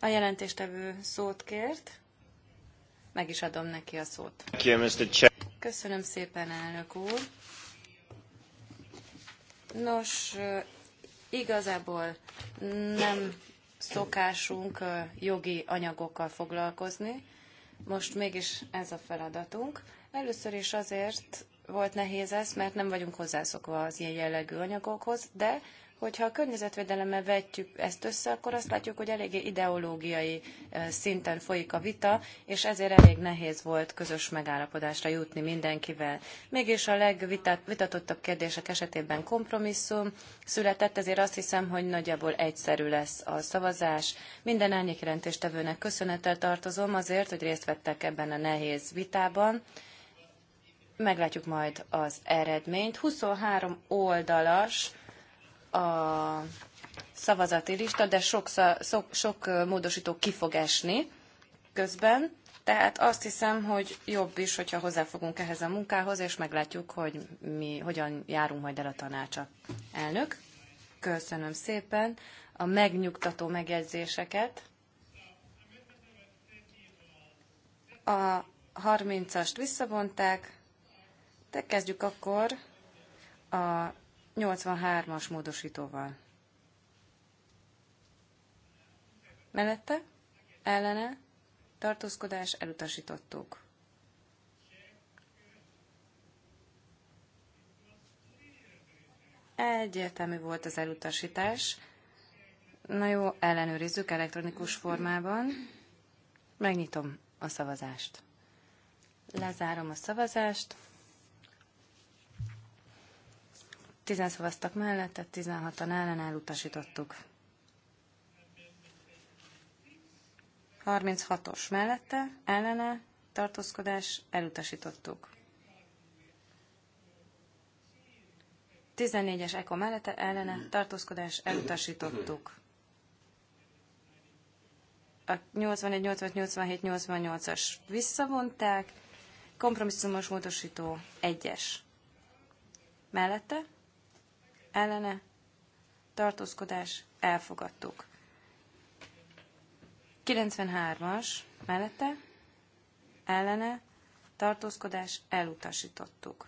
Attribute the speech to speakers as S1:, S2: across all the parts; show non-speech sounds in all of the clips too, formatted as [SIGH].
S1: A jelentéstevő szót kért. Meg is adom neki a szót. Köszönöm szépen, elnök úr. Nos, igazából nem szokásunk jogi anyagokkal foglalkozni. Most mégis ez a feladatunk. Először is azért volt nehéz ez, mert nem vagyunk hozzászokva az ilyen jellegű anyagokhoz, de hogyha a környezetvédelemmel vetjük ezt össze, akkor azt látjuk, hogy eléggé ideológiai szinten folyik a vita, és ezért elég nehéz volt közös megállapodásra jutni mindenkivel. Mégis a legvitatottabb kérdések esetében kompromisszum született, ezért azt hiszem, hogy nagyjából egyszerű lesz a szavazás. Minden árnyékjelentéstevőnek köszönettel tartozom azért, hogy részt vettek ebben a nehéz vitában meglátjuk majd az eredményt. 23 oldalas a szavazati lista, de sok, sok, sok módosító ki fog esni közben, tehát azt hiszem, hogy jobb is, hogyha hozzáfogunk ehhez a munkához, és meglátjuk, hogy mi hogyan járunk majd el a tanácsa. Elnök, köszönöm szépen a megnyugtató megjegyzéseket. A 30-ast visszavonták, de kezdjük akkor a 83-as módosítóval. Mellette, ellene, tartózkodás elutasítottuk. Egyértelmű volt az elutasítás. Na jó, ellenőrizzük elektronikus formában. Megnyitom a szavazást. Lezárom a szavazást. Tizen szavaztak mellette, 16 ellen elutasítottuk. 36-os mellette, ellene, tartózkodás, elutasítottuk. 14-es ECO mellette, ellene, tartózkodás, elutasítottuk. A 81, 85, 87, 88-as visszavonták, kompromisszumos módosító 1-es. Mellette, ellene, tartózkodás, elfogadtuk. 93-as mellette, ellene, tartózkodás, elutasítottuk.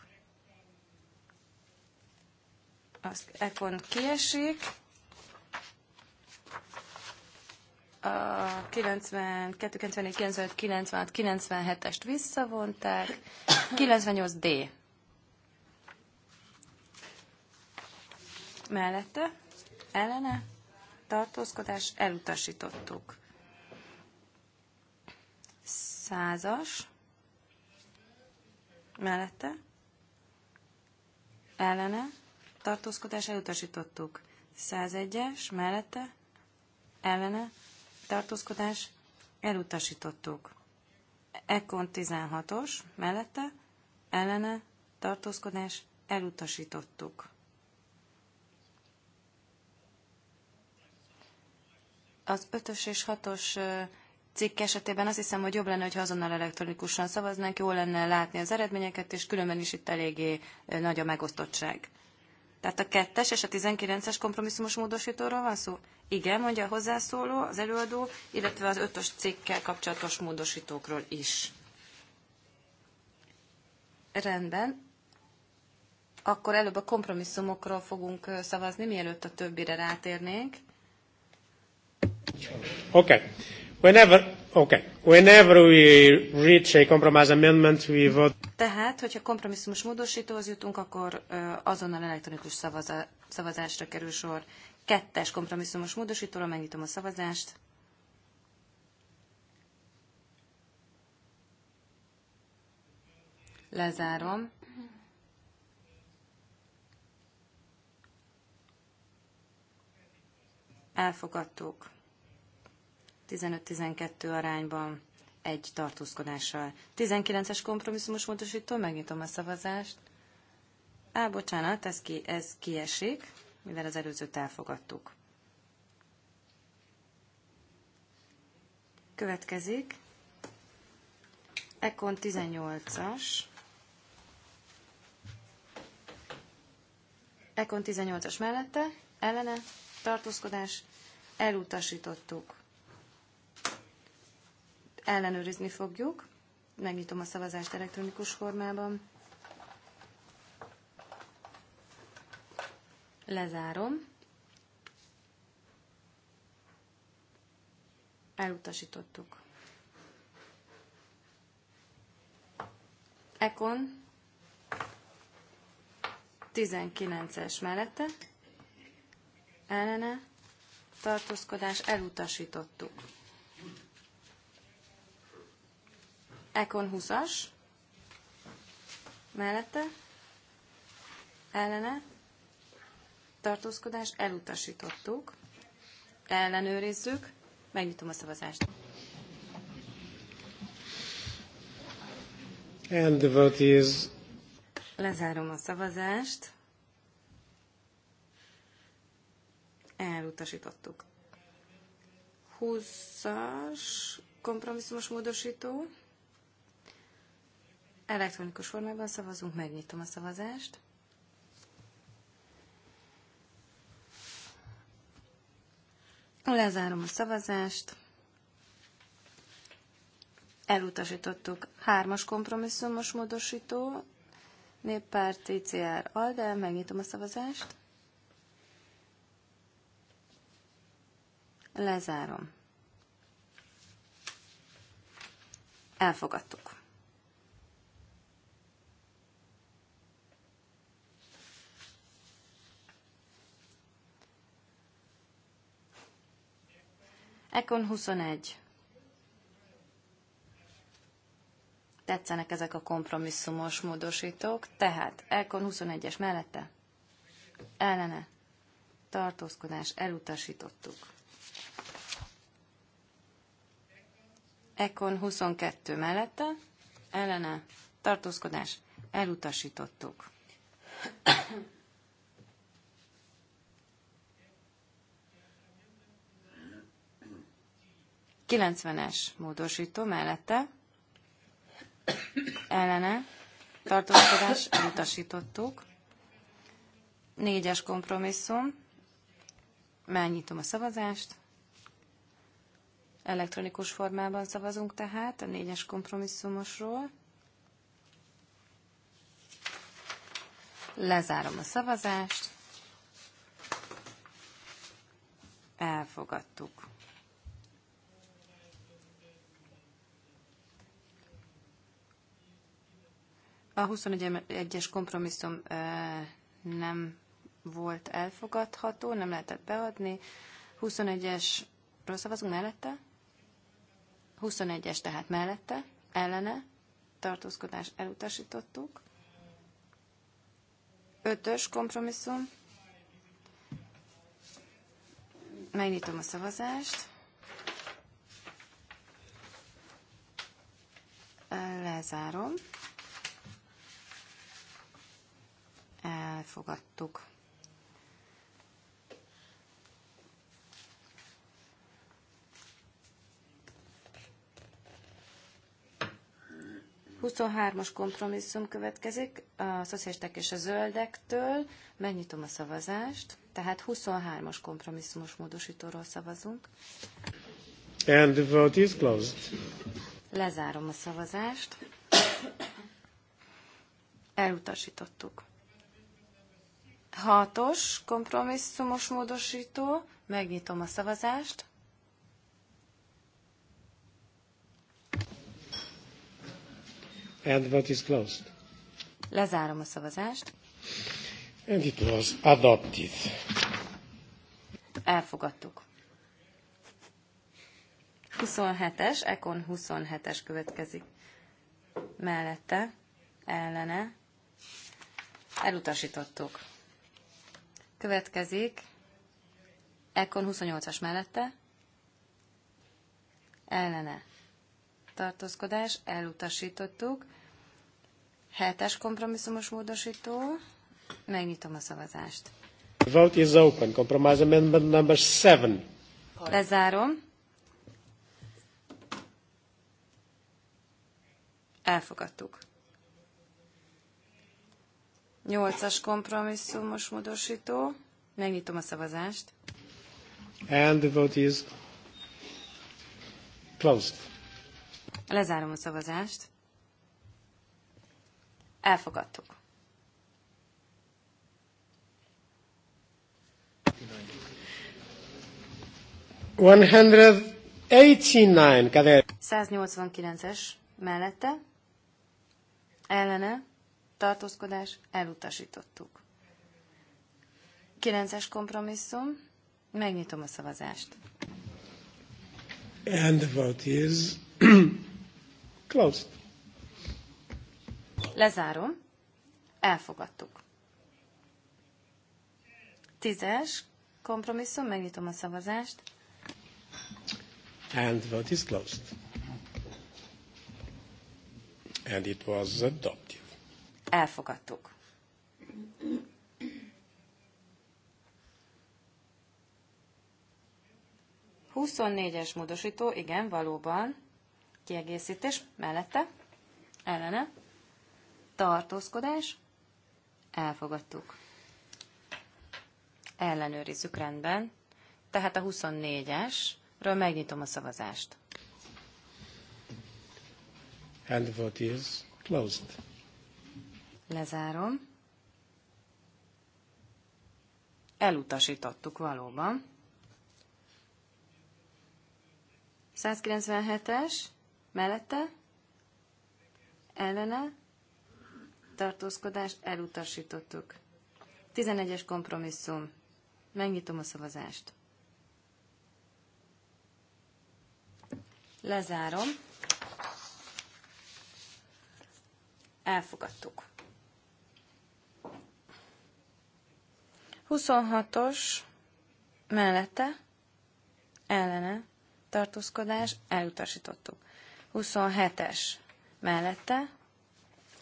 S1: Azt Ekon kiesik, a 92, 94, 95, 96, 97-est visszavonták, 98D mellette, ellene, tartózkodás, elutasítottuk. Százas, mellette, ellene, tartózkodás, elutasítottuk. 101-es, mellette, ellene, tartózkodás, elutasítottuk. Ekkon 16-os, mellette, ellene, tartózkodás, elutasítottuk. az ötös és hatos cikk esetében azt hiszem, hogy jobb lenne, hogy azonnal elektronikusan szavaznánk, jó lenne látni az eredményeket, és különben is itt eléggé nagy a megosztottság. Tehát a kettes és a 19-es kompromisszumos módosítóról van szó? Igen, mondja a hozzászóló, az előadó, illetve az ötös cikkkel kapcsolatos módosítókról is. Rendben. Akkor előbb a kompromisszumokról fogunk szavazni, mielőtt a többire rátérnénk.
S2: Okay. Whenever, okay. Whenever we reach a compromise amendment, we vote.
S1: Tehát, hogyha kompromisszumos módosítóhoz jutunk, akkor azonnal elektronikus szavaza, szavazásra kerül sor. Kettes kompromisszumos módosítóra megnyitom a szavazást. Lezárom. Elfogadtuk. 15-12 arányban egy tartózkodással. 19-es kompromisszumos módosító, megnyitom a szavazást. Á, bocsánat, ez, ki, ez kiesik, mivel az előzőt elfogadtuk. Következik Ekon 18-as. Ekon 18-as mellette, ellene, tartózkodás, elutasítottuk ellenőrizni fogjuk. Megnyitom a szavazást elektronikus formában. Lezárom. Elutasítottuk. Ekon 19-es mellette ellene tartózkodás elutasítottuk. Econ 20-as, mellette, ellene, tartózkodás, elutasítottuk, ellenőrizzük, megnyitom a szavazást.
S2: And the vote is...
S1: Lezárom a szavazást. Elutasítottuk. 20-as kompromisszumos módosító Elektronikus formában szavazunk, megnyitom a szavazást. Lezárom a szavazást. Elutasítottuk hármas kompromisszumos módosító, néppárt TCR ALDE, megnyitom a szavazást. Lezárom. Elfogadtuk. Ekon 21. Tetszenek ezek a kompromisszumos módosítók, tehát Ekon 21-es mellette ellene tartózkodás elutasítottuk. Ekon 22 mellette ellene tartózkodás elutasítottuk. 90-es módosító mellette ellene tartózkodás elutasítottuk. Négyes kompromisszum. Megnyitom a szavazást. Elektronikus formában szavazunk tehát a négyes kompromisszumosról. Lezárom a szavazást. Elfogadtuk. A 21-es kompromisszum nem volt elfogadható, nem lehetett beadni. 21-es, szavazunk mellette? 21-es tehát mellette, ellene, tartózkodás elutasítottuk. 5-ös kompromisszum. Megnyitom a szavazást. Lezárom. elfogadtuk. as kompromisszum következik a szociálisták és a zöldektől. Megnyitom a szavazást. Tehát 23-as kompromisszumos módosítóról szavazunk.
S2: And the vote is closed.
S1: Lezárom a szavazást. Elutasítottuk. Hatos kompromisszumos módosító. Megnyitom a szavazást.
S2: And what is closed?
S1: Lezárom a szavazást.
S2: And it was adopted.
S1: Elfogadtuk. 27-es, Ekon 27-es következik. Mellette, ellene, elutasítottuk. Következik Ekon 28-as mellette, ellene tartózkodás, elutasítottuk. Hetes kompromisszumos módosító, megnyitom a szavazást.
S2: The vote is open. Compromise amendment number seven.
S1: Lezárom. Elfogadtuk. Nyolcas kompromisszumos módosító. Megnyitom a szavazást.
S2: And the vote is closed.
S1: Lezárom a szavazást. Elfogadtuk.
S2: One hundred 189-es
S1: mellette, ellene, tartózkodás, elutasítottuk. Kilences kompromisszum, megnyitom a szavazást.
S2: And the vote is [CLEARS THROAT] closed.
S1: Lezárom. Elfogadtuk. Tízes kompromisszum, megnyitom a szavazást.
S2: And the vote is closed. And it was
S1: adopted elfogadtuk. Huszonnégyes módosító, igen, valóban, kiegészítés, mellette, ellene, tartózkodás, elfogadtuk. Ellenőrizzük rendben. Tehát a 24-esről megnyitom a szavazást.
S2: And the vote is closed.
S1: Lezárom. Elutasítottuk valóban. 197-es, mellette, ellene, tartózkodás, elutasítottuk. 11-es kompromisszum. Megnyitom a szavazást. Lezárom. Elfogadtuk. 26-os mellette ellene tartózkodás elutasítottuk. 27-es mellette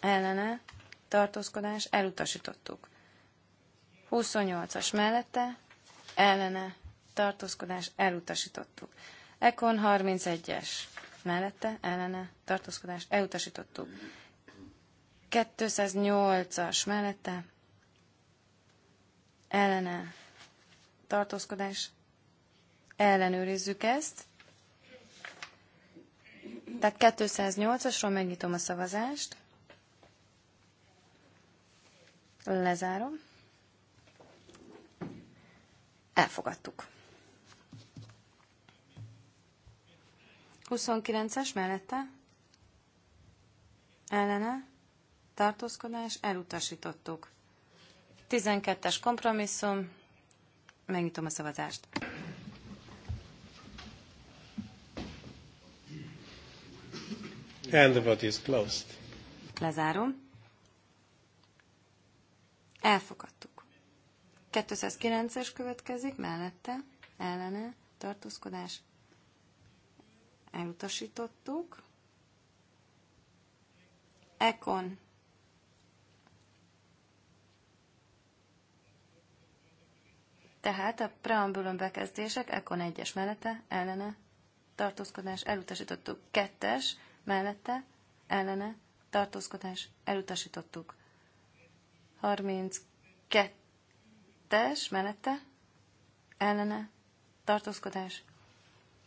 S1: ellene tartózkodás elutasítottuk. 28-as mellette ellene tartózkodás elutasítottuk. Ekon 31-es mellette ellene tartózkodás elutasítottuk. 208-as mellette ellene tartózkodás, ellenőrizzük ezt. Tehát 208-asról megnyitom a szavazást. Lezárom. Elfogadtuk. 29-es mellette ellene tartózkodás elutasítottuk. 12-es kompromisszum. Megnyitom a szavazást.
S2: And the vote is closed.
S1: Lezárom. Elfogadtuk. 209-es következik, mellette, ellene, tartózkodás. Elutasítottuk. Ekon Tehát a preambulum bekezdések, Ekon egyes mellette, ellene, tartózkodás, elutasítottuk. Kettes mellette, ellene, tartózkodás, elutasítottuk. 32-es mellette, ellene, tartózkodás,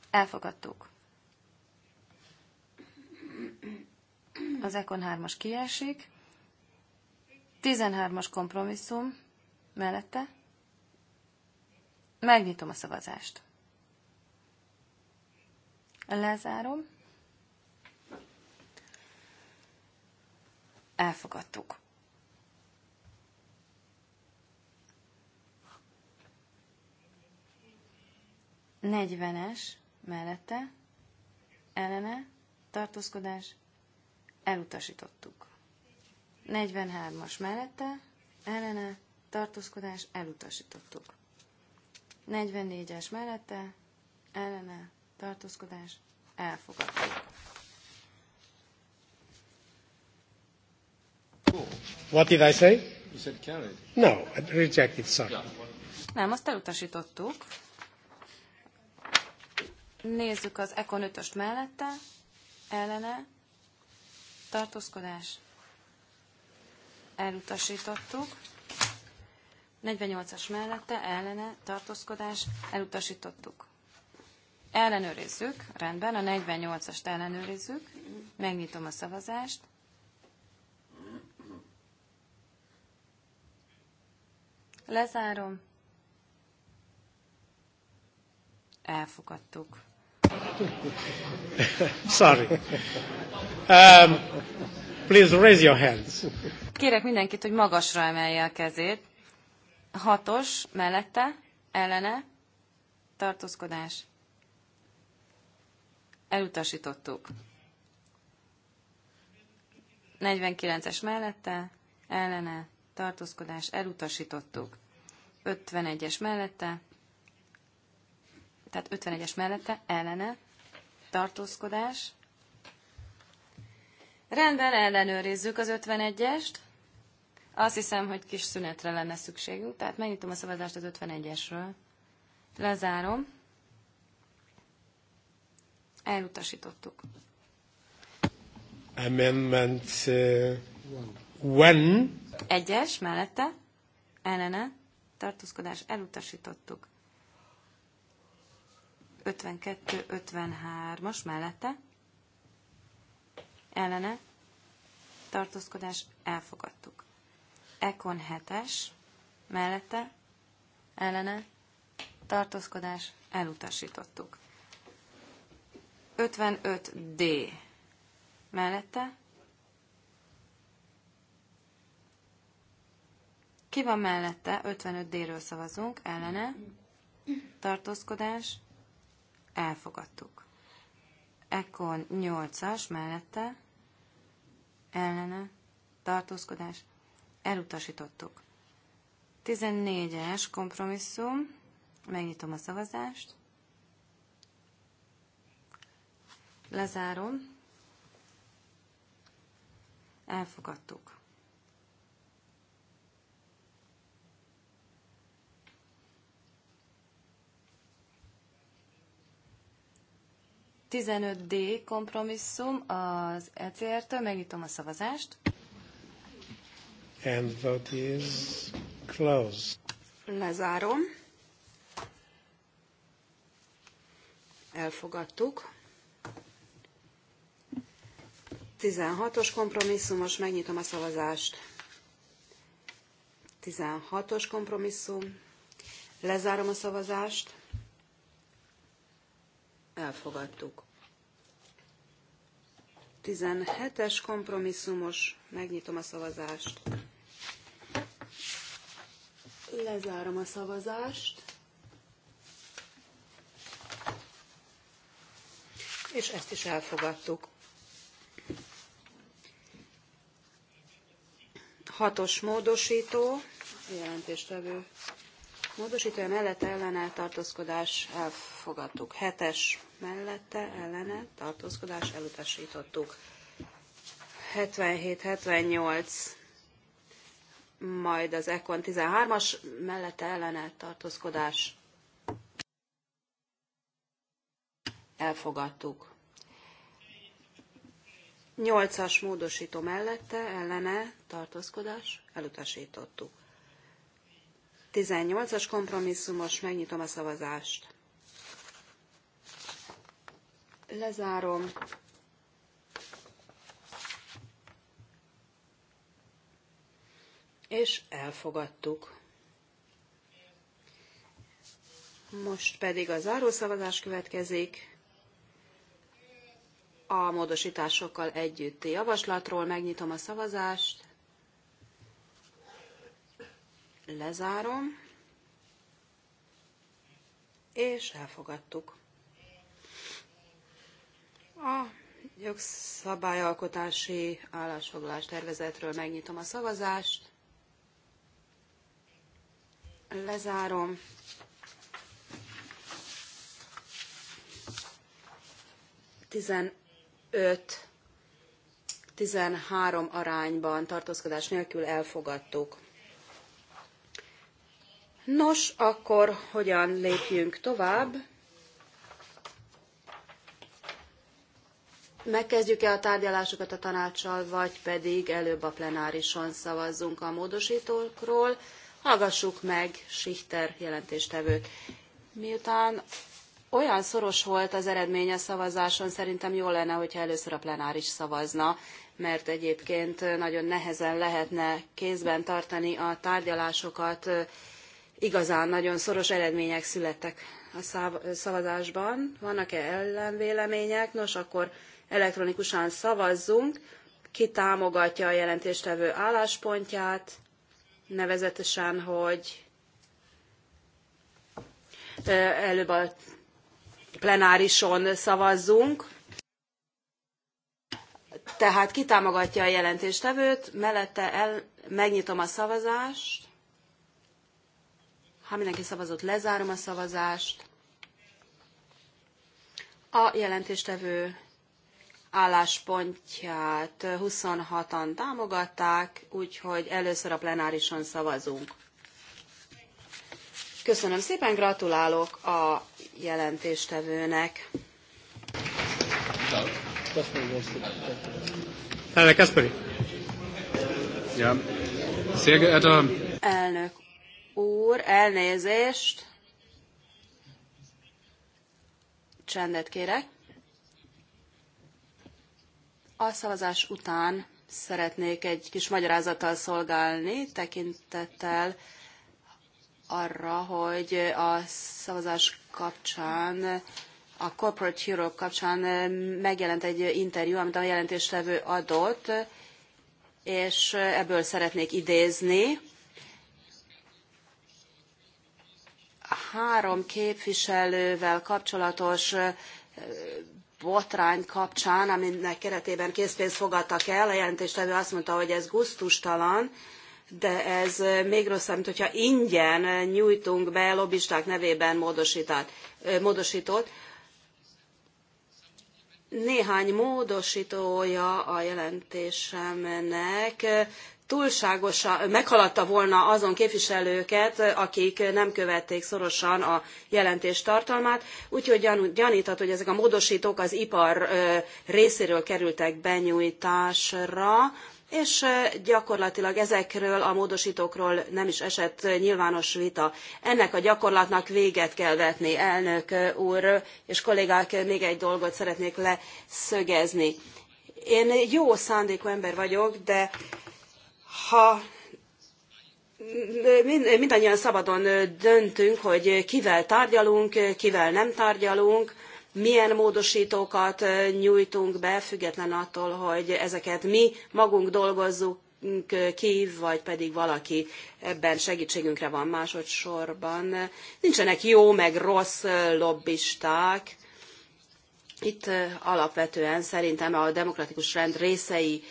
S1: elfogadtuk. Az Ekon 3-as kiesik. 13-as kompromisszum mellette, Megnyitom a szavazást. Lezárom. Elfogadtuk. Negyvenes mellette, ellene, tartózkodás, elutasítottuk. 43-as mellette, ellene, tartózkodás, elutasítottuk. 44-es mellette, ellene, tartózkodás, elfogadtuk.
S2: What did I say?
S3: You said carried.
S2: No, I rejected, sorry.
S1: Nem, azt elutasítottuk. Nézzük az Econ 5 mellette, ellene, tartózkodás, elutasítottuk. 48-as mellette ellene tartózkodás elutasítottuk. Ellenőrizzük, rendben, a 48-ast ellenőrizzük, megnyitom a szavazást. Lezárom. Elfogadtuk. [LAUGHS] Sorry. Um,
S2: please raise your hands.
S1: Kérek mindenkit, hogy magasra emelje a kezét. Hatos mellette, ellene, tartózkodás. Elutasítottuk. 49-es mellette, ellene, tartózkodás, elutasítottuk. 51-es mellette, tehát 51-es mellette, ellene, tartózkodás. Rendben, ellenőrizzük az 51-est. Azt hiszem, hogy kis szünetre lenne szükségünk, tehát megnyitom a szavazást az 51-esről. Lezárom. Elutasítottuk.
S2: Amendment uh, one.
S1: Egyes, mellette, ellene, tartózkodás, elutasítottuk. 52-53-as mellette, ellene, tartózkodás, elfogadtuk. Ekon 7-es, mellette, ellene, tartózkodás, elutasítottuk. 55D, mellette, Ki van mellette? 55D-ről szavazunk, ellene. Tartózkodás. Elfogadtuk. Ekkor 8-as mellette. Ellene. Tartózkodás. Elutasítottuk. 14-es kompromisszum. Megnyitom a szavazást. Lezárom. Elfogadtuk. Tizenöt D kompromisszum az ECR-től. Megnyitom a szavazást.
S2: And vote is closed.
S1: Lezárom.
S4: Elfogadtuk. 16-os kompromisszumos, megnyitom a szavazást. 16-os kompromisszum, lezárom a szavazást. Elfogadtuk. 17-es kompromisszumos, megnyitom a szavazást. Lezárom a szavazást. És ezt is elfogadtuk. Hatos módosító, jelentéstevő módosítója mellette ellene tartózkodás elfogadtuk. Hetes mellette ellene tartózkodás elutasítottuk. 77-78 majd az Econ 13-as mellette ellene tartózkodás. Elfogadtuk. 8-as módosító mellette ellene tartózkodás elutasítottuk. 18-as kompromisszumos, megnyitom a szavazást. Lezárom. és elfogadtuk. Most pedig a zárószavazás következik. A módosításokkal együtti javaslatról megnyitom a szavazást. Lezárom. És elfogadtuk. A jogszabályalkotási állásfoglalás tervezetről megnyitom a szavazást. Lezárom. Tizenöt, tizenhárom arányban tartózkodás nélkül elfogadtuk. Nos, akkor hogyan lépjünk tovább? Megkezdjük-e a tárgyalásokat a tanácssal, vagy pedig előbb a plenárison szavazzunk a módosítókról? Hallgassuk meg Sichter jelentéstevőt. Miután olyan szoros volt az eredmény a szavazáson, szerintem jó lenne, hogyha először a plenáris szavazna, mert egyébként nagyon nehezen lehetne kézben tartani a tárgyalásokat. Igazán nagyon szoros eredmények születtek a szavazásban. Vannak-e ellenvélemények? Nos, akkor elektronikusan szavazzunk. Ki támogatja a jelentéstevő álláspontját? nevezetesen, hogy előbb a plenárison szavazzunk. Tehát kitámogatja a jelentéstevőt, mellette el, megnyitom a szavazást. Ha mindenki szavazott, lezárom a szavazást. A jelentéstevő álláspontját 26-an támogatták, úgyhogy először a plenárison szavazunk. Köszönöm szépen, gratulálok a jelentéstevőnek.
S2: Herr Ja.
S3: Sehr
S4: Elnök úr, elnézést. Csendet kérek. A szavazás után szeretnék egy kis magyarázattal szolgálni, tekintettel arra, hogy a szavazás kapcsán, a Corporate Europe kapcsán megjelent egy interjú, amit a jelentéstevő adott, és ebből szeretnék idézni. Három képviselővel kapcsolatos botrány kapcsán, aminek keretében készpénzt fogadtak el, a jelentéstevő azt mondta, hogy ez guztustalan, de ez még rosszabb, mint hogyha ingyen nyújtunk be lobbisták nevében módosítót. Néhány módosítója a jelentésemnek túlságosan meghaladta volna azon képviselőket, akik nem követték szorosan a jelentés tartalmát, úgyhogy gyaníthat, hogy ezek a módosítók az ipar részéről kerültek benyújtásra, és gyakorlatilag ezekről a módosítókról nem is esett nyilvános vita. Ennek a gyakorlatnak véget kell vetni, elnök úr és kollégák, még egy dolgot szeretnék leszögezni. Én jó szándékú ember vagyok, de ha mindannyian szabadon döntünk, hogy kivel tárgyalunk, kivel nem tárgyalunk, milyen módosítókat nyújtunk be, független attól, hogy ezeket mi magunk dolgozzuk ki, vagy pedig valaki ebben segítségünkre van másodszorban. Nincsenek jó meg rossz lobbisták. Itt alapvetően szerintem a demokratikus rend részei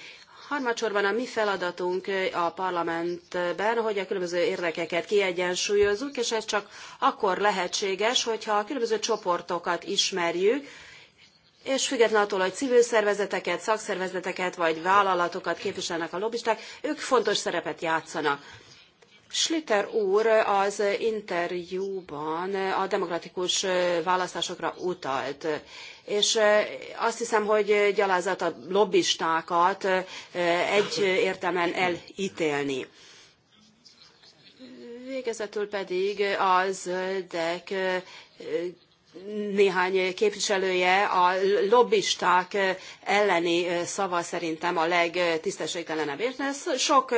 S4: Harmadsorban a mi feladatunk a parlamentben, hogy a különböző érdekeket kiegyensúlyozzuk, és ez csak akkor lehetséges, hogyha a különböző csoportokat ismerjük, és független attól, hogy civil szervezeteket, szakszervezeteket vagy vállalatokat képviselnek a lobbisták, ők fontos szerepet játszanak. Schlitter úr az interjúban a demokratikus választásokra utalt és azt hiszem, hogy gyalázat a lobbistákat egyértelműen elítélni. Végezetül pedig az DEK néhány képviselője a lobbisták elleni szava szerintem a legtisztességtelenebb. Én sok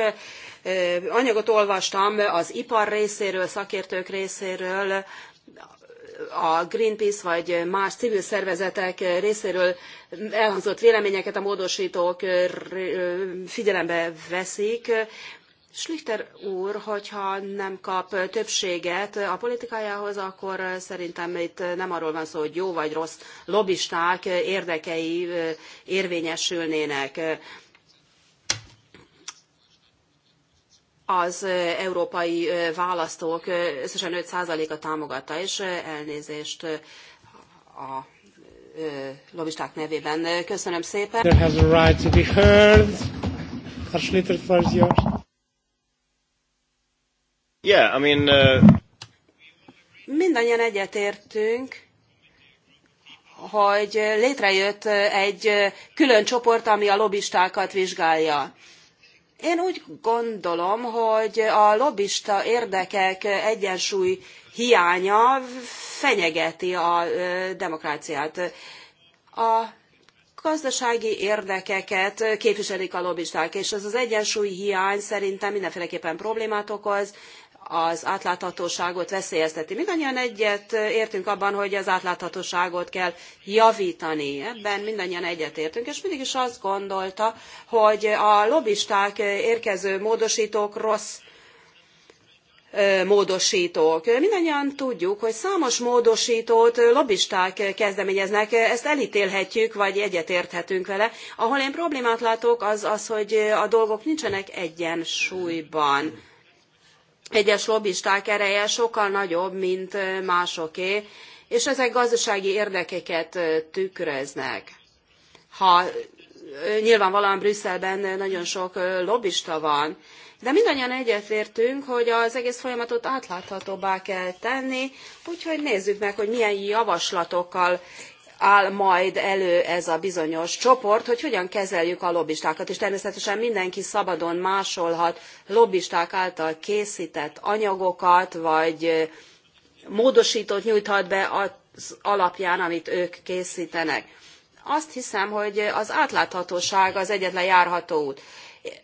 S4: anyagot olvastam az ipar részéről, szakértők részéről, a Greenpeace vagy más civil szervezetek részéről elhangzott véleményeket a módostók figyelembe veszik. Schlichter úr, hogyha nem kap többséget a politikájához, akkor szerintem itt nem arról van szó, hogy jó vagy rossz lobbisták érdekei érvényesülnének az európai választók összesen 5%-a támogatta, és elnézést a lobbisták nevében. Köszönöm szépen. There has
S2: a right to be heard. Yeah, I mean... Uh...
S4: Mindannyian egyetértünk, hogy létrejött egy külön csoport, ami a lobbistákat vizsgálja. Én úgy gondolom, hogy a lobbista érdekek egyensúly hiánya fenyegeti a demokráciát. A gazdasági érdekeket képviselik a lobbisták, és ez az egyensúly hiány szerintem mindenféleképpen problémát okoz, az átláthatóságot veszélyezteti. Mindannyian egyet értünk abban, hogy az átláthatóságot kell javítani. Ebben mindannyian egyet értünk, és mindig is azt gondolta, hogy a lobbisták érkező módosítók rossz módosítók. Mindannyian tudjuk, hogy számos módosítót lobbisták kezdeményeznek, ezt elítélhetjük, vagy egyetérthetünk vele. Ahol én problémát látok, az az, hogy a dolgok nincsenek egyensúlyban egyes lobbisták ereje sokkal nagyobb, mint másoké, és ezek gazdasági érdekeket tükröznek. Ha nyilvánvalóan Brüsszelben nagyon sok lobbista van, de mindannyian egyetértünk, hogy az egész folyamatot átláthatóbbá kell tenni, úgyhogy nézzük meg, hogy milyen javaslatokkal áll majd elő ez a bizonyos csoport, hogy hogyan kezeljük a lobbistákat, és természetesen mindenki szabadon másolhat lobbisták által készített anyagokat, vagy módosítót nyújthat be az alapján, amit ők készítenek. Azt hiszem, hogy az átláthatóság az egyetlen járható út.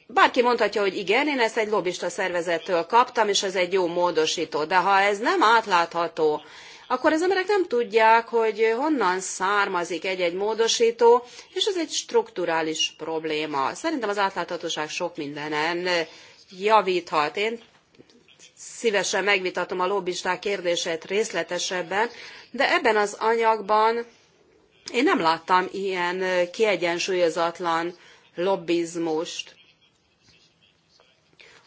S4: Bárki mondhatja, hogy igen, én ezt egy lobbista szervezettől kaptam, és ez egy jó módosító. De ha ez nem átlátható, akkor az emberek nem tudják, hogy honnan származik egy-egy módosító, és ez egy strukturális probléma. Szerintem az átláthatóság sok mindenen javíthat. Én szívesen megvitatom a lobbisták kérdését részletesebben, de ebben az anyagban én nem láttam ilyen kiegyensúlyozatlan lobbizmust.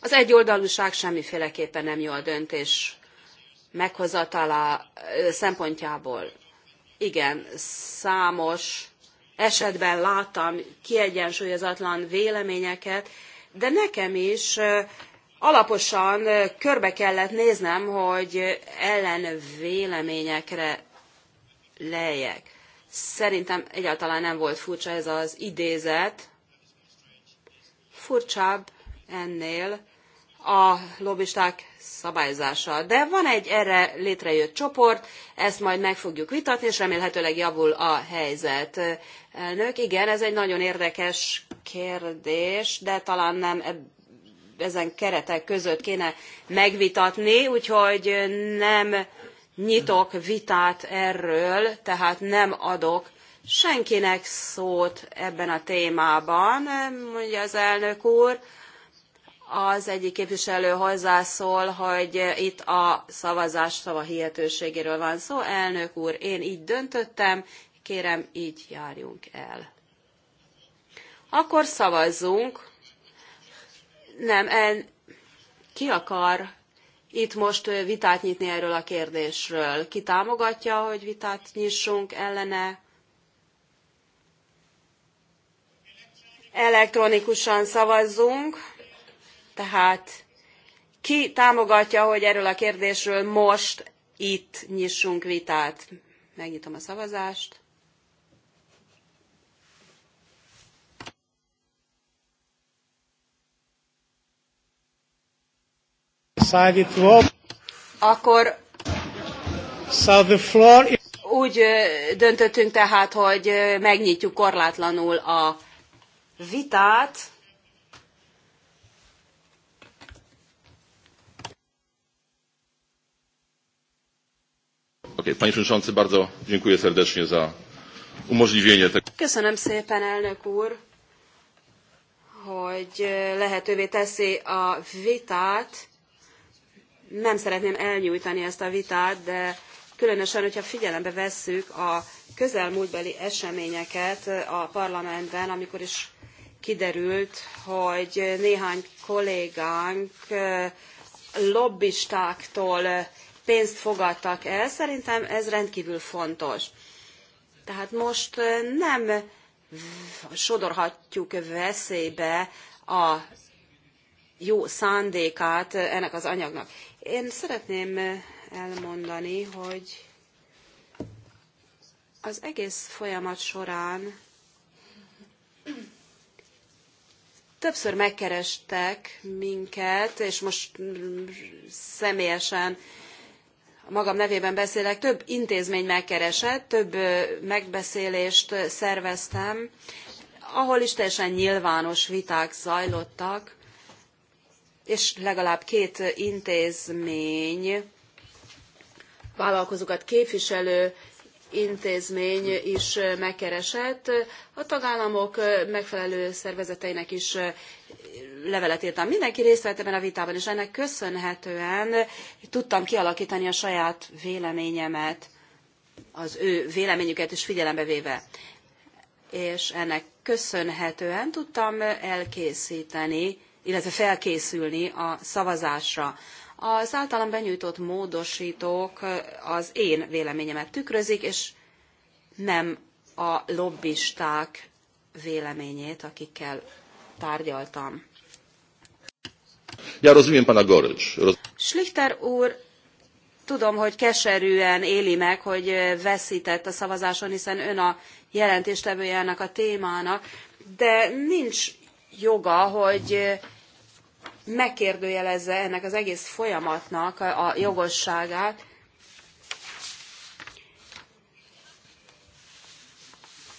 S4: Az egyoldalúság semmiféleképpen nem jó a döntés meghozatala szempontjából igen, számos esetben láttam kiegyensúlyozatlan véleményeket, de nekem is alaposan körbe kellett néznem, hogy ellen véleményekre lejek. Szerintem egyáltalán nem volt furcsa ez az idézet. Furcsább ennél a lobbisták szabályzása. De van egy erre létrejött csoport, ezt majd meg fogjuk vitatni, és remélhetőleg javul a helyzet. Elnök, igen, ez egy nagyon érdekes kérdés, de talán nem ezen keretek között kéne megvitatni, úgyhogy nem nyitok vitát erről, tehát nem adok senkinek szót ebben a témában, mondja az elnök úr. Az egyik képviselő hozzászól, hogy itt a szavazás szava hihetőségéről van szó. Elnök úr, én így döntöttem, kérem, így járjunk el. Akkor szavazzunk. Nem, el, ki akar itt most vitát nyitni erről a kérdésről? Ki támogatja, hogy vitát nyissunk ellene? Elektronikusan szavazzunk. Tehát ki támogatja, hogy erről a kérdésről most itt nyissunk vitát? Megnyitom a szavazást. Akkor úgy döntöttünk tehát, hogy megnyitjuk korlátlanul a vitát.
S3: Okay. Panie Przewodniczący, bardzo dziękuję serdecznie za umożliwienie tego.
S4: Köszönöm szépen, elnök úr, hogy e, lehetővé teszi a vitát. Nem szeretném elnyújtani ezt a vitát, de különösen, hogyha figyelembe vesszük a közelmúltbeli eseményeket e, a parlamentben, amikor is kiderült, hogy néhány kollégánk e, lobbistáktól pénzt fogadtak el. Szerintem ez rendkívül fontos. Tehát most nem sodorhatjuk veszélybe a jó szándékát ennek az anyagnak. Én szeretném elmondani, hogy az egész folyamat során többször megkerestek minket, és most mm, személyesen magam nevében beszélek, több intézmény megkeresett, több megbeszélést szerveztem, ahol is teljesen nyilvános viták zajlottak, és legalább két intézmény vállalkozókat képviselő intézmény is megkeresett. A tagállamok megfelelő szervezeteinek is levelet írtam. Mindenki részt vett ebben a vitában, és ennek köszönhetően tudtam kialakítani a saját véleményemet, az ő véleményüket is figyelembe véve. És ennek köszönhetően tudtam elkészíteni, illetve felkészülni a szavazásra. Az általam benyújtott módosítók az én véleményemet tükrözik, és nem a lobbisták véleményét, akikkel tárgyaltam.
S3: Ja, rozumiem pana gorycz. Roz...
S4: Schlichter úr, tudom, hogy keserűen éli meg, hogy veszített a szavazáson, hiszen ön a jelentéstevője ennek a témának, de nincs joga, hogy megkérdőjelezze ennek az egész folyamatnak a jogosságát.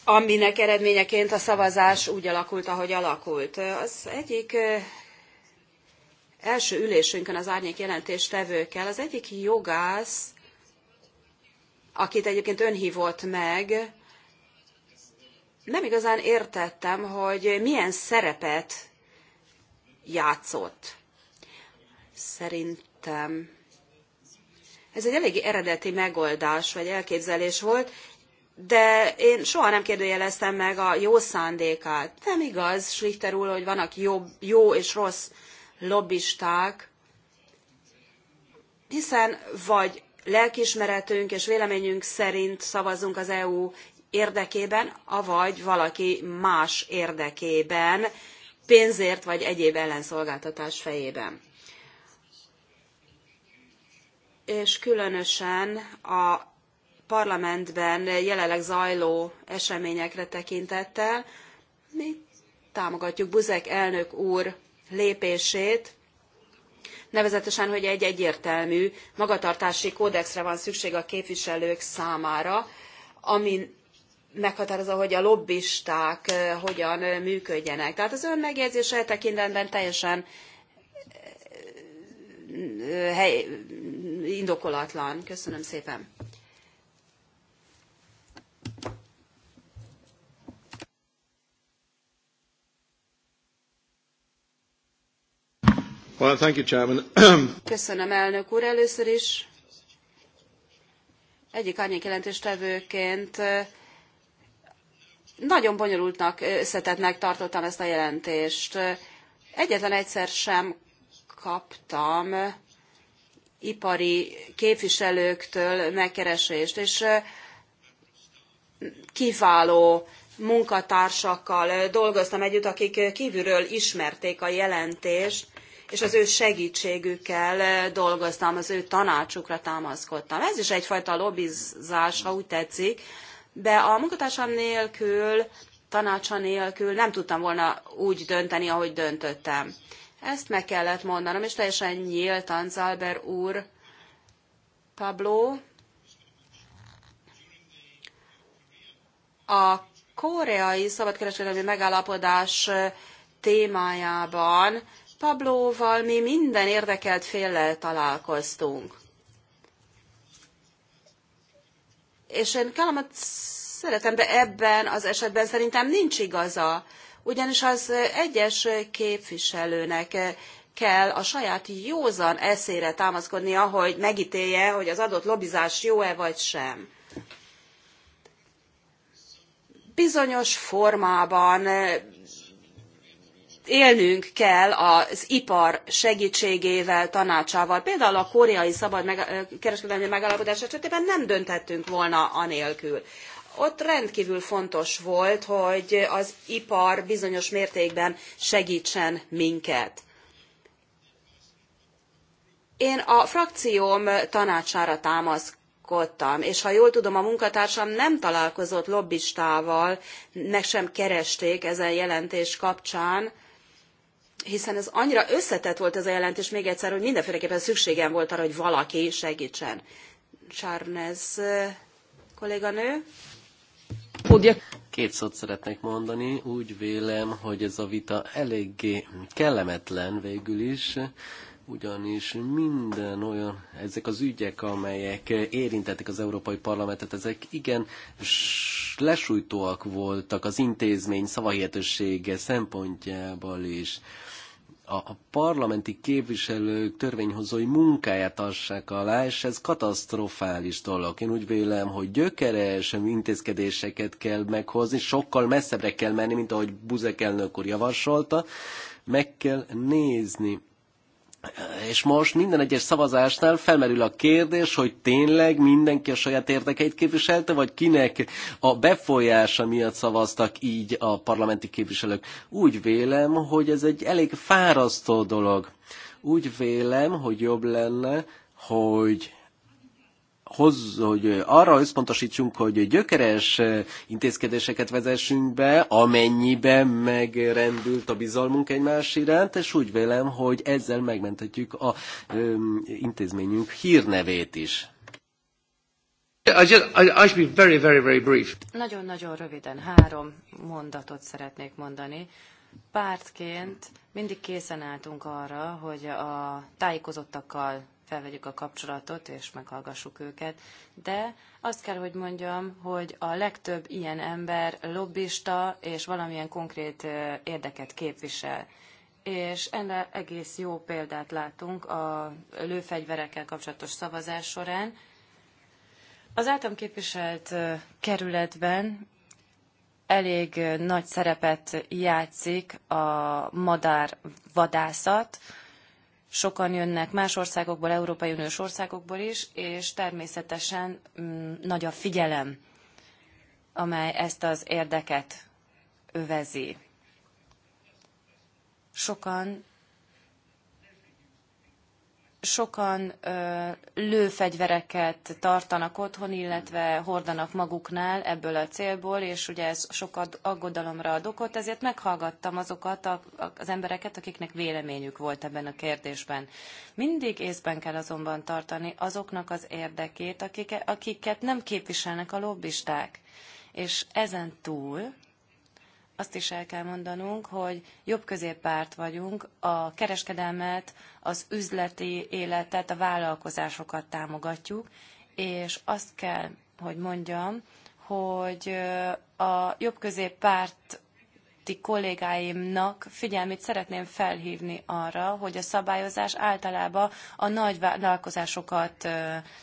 S4: aminek eredményeként a szavazás úgy alakult, ahogy alakult. Az egyik első ülésünkön az árnyék jelentéstevőkkel az egyik jogász, akit egyébként ön meg, nem igazán értettem, hogy milyen szerepet játszott. Szerintem ez egy eléggé eredeti megoldás vagy elképzelés volt, de én soha nem kérdőjeleztem meg a jó szándékát. Nem igaz, Schlichter úr, hogy vannak jobb, jó és rossz lobbisták, hiszen vagy lelkismeretünk és véleményünk szerint szavazunk az EU érdekében, avagy valaki más érdekében, pénzért vagy egyéb ellenszolgáltatás fejében. És különösen a parlamentben jelenleg zajló eseményekre tekintettel mi támogatjuk Buzek elnök úr lépését, nevezetesen, hogy egy egyértelmű magatartási kódexre van szükség a képviselők számára, amin meghatározza, hogy a lobbisták eh, hogyan eh, működjenek. Tehát az ön megjegyzése e tekintetben teljesen eh, hely, indokolatlan. Köszönöm szépen.
S3: Well, thank you, Chairman. [CLEARS THROAT]
S4: Köszönöm, elnök úr. Először is egyik árnyék jelentéstevőként nagyon bonyolultnak, összetettnek tartottam ezt a jelentést. Egyetlen egyszer sem kaptam ipari képviselőktől megkeresést, és kiváló munkatársakkal dolgoztam együtt, akik kívülről ismerték a jelentést, és az ő segítségükkel dolgoztam, az ő tanácsukra támaszkodtam. Ez is egyfajta lobbizás, ha úgy tetszik, de a munkatársam nélkül, tanácsa nélkül nem tudtam volna úgy dönteni, ahogy döntöttem. Ezt meg kellett mondanom, és teljesen nyíltan Zalber úr, Pablo, a koreai szabadkereskedelmi megállapodás témájában Pablóval mi minden érdekelt féllel találkoztunk. És én Kalamat szeretem, de ebben az esetben szerintem nincs igaza, ugyanis az egyes képviselőnek kell a saját józan eszére támaszkodnia, hogy megítélje, hogy az adott lobbizás jó-e vagy sem. Bizonyos formában élnünk kell az ipar segítségével, tanácsával. Például a koreai szabad meg, kereskedelmi megállapodás esetében nem dönthettünk volna anélkül. Ott rendkívül fontos volt, hogy az ipar bizonyos mértékben segítsen minket. Én a frakcióm tanácsára támaszkodtam, és ha jól tudom, a munkatársam nem találkozott lobbistával, meg sem keresték ezen jelentés kapcsán, hiszen ez annyira összetett volt ez a jelentés még egyszer, hogy mindenféleképpen szükségem volt arra, hogy valaki segítsen. Csárnez kolléganő.
S5: Két szót szeretnék mondani. Úgy vélem, hogy ez a vita eléggé kellemetlen végül is, ugyanis minden olyan, ezek az ügyek, amelyek érintettek az Európai Parlamentet, ezek igen lesújtóak voltak az intézmény szavahihetősége szempontjából is. A, a parlamenti képviselők törvényhozói munkáját assák alá, és ez katasztrofális dolog. Én úgy vélem, hogy gyökeres intézkedéseket kell meghozni, sokkal messzebbre kell menni, mint ahogy Buzek elnök úr javasolta, meg kell nézni és most minden egyes szavazásnál felmerül a kérdés, hogy tényleg mindenki a saját érdekeit képviselte, vagy kinek a befolyása miatt szavaztak így a parlamenti képviselők. Úgy vélem, hogy ez egy elég fárasztó dolog. Úgy vélem, hogy jobb lenne, hogy hoz, hogy arra összpontosítsunk, hogy gyökeres intézkedéseket vezessünk be, amennyiben megrendült a bizalmunk egymás iránt, és úgy vélem, hogy ezzel megmenthetjük a um, intézményünk hírnevét is.
S1: Nagyon-nagyon röviden három mondatot szeretnék mondani. Pártként mindig készen álltunk arra, hogy a tájékozottakkal felvegyük a kapcsolatot és meghallgassuk őket. De azt kell, hogy mondjam, hogy a legtöbb ilyen ember lobbista és valamilyen konkrét érdeket képvisel. És ennél egész jó példát látunk a lőfegyverekkel kapcsolatos szavazás során. Az általam képviselt kerületben elég nagy szerepet játszik a madár vadászat, sokan jönnek más országokból, Európai Uniós országokból is, és természetesen mm, nagy a figyelem, amely ezt az érdeket övezi. Sokan sokan ö, lőfegyvereket tartanak otthon, illetve hordanak maguknál ebből a célból, és ugye ez sokat aggodalomra ad okot, ezért meghallgattam azokat a, az embereket, akiknek véleményük volt ebben a kérdésben. Mindig észben kell azonban tartani azoknak az érdekét, akik, akiket nem képviselnek a lobbisták. És ezen túl azt is el kell mondanunk, hogy jobb középpárt vagyunk, a kereskedelmet, az üzleti életet, a vállalkozásokat támogatjuk, és azt kell, hogy mondjam, hogy a jobb középpárt ti kollégáimnak figyelmét szeretném felhívni arra, hogy a szabályozás általában a nagy vállalkozásokat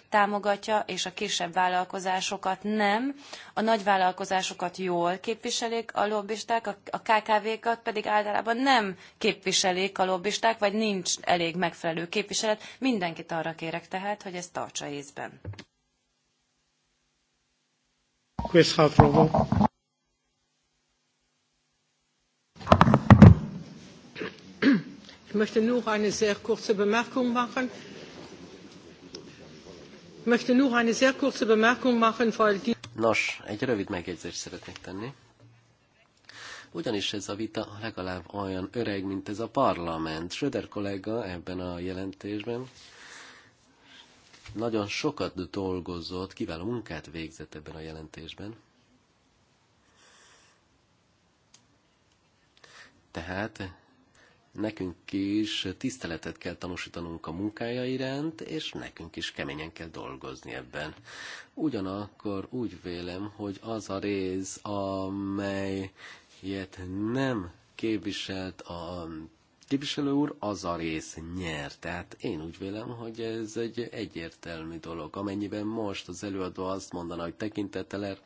S1: támogatja, és a kisebb vállalkozásokat nem. A nagy vállalkozásokat jól képviselik a lobbisták, a KKV-kat pedig általában nem képviselik a lobbisták, vagy nincs elég megfelelő képviselet. Mindenkit arra kérek tehát, hogy ezt tartsa észben.
S2: Chris Havrovo.
S3: Ich möchte nur eine sehr kurze Bemerkung machen. Ich möchte nur eine sehr kurze Bemerkung machen, weil die
S5: Nos, egy rövid megjegyzést szeretnék tenni. Ugyanis ez a vita legalább olyan öreg, mint ez a parlament. Söder kollega ebben a jelentésben nagyon sokat dolgozott, kiváló munkát végzett ebben a jelentésben. Tehát nekünk is tiszteletet kell tanúsítanunk a munkája iránt, és nekünk is keményen kell dolgozni ebben. Ugyanakkor úgy vélem, hogy az a rész, amelyet nem képviselt a képviselő úr, az a rész nyer. Tehát én úgy vélem, hogy ez egy egyértelmű dolog. Amennyiben most az előadó azt mondaná, hogy tekintettel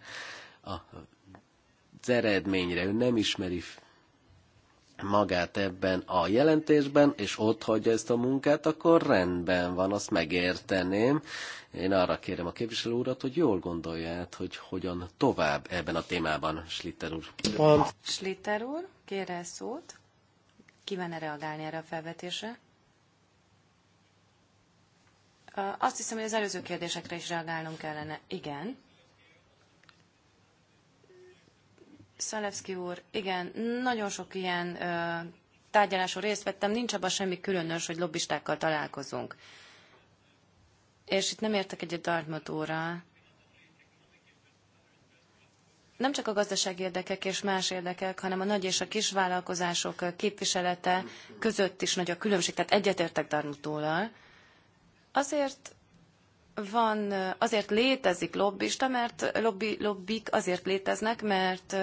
S5: a az eredményre, ő nem ismeri magát ebben a jelentésben, és ott hagyja ezt a munkát, akkor rendben van, azt megérteném. Én arra kérem a képviselő urat, hogy jól gondolja át, hogy hogyan tovább ebben a témában, Schlitter úr.
S1: Schlitter úr, kérre szót. Kívánne reagálni erre a felvetésre? Azt hiszem, hogy az előző kérdésekre is reagálnunk kellene. Igen. Szalevszki úr, igen, nagyon sok ilyen ö, tárgyaláson részt vettem, nincs abban semmi különös, hogy lobbistákkal találkozunk. És itt nem értek egyet Dartmouth úrral. Nem csak a gazdasági érdekek és más érdekek, hanem a nagy és a kis vállalkozások képviselete között is nagy a különbség, tehát egyetértek Dartmouth úrral. Azért van, azért létezik lobbista, mert lobby, lobbik azért léteznek, mert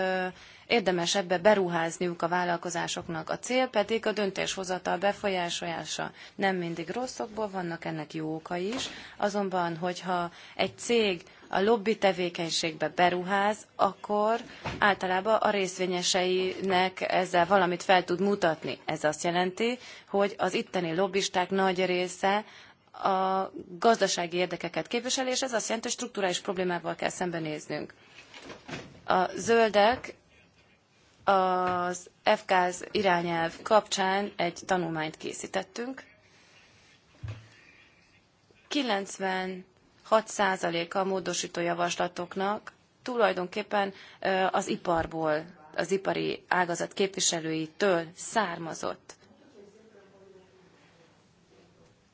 S1: érdemes ebbe beruházniuk a vállalkozásoknak. A cél pedig a döntéshozatal befolyásolása. Nem mindig rosszokból vannak ennek jó oka is, azonban, hogyha egy cég a lobby tevékenységbe beruház, akkor általában a részvényeseinek ezzel valamit fel tud mutatni. Ez azt jelenti, hogy az itteni lobbisták nagy része a gazdasági érdekeket képviseli, és ez azt jelenti, hogy strukturális problémával kell szembenéznünk. A zöldek az FKZ irányelv kapcsán egy tanulmányt készítettünk. 96% a módosító javaslatoknak tulajdonképpen az iparból, az ipari ágazat képviselőitől származott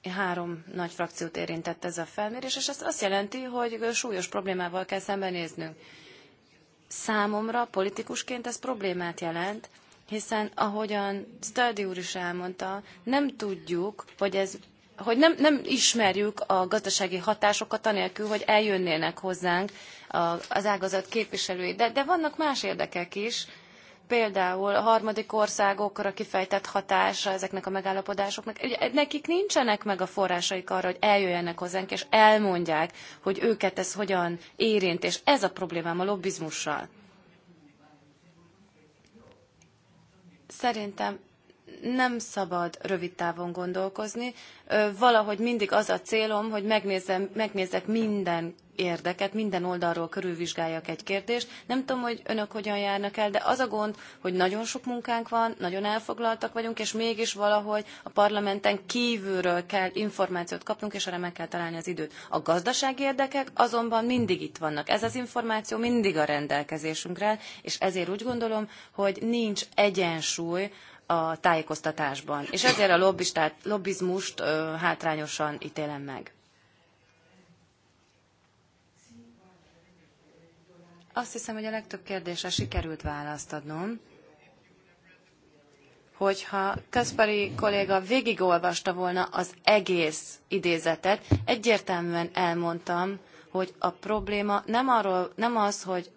S1: három nagy frakciót érintett ez a felmérés, és ez azt jelenti, hogy súlyos problémával kell szembenéznünk. Számomra politikusként ez problémát jelent, hiszen ahogyan Stöldi úr is elmondta, nem tudjuk, hogy ez hogy nem, nem ismerjük a gazdasági hatásokat anélkül, hogy eljönnének hozzánk az ágazat képviselői. De, de vannak más érdekek is, például a harmadik országokra kifejtett hatása ezeknek a megállapodásoknak, nekik nincsenek meg a forrásaik arra, hogy eljöjjenek hozzánk, és elmondják, hogy őket ez hogyan érint, és ez a problémám a lobbizmussal. Szerintem nem szabad rövid távon gondolkozni. Valahogy mindig az a célom, hogy megnézem, megnézzek minden érdeket, minden oldalról körülvizsgáljak egy kérdést. Nem tudom, hogy önök hogyan járnak el, de az a gond, hogy nagyon sok munkánk van, nagyon elfoglaltak vagyunk, és mégis valahogy a parlamenten kívülről kell információt kapnunk, és erre meg kell találni az időt. A gazdasági érdekek azonban mindig itt vannak. Ez az információ mindig a rendelkezésünkre, és ezért úgy gondolom, hogy nincs egyensúly a tájékoztatásban. És ezért a lobbistát, lobbizmust ö, hátrányosan ítélem meg. Azt hiszem, hogy a legtöbb kérdésre sikerült választ adnom. Hogyha Kaspari kolléga végigolvasta volna az egész idézetet, egyértelműen elmondtam, hogy a probléma nem, arról, nem az, hogy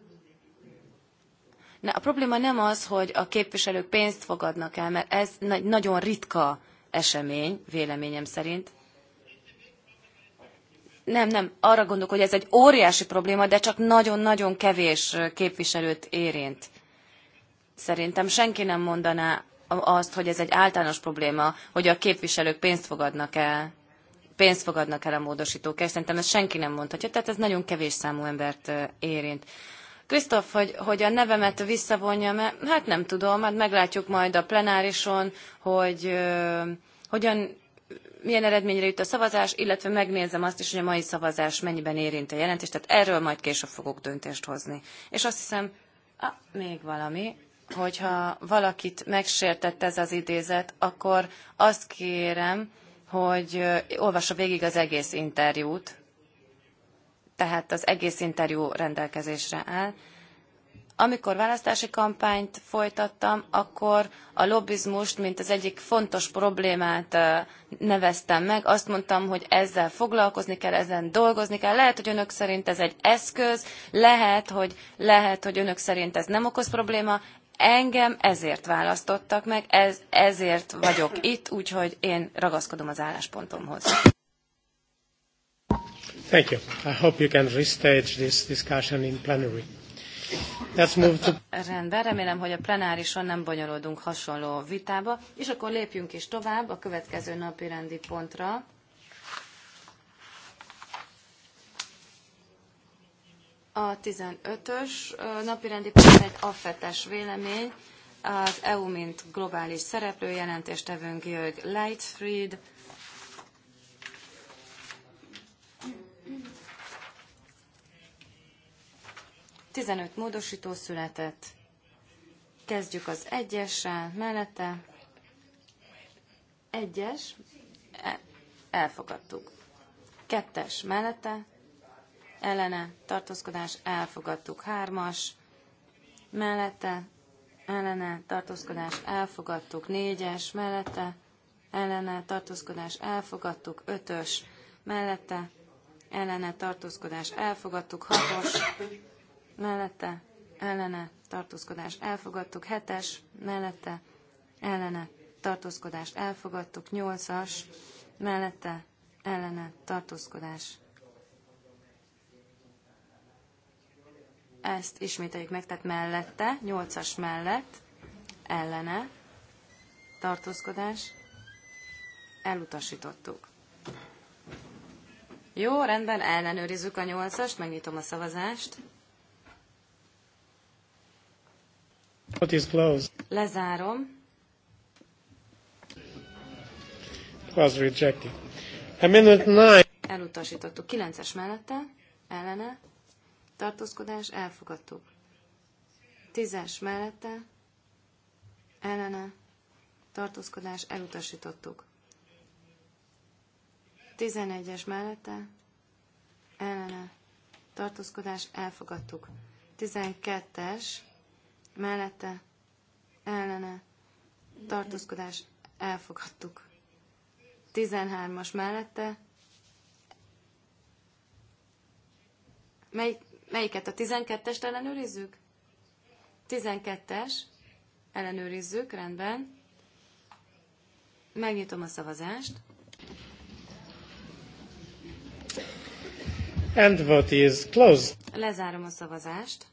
S1: a probléma nem az, hogy a képviselők pénzt fogadnak el, mert ez egy nagyon ritka esemény, véleményem szerint. Nem, nem, arra gondolok, hogy ez egy óriási probléma, de csak nagyon-nagyon kevés képviselőt érint. Szerintem senki nem mondaná azt, hogy ez egy általános probléma, hogy a képviselők pénzt fogadnak el, pénzt fogadnak el a módosítók. Szerintem ezt senki nem mondhatja, tehát ez nagyon kevés számú embert érint. Krisztof, hogy, hogy a nevemet visszavonja, mert Hát nem tudom, hát meglátjuk majd a plenárison, hogy uh, hogyan milyen eredményre jut a szavazás, illetve megnézem azt is, hogy a mai szavazás mennyiben érint a jelentést, tehát erről majd később fogok döntést hozni. És azt hiszem, ah, még valami, hogyha valakit megsértett ez az idézet, akkor azt kérem, hogy olvassa végig az egész interjút, tehát az egész interjú rendelkezésre áll. Amikor választási kampányt folytattam, akkor a lobbizmust, mint az egyik fontos problémát neveztem meg. Azt mondtam, hogy ezzel foglalkozni kell, ezen dolgozni kell. Lehet, hogy önök szerint ez egy eszköz, lehet, hogy, lehet, hogy önök szerint ez nem okoz probléma. Engem ezért választottak meg, ez, ezért vagyok itt, úgyhogy én ragaszkodom az álláspontomhoz.
S2: Thank you. I hope you can restage this discussion in plenary. Let's move to...
S1: Rendben, remélem, hogy a plenárison nem bonyolódunk hasonló vitába, és akkor lépjünk is tovább a következő napi rendi pontra. A 15-ös napirendi pont egy affetes vélemény, az EU mint globális szereplő jelentéstevőnk Jörg Lightfried, 15 módosító született. Kezdjük az egyessel, mellette. Egyes, e, elfogadtuk. Kettes, mellette. Ellene, tartózkodás, elfogadtuk. Hármas, mellette. Ellene, tartózkodás, elfogadtuk. Négyes, mellette. Ellene, tartózkodás, elfogadtuk. Ötös, mellette. Ellene, tartózkodás, elfogadtuk. Hatos, mellette, ellene, tartózkodás elfogadtuk, hetes. mellette, ellene, tartózkodás elfogadtuk, nyolcas. mellette, ellene, tartózkodás. Ezt ismételjük meg, tehát mellette, nyolcas mellett, ellene, tartózkodás, elutasítottuk. Jó, rendben, ellenőrizzük a nyolcast, megnyitom a szavazást. Lezárom.
S2: was rejected. Amendment 9.
S1: Elutasítottuk. 9-es mellette, ellene, tartózkodás, elfogadtuk. 10-es mellette, ellene, tartózkodás, elutasítottuk. 11-es mellette, ellene, tartózkodás, elfogadtuk. 12-es mellette, ellene, tartózkodás, elfogadtuk. 13-as mellette, Mely, melyiket a 12-est ellenőrizzük? 12-es, ellenőrizzük, rendben. Megnyitom a szavazást.
S2: And vote is closed.
S1: Lezárom a szavazást.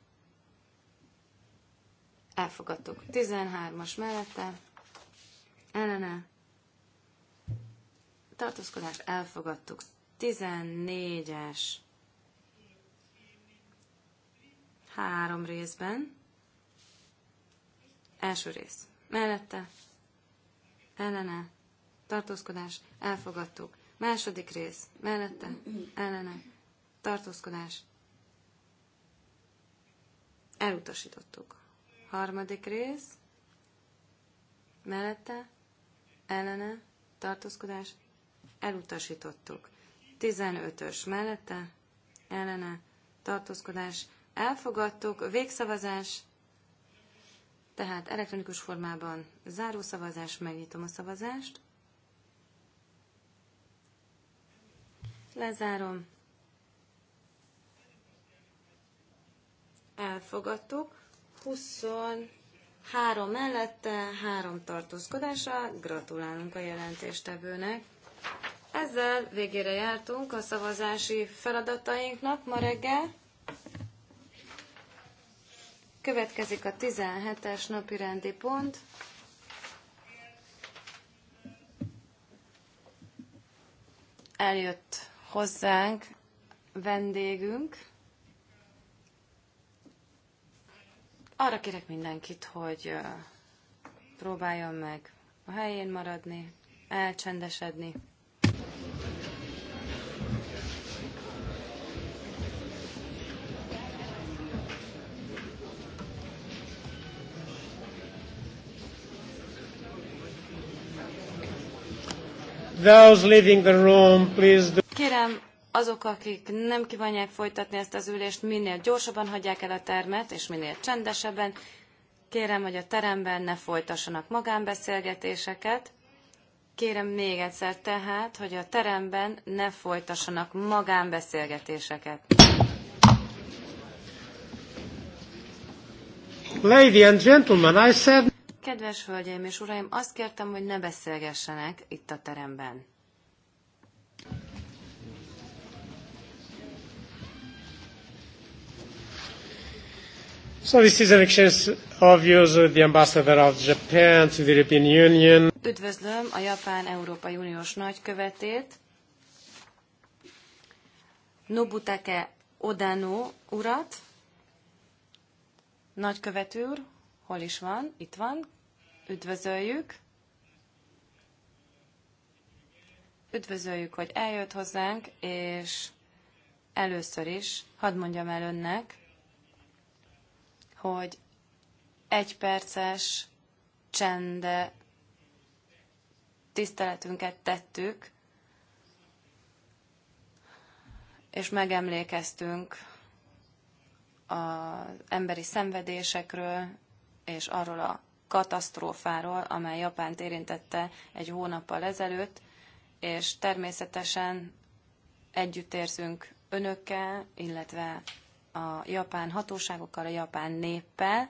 S1: Elfogadtuk. 13-as mellette. Ellene. tartózkodást Elfogadtuk. 14-es. Három részben. Első rész. Mellette. Ellene. Tartózkodás. Elfogadtuk. Második rész. Mellette. Ellene. Tartózkodás. Elutasítottuk. Harmadik rész. Mellette, ellene, tartózkodás, elutasítottuk. 15-ös mellette, ellene, tartózkodás, elfogadtuk, végszavazás, tehát elektronikus formában záró szavazás, megnyitom a szavazást. Lezárom. Elfogadtuk. 23 mellette, 3 tartózkodása. Gratulálunk a jelentéstevőnek. Ezzel végére jártunk a szavazási feladatainknak ma reggel. Következik a 17-es napi rendi pont. Eljött hozzánk vendégünk. Arra kérek mindenkit, hogy próbáljon meg a helyén maradni, elcsendesedni.
S2: Those leaving the room, please do.
S1: Kérem, azok, akik nem kívánják folytatni ezt az ülést, minél gyorsabban hagyják el a termet, és minél csendesebben. Kérem, hogy a teremben ne folytassanak magánbeszélgetéseket. Kérem még egyszer tehát, hogy a teremben ne folytassanak magánbeszélgetéseket.
S2: Lady and gentlemen, I said...
S1: Kedves hölgyeim és uraim, azt kértem, hogy ne beszélgessenek itt a teremben.
S2: So this is an exchange of with the ambassador of Japan to the European Union.
S1: Üdvözlöm a Japán Európai Uniós nagykövetét, Nobutake Odano urat. Nagykövet úr, hol is van? Itt van. Üdvözöljük. Üdvözöljük, hogy eljött hozzánk, és először is hadd mondjam el önnek, hogy egy perces csende tiszteletünket tettük, és megemlékeztünk az emberi szenvedésekről, és arról a katasztrófáról, amely Japánt érintette egy hónappal ezelőtt, és természetesen együttérzünk önökkel, illetve a japán hatóságokkal, a japán néppel.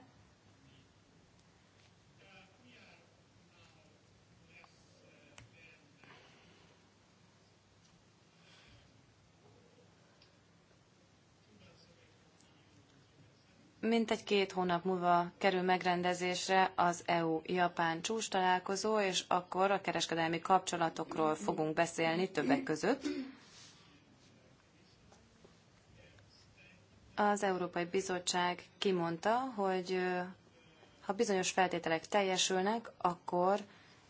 S1: Mintegy két hónap múlva kerül megrendezésre az EU-Japán csúcs találkozó, és akkor a kereskedelmi kapcsolatokról fogunk beszélni többek között. Az Európai Bizottság kimondta, hogy ha bizonyos feltételek teljesülnek, akkor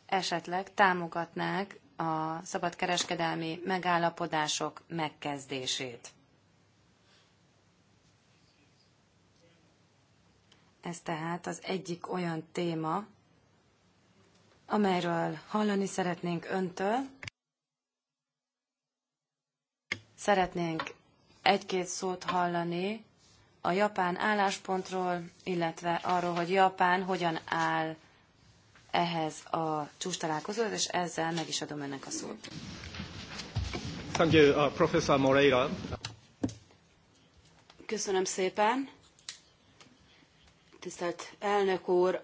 S1: esetleg támogatnák a szabadkereskedelmi megállapodások megkezdését. Ez tehát az egyik olyan téma, amelyről hallani szeretnénk öntől. Szeretnénk egy-két szót hallani a japán álláspontról, illetve arról, hogy Japán hogyan áll ehhez a csúcs találkozóhoz, és ezzel meg is adom ennek a szót.
S3: Thank you, uh, Professor Moreira.
S4: Köszönöm szépen. Tisztelt elnök úr,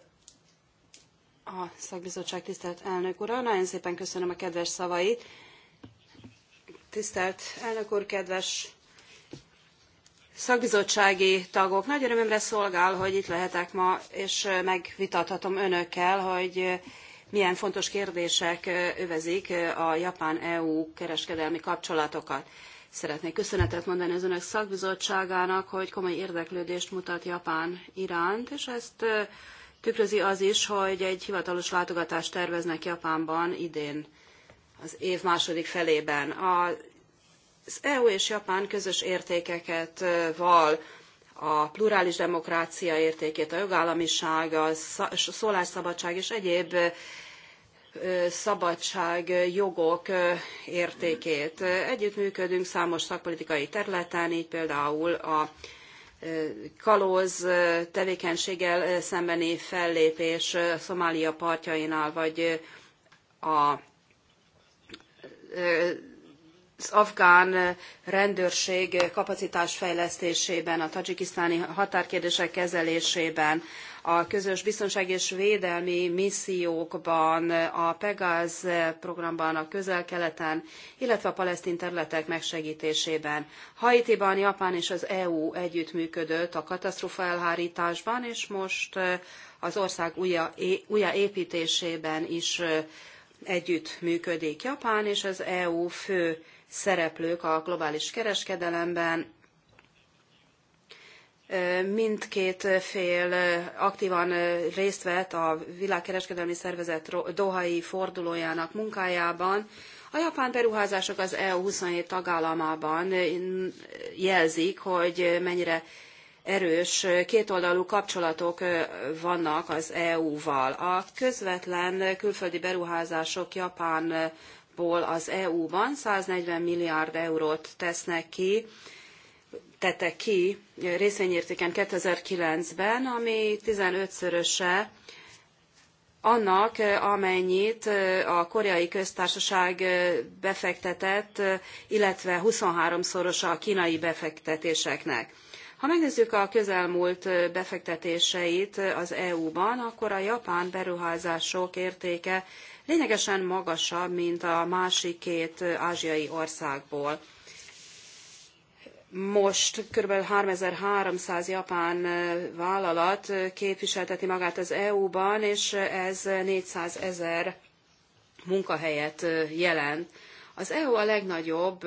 S4: a szakbizottság tisztelt elnök ura, nagyon szépen köszönöm a kedves szavait. Tisztelt elnök úr, kedves szakbizottsági tagok. Nagy örömömre szolgál, hogy itt lehetek ma, és megvitathatom önökkel, hogy milyen fontos kérdések övezik a Japán-EU kereskedelmi kapcsolatokat. Szeretnék köszönetet mondani az önök szakbizottságának, hogy komoly érdeklődést mutat Japán iránt, és ezt tükrözi az is, hogy egy hivatalos látogatást terveznek Japánban idén az év második felében. A az EU és Japán közös értékeket val, a plurális demokrácia értékét, a jogállamiság, a szólásszabadság és egyéb szabadság, jogok értékét. Együttműködünk számos szakpolitikai területen, így például a kalóz tevékenységgel szembeni fellépés Szomália partjainál, vagy a az afgán eh, rendőrség eh, kapacitásfejlesztésében, a tadzsikisztáni határkérdések kezelésében, a közös biztonság és védelmi missziókban, a Pegaz eh, programban, a közel-keleten, illetve a palesztin területek megsegítésében. Haitiban Japán és az EU együttműködött a katasztrófa elhárításban, és most az ország építésében is együttműködik Japán és az EU fő szereplők a globális kereskedelemben. Mindkét fél aktívan részt vett a világkereskedelmi szervezet Dohai fordulójának munkájában. A japán beruházások az EU 27 tagállamában jelzik, hogy mennyire erős kétoldalú kapcsolatok vannak az EU-val. A közvetlen külföldi beruházások japán ból az EU-ban 140 milliárd eurót tesznek ki, tette ki részvényértéken 2009-ben, ami 15-szöröse annak, amennyit a koreai köztársaság befektetett, illetve 23-szorosa a kínai befektetéseknek. Ha megnézzük a közelmúlt befektetéseit az EU-ban, akkor a japán beruházások értéke lényegesen magasabb, mint a másik két ázsiai országból. Most kb. 3300 japán vállalat képviselteti magát az EU-ban, és ez 400 ezer munkahelyet jelent. Az EU a legnagyobb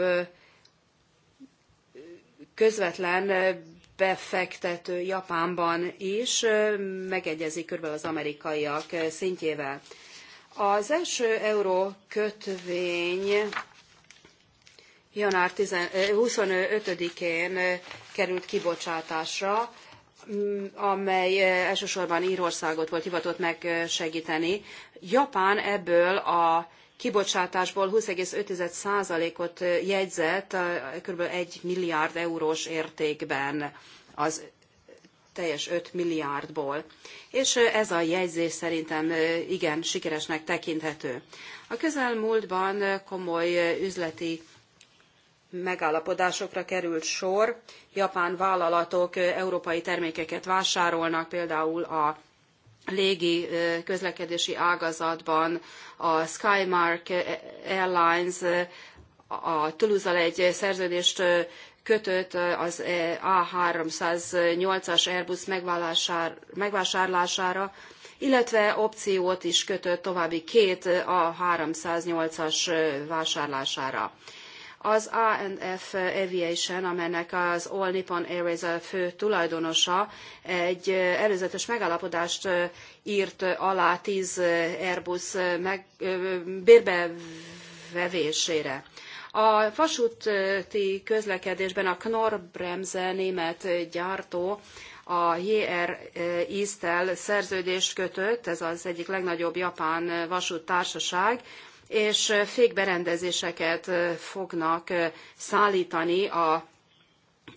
S4: közvetlen befektető Japánban is megegyezik körülbelül az amerikaiak szintjével. Az első euró kötvény január 25-én eh, eh, került kibocsátásra, mm, amely eh, elsősorban Írországot volt hivatott megsegíteni. Japán ebből a kibocsátásból 20,5%-ot jegyzett, kb. 1 milliárd eurós értékben az teljes 5 milliárdból. És ez a jegyzés szerintem igen sikeresnek tekinthető. A közelmúltban komoly üzleti megállapodásokra került sor. Japán vállalatok európai termékeket vásárolnak, például a légi közlekedési ágazatban a Skymark Airlines a Toulouse-al egy szerződést kötött az A308-as Airbus megvásárlására, illetve opciót is kötött további két A308-as vásárlására. Az ANF Aviation, amelynek az All Nippon Airways a fő tulajdonosa, egy előzetes megállapodást írt alá 10 Airbus meg, bérbevevésére. A vasúti közlekedésben a Knorr-Bremse német gyártó a JR East-tel szerződést kötött, ez az egyik legnagyobb japán vasúttársaság, és fékberendezéseket fognak szállítani a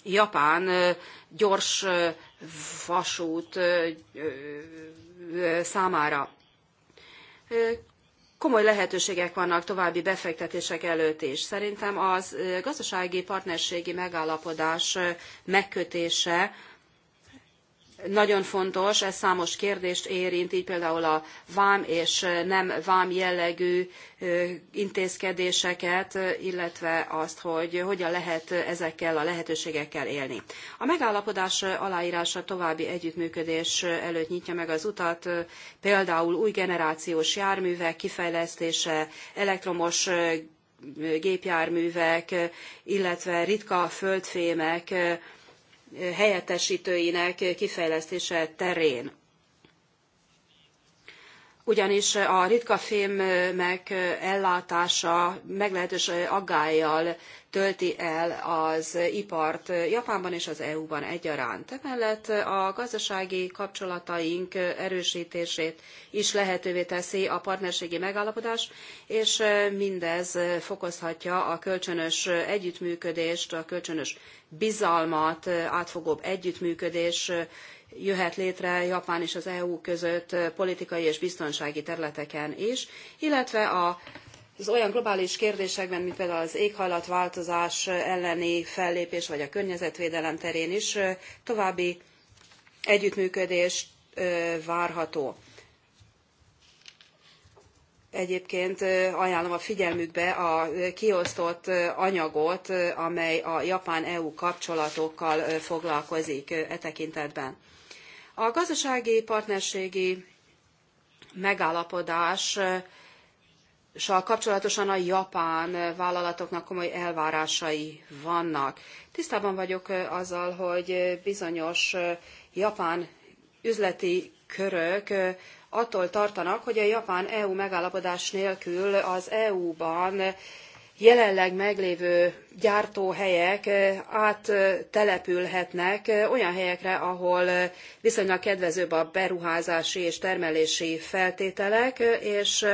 S4: japán gyors vasút számára komoly lehetőségek vannak további befektetések előtt is. Szerintem az gazdasági partnerségi megállapodás megkötése nagyon fontos, ez számos kérdést érint, így például a vám és nem vám jellegű intézkedéseket, illetve azt, hogy hogyan lehet ezekkel a lehetőségekkel élni. A megállapodás aláírása további együttműködés előtt nyitja meg az utat, például új generációs járművek kifejlesztése, elektromos gépjárművek, illetve ritka földfémek helyettestőinek kifejlesztése terén ugyanis a ritka fémek ellátása meglehetős aggályjal tölti el az ipart Japánban és az EU-ban egyaránt. Emellett a gazdasági kapcsolataink erősítését is lehetővé teszi a partnerségi megállapodás, és mindez fokozhatja a kölcsönös együttműködést, a kölcsönös bizalmat, átfogóbb együttműködés jöhet létre Japán és az EU között politikai és biztonsági területeken is, illetve a az olyan globális kérdésekben, mint például az éghajlatváltozás elleni fellépés, vagy a környezetvédelem terén is további együttműködés várható. Egyébként ajánlom a figyelmükbe a kiosztott anyagot, amely a japán-EU kapcsolatokkal foglalkozik e tekintetben. A gazdasági partnerségi megállapodással kapcsolatosan a japán vállalatoknak komoly elvárásai vannak. Tisztában vagyok azzal, hogy bizonyos japán üzleti körök attól tartanak, hogy a japán-EU megállapodás nélkül az EU-ban jelenleg meglévő gyártóhelyek áttelepülhetnek olyan helyekre, ahol viszonylag kedvezőbb a beruházási és termelési feltételek, és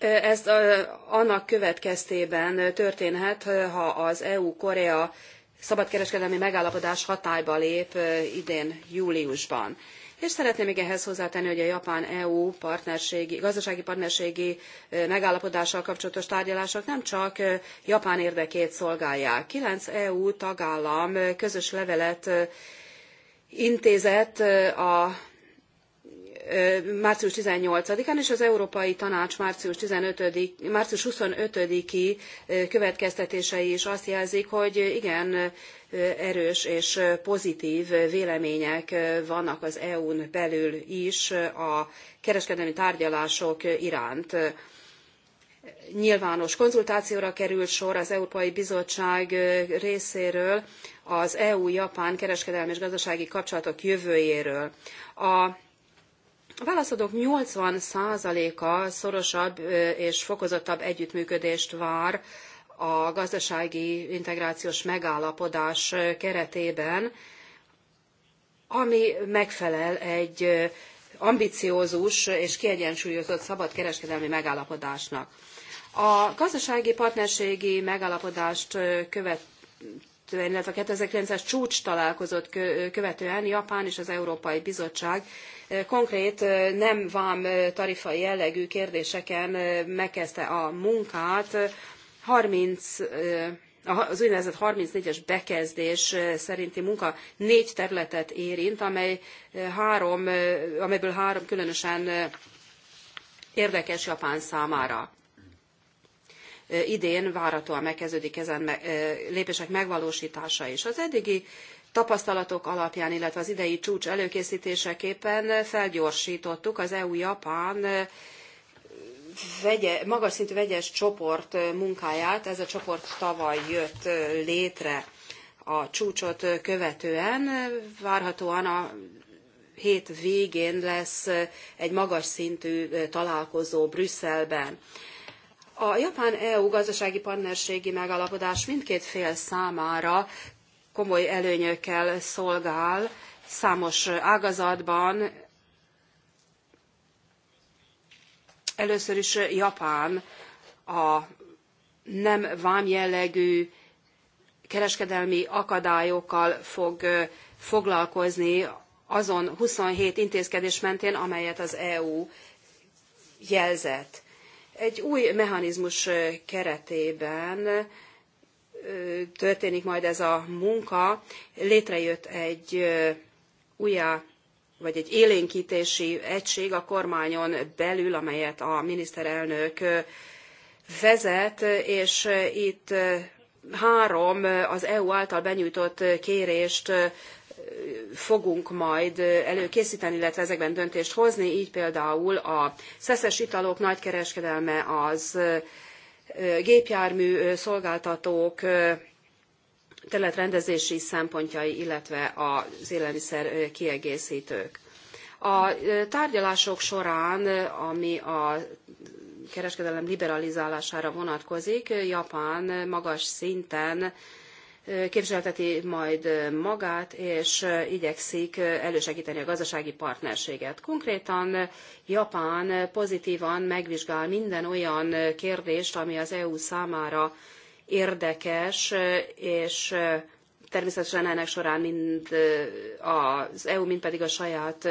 S4: ez annak következtében történhet, ha az EU-Korea szabadkereskedelmi megállapodás hatályba lép idén júliusban. És szeretném még ehhez hozzátenni, hogy a Japán-EU partnerségi, gazdasági partnerségi megállapodással kapcsolatos tárgyalások nem csak Japán érdekét szolgálják. Kilenc EU tagállam közös levelet intézett a március 18-án, és az Európai Tanács március, 15 március 25-i következtetései is azt jelzik, hogy igen, erős és pozitív vélemények vannak az EU-n belül is a kereskedelmi tárgyalások iránt. Nyilvános konzultációra került sor az Európai Bizottság részéről az EU-Japán kereskedelmi és gazdasági kapcsolatok jövőjéről. A a válaszadók 80%-a szorosabb és fokozottabb együttműködést vár a gazdasági integrációs megállapodás keretében, ami megfelel egy ambiciózus és kiegyensúlyozott szabadkereskedelmi megállapodásnak. A gazdasági partnerségi megállapodást követ illetve a 2009-es csúcs találkozót követően Japán és az Európai Bizottság konkrét nem vám tarifa jellegű kérdéseken megkezdte a munkát. 30 az úgynevezett 34-es bekezdés szerinti munka négy területet érint, amely három, amelyből három különösen érdekes Japán számára idén várhatóan megkezdődik ezen lépések megvalósítása is. Az eddigi tapasztalatok alapján, illetve az idei csúcs előkészítéseképpen felgyorsítottuk az EU-Japán vegye, magas szintű vegyes csoport munkáját. Ez a csoport tavaly jött létre a csúcsot követően. Várhatóan a hét végén lesz egy magas szintű találkozó Brüsszelben. A Japán-EU gazdasági partnerségi megalapodás mindkét fél számára komoly előnyökkel szolgál számos ágazatban. Először is Japán a nem vámjellegű kereskedelmi akadályokkal fog foglalkozni azon 27 intézkedés mentén, amelyet az EU jelzett. Egy új mechanizmus keretében történik majd ez a munka. Létrejött egy újjá vagy egy élénkítési egység a kormányon belül, amelyet a miniszterelnök vezet, és itt három az EU által benyújtott kérést fogunk majd előkészíteni, illetve ezekben döntést hozni, így például a szeszes italok nagykereskedelme, az gépjármű szolgáltatók területrendezési szempontjai, illetve az élelmiszer kiegészítők. A tárgyalások során, ami a kereskedelem liberalizálására vonatkozik, Japán magas szinten képviselteti majd magát, és igyekszik elősegíteni a gazdasági partnerséget. Konkrétan Japán pozitívan megvizsgál minden olyan kérdést, ami az EU számára érdekes, és természetesen ennek során mind az EU, mind pedig a saját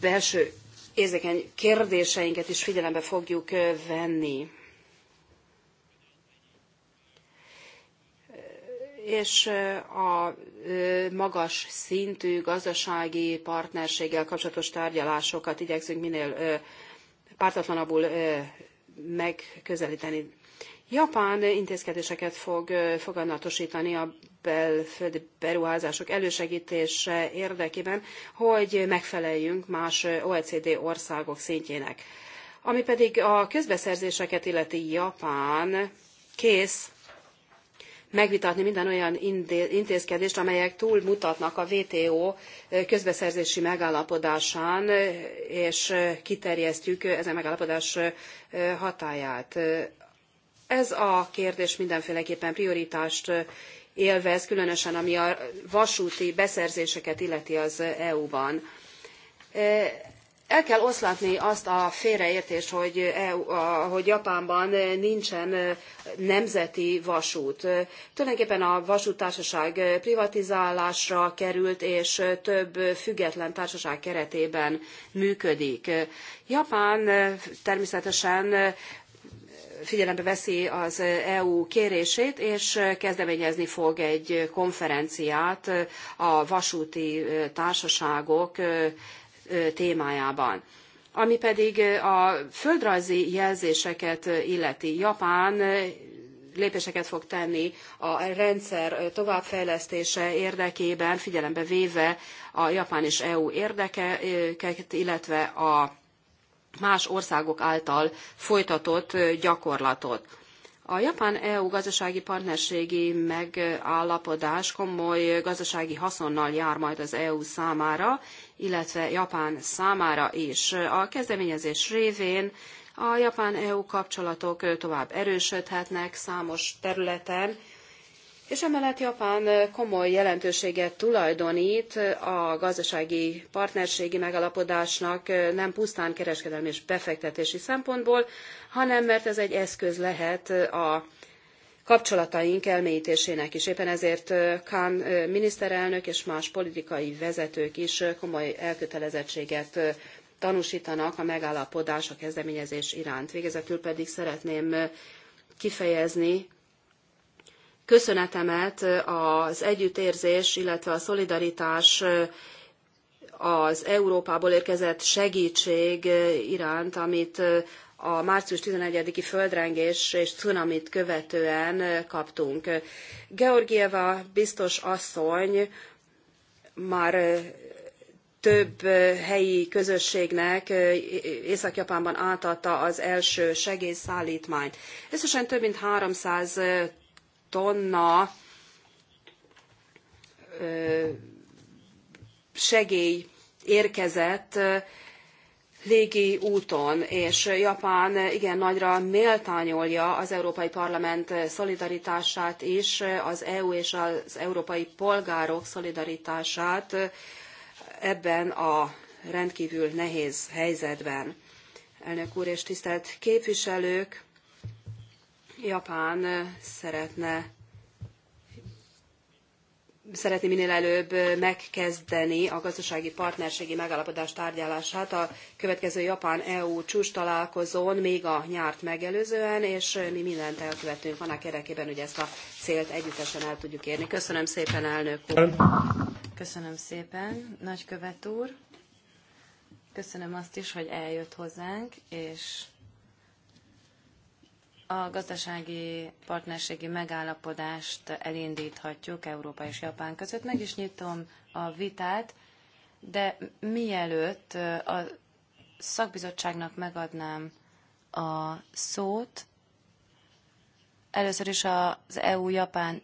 S4: belső érzékeny kérdéseinket is figyelembe fogjuk venni. és a magas szintű gazdasági partnerséggel kapcsolatos tárgyalásokat igyekszünk minél pártatlanabbul megközelíteni. Japán intézkedéseket fog foganatosítani a belföldi beruházások elősegítése érdekében, hogy megfeleljünk más OECD országok szintjének. Ami pedig a közbeszerzéseket illeti Japán kész megvitatni minden olyan intézkedést, amelyek túlmutatnak a WTO közbeszerzési megállapodásán, és kiterjesztjük ezen megállapodás hatáját. Ez a kérdés mindenféleképpen prioritást élvez, különösen ami a vasúti beszerzéseket illeti az EU-ban el kell oszlatni azt a félreértést, hogy, e hogy Japánban nincsen nemzeti vasút. Tulajdonképpen a vasútársaság privatizálásra került, és több független társaság keretében működik. Japán természetesen figyelembe veszi az EU kérését, és kezdeményezni fog egy konferenciát a vasúti társaságok témájában. Ami pedig a földrajzi jelzéseket illeti, Japán lépéseket fog tenni a rendszer továbbfejlesztése érdekében, figyelembe véve a Japán és EU érdekeket, illetve a más országok által folytatott gyakorlatot. A japán-EU gazdasági partnerségi megállapodás komoly gazdasági haszonnal jár majd az EU számára, illetve Japán számára is. A kezdeményezés révén a japán-EU kapcsolatok tovább erősödhetnek számos területen, és emellett Japán komoly jelentőséget tulajdonít a gazdasági partnerségi megalapodásnak nem pusztán kereskedelmi és befektetési szempontból, hanem mert ez egy eszköz lehet a kapcsolataink elmélyítésének is. Éppen ezért kán miniszterelnök és más politikai vezetők is komoly elkötelezettséget tanúsítanak a megállapodás, a kezdeményezés iránt. Végezetül pedig szeretném kifejezni köszönetemet az együttérzés, illetve a szolidaritás az Európából érkezett segítség iránt, amit a március 11-i földrengés és cunamit követően kaptunk. Georgieva biztos asszony már több helyi közösségnek Észak-Japánban átadta az első segélyszállítmányt. Összesen több mint 300 tonna segély érkezett légi úton, és Japán igen nagyra méltányolja az Európai Parlament szolidaritását is, az EU és az európai polgárok szolidaritását ebben a rendkívül nehéz helyzetben. Elnök úr és tisztelt képviselők! Japán szeretne szeretné minél előbb megkezdeni a gazdasági partnerségi megállapodás tárgyalását a következő Japán-EU csúcs találkozón, még a nyárt megelőzően, és mi mindent elkövetünk annak
S1: érdekében, hogy ezt a célt együttesen el tudjuk érni. Köszönöm szépen, elnök úr! Köszönöm szépen, nagykövet úr! Köszönöm azt is, hogy eljött hozzánk, és a gazdasági partnerségi megállapodást elindíthatjuk Európa és Japán között. Meg is nyitom a vitát, de mielőtt a szakbizottságnak megadnám a szót, először is az EU-Japán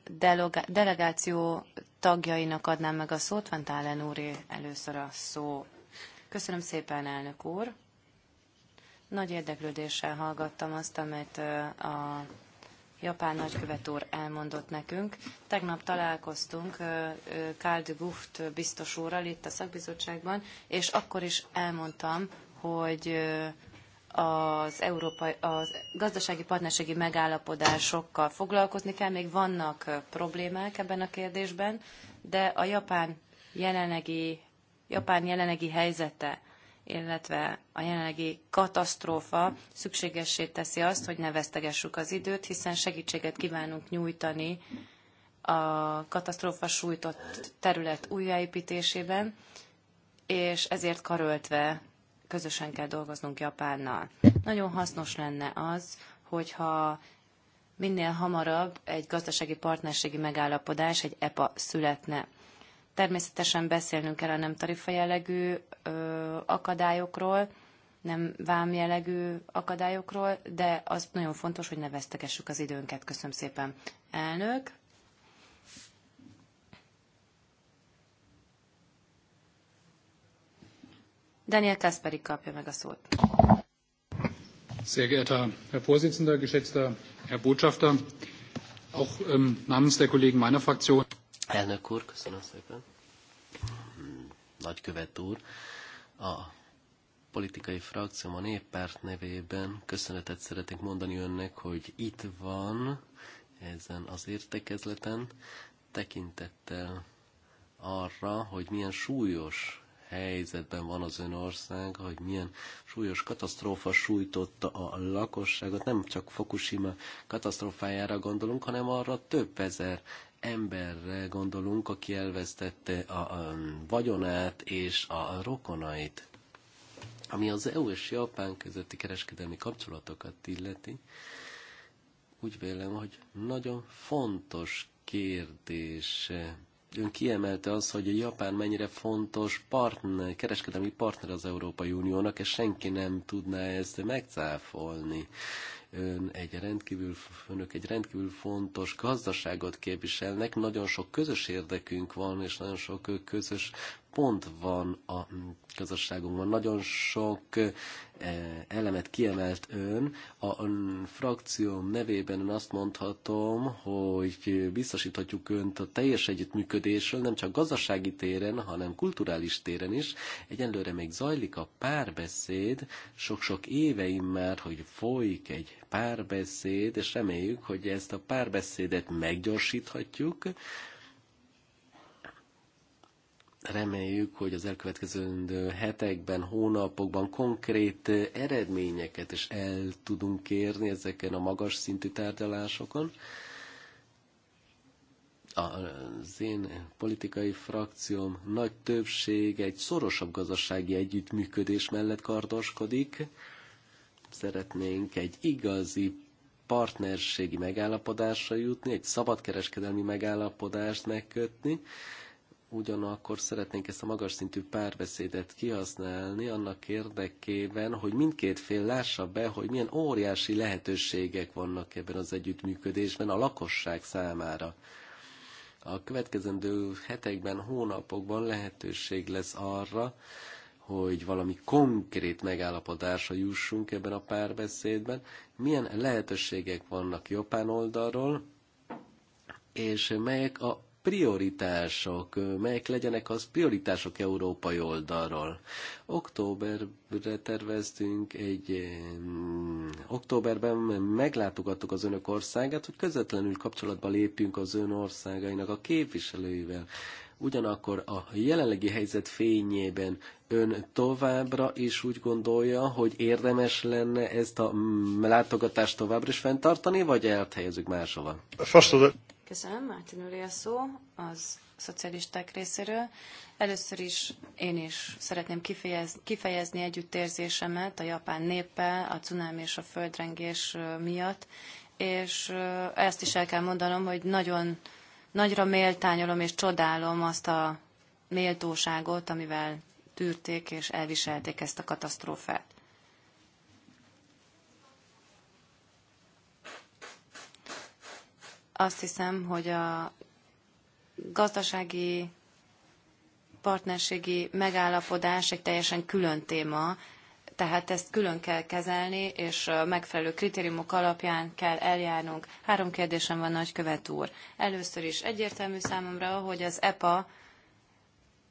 S1: delegáció tagjainak adnám meg a szót, Van Tálen úr először a szó. Köszönöm szépen, elnök úr! Nagy érdeklődéssel hallgattam azt, amit a japán nagykövet úr elmondott nekünk. Tegnap találkoztunk Karl de Gucht biztos úrral itt a szakbizottságban, és akkor is elmondtam, hogy az, európai, az gazdasági partnerségi megállapodásokkal foglalkozni kell. Még vannak problémák ebben a kérdésben, de a japán jelenlegi, japán jelenlegi helyzete, illetve a jelenlegi katasztrófa szükségessé teszi azt, hogy ne vesztegessük az időt, hiszen segítséget kívánunk nyújtani a katasztrófa sújtott terület újjáépítésében, és ezért karöltve közösen kell dolgoznunk Japánnal. Nagyon hasznos lenne az, hogyha minél hamarabb egy gazdasági partnerségi megállapodás, egy EPA születne. Természetesen beszélnünk kell a nem tarifa jellegű ö, akadályokról, nem jellegű akadályokról, de az nagyon fontos, hogy ne vesztegessük az időnket. Köszönöm szépen, elnök. Daniel Kasperi kapja meg a szót.
S2: Sehr geehrter Herr Vorsitzender, geschätzter Herr Botschafter, auch ähm, namens der Kollegen meiner Fraktion.
S5: Elnök úr, köszönöm szépen. Nagykövet úr, a politikai frakcióm a néppárt nevében köszönetet szeretnék mondani önnek, hogy itt van ezen az értekezleten, tekintettel arra, hogy milyen súlyos helyzetben van az ön ország, hogy milyen súlyos katasztrófa sújtotta a lakosságot. Nem csak Fukushima katasztrófájára gondolunk, hanem arra több ezer emberre gondolunk, aki elvesztette a, a vagyonát és a rokonait, ami az EU és Japán közötti kereskedelmi kapcsolatokat illeti, úgy vélem, hogy nagyon fontos kérdés. Ön kiemelte az, hogy a Japán mennyire fontos partner, kereskedelmi partner az Európai Uniónak, és senki nem tudná ezt megcáfolni ön egy rendkívül, önök egy rendkívül fontos gazdaságot képviselnek, nagyon sok közös érdekünk van, és nagyon sok közös pont van a közösségünkben. Nagyon sok eh, elemet kiemelt ön. A frakcióm nevében ön azt mondhatom, hogy biztosíthatjuk önt a teljes együttműködésről, nem csak gazdasági téren, hanem kulturális téren is. Egyenlőre még zajlik a párbeszéd, sok-sok éveim már, hogy folyik egy párbeszéd, és reméljük, hogy ezt a párbeszédet meggyorsíthatjuk, reméljük, hogy az elkövetkező hetekben, hónapokban konkrét eredményeket is el tudunk kérni ezeken a magas szintű tárgyalásokon. Az én politikai frakcióm nagy többség egy szorosabb gazdasági együttműködés mellett kardoskodik. Szeretnénk egy igazi partnerségi megállapodásra jutni, egy szabadkereskedelmi megállapodást megkötni, ugyanakkor szeretnénk ezt a magas szintű párbeszédet kihasználni annak érdekében, hogy mindkét fél lássa be, hogy milyen óriási lehetőségek vannak ebben az együttműködésben a lakosság számára. A következendő hetekben, hónapokban lehetőség lesz arra, hogy valami konkrét megállapodásra jussunk ebben a párbeszédben, milyen lehetőségek vannak japán oldalról, és melyek a prioritások, melyek legyenek az prioritások európai oldalról. Októberre terveztünk egy... Októberben meglátogattuk az önök országát, hogy közvetlenül kapcsolatba lépjünk az ön országainak a képviselőivel. Ugyanakkor a jelenlegi helyzet fényében ön továbbra is úgy gondolja, hogy érdemes lenne ezt a látogatást továbbra is fenntartani, vagy elhelyezzük máshova? First
S1: Köszönöm, Mártin úr, a szó az szocialisták részéről. Először is én is szeretném kifejezni, kifejezni együttérzésemet a japán néppel, a cunám és a földrengés miatt, és ezt is el kell mondanom, hogy nagyon nagyra méltányolom és csodálom azt a méltóságot, amivel tűrték és elviselték ezt a katasztrófát. Azt hiszem, hogy a gazdasági partnerségi megállapodás egy teljesen külön téma, tehát ezt külön kell kezelni, és megfelelő kritériumok alapján kell eljárnunk. Három kérdésem van, nagykövet úr. Először is egyértelmű számomra, hogy az EPA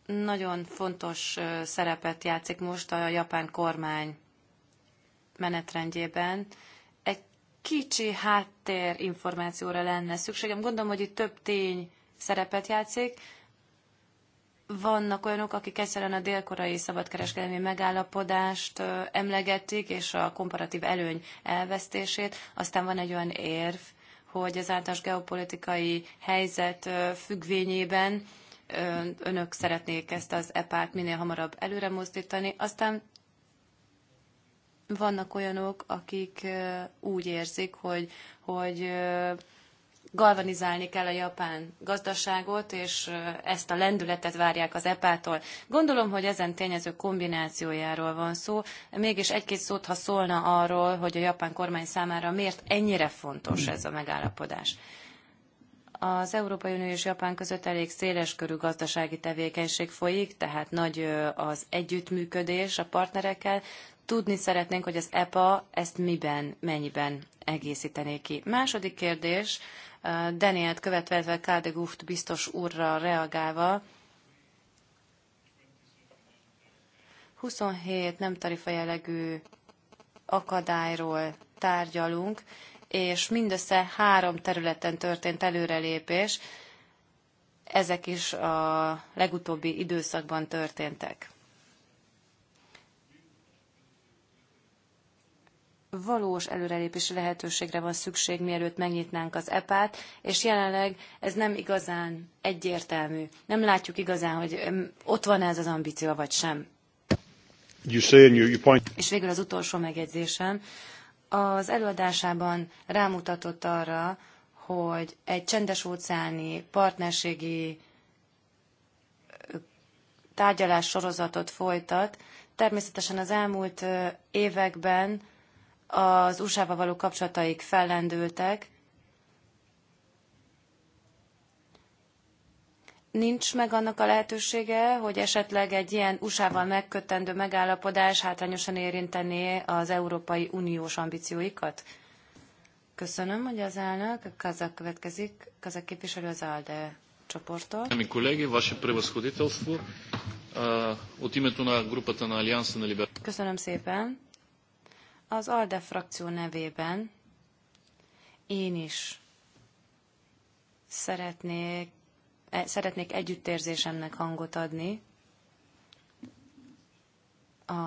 S1: nagyon fontos szerepet játszik most a japán kormány menetrendjében, kicsi háttér információra lenne szükségem. Gondolom, hogy itt több tény szerepet játszik. Vannak olyanok, akik egyszerűen a délkorai szabadkereskedelmi megállapodást emlegetik, és a komparatív előny elvesztését. Aztán van egy olyan érv, hogy az általános geopolitikai helyzet függvényében önök szeretnék ezt az epát minél hamarabb előre mozdítani. Aztán vannak olyanok, akik úgy érzik, hogy, hogy galvanizálni kell a japán gazdaságot, és ezt a lendületet várják az EPA-tól. Gondolom, hogy ezen tényező kombinációjáról van szó. Mégis egy-két szót, ha szólna arról, hogy a japán kormány számára miért ennyire fontos ez a megállapodás. Az Európai Unió és Japán között elég széles körű gazdasági tevékenység folyik, tehát nagy az együttműködés a partnerekkel. Tudni szeretnénk, hogy az EPA ezt miben, mennyiben egészítené ki. Második kérdés, Danielt követve Káldeguft biztos úrra reagálva, 27 nem tarifa jellegű akadályról tárgyalunk, és mindössze három területen történt előrelépés, ezek is a legutóbbi időszakban történtek. valós előrelépés lehetőségre van szükség, mielőtt megnyitnánk az EPÁT, és jelenleg ez nem igazán egyértelmű. Nem látjuk igazán, hogy ott van ez az ambíció, vagy sem. You say and you, you point... És végül az utolsó megjegyzésem. Az előadásában rámutatott arra, hogy egy csendes óceáni partnerségi tárgyalás sorozatot folytat. Természetesen az elmúlt években az usa való kapcsolataik fellendültek, nincs meg annak a lehetősége, hogy esetleg egy ilyen USA-val megkötendő megállapodás hátrányosan érintené az Európai Uniós ambícióikat? Köszönöm, hogy az elnök. Kazak következik, Kazak képviselő az ALDE csoporttól. Ami kollégi, vaše превосходителство,
S3: от името на групата на Альянса на
S1: Köszönöm szépen. Az ALDE frakció nevében én is szeretnék, e, szeretnék együttérzésemnek hangot adni a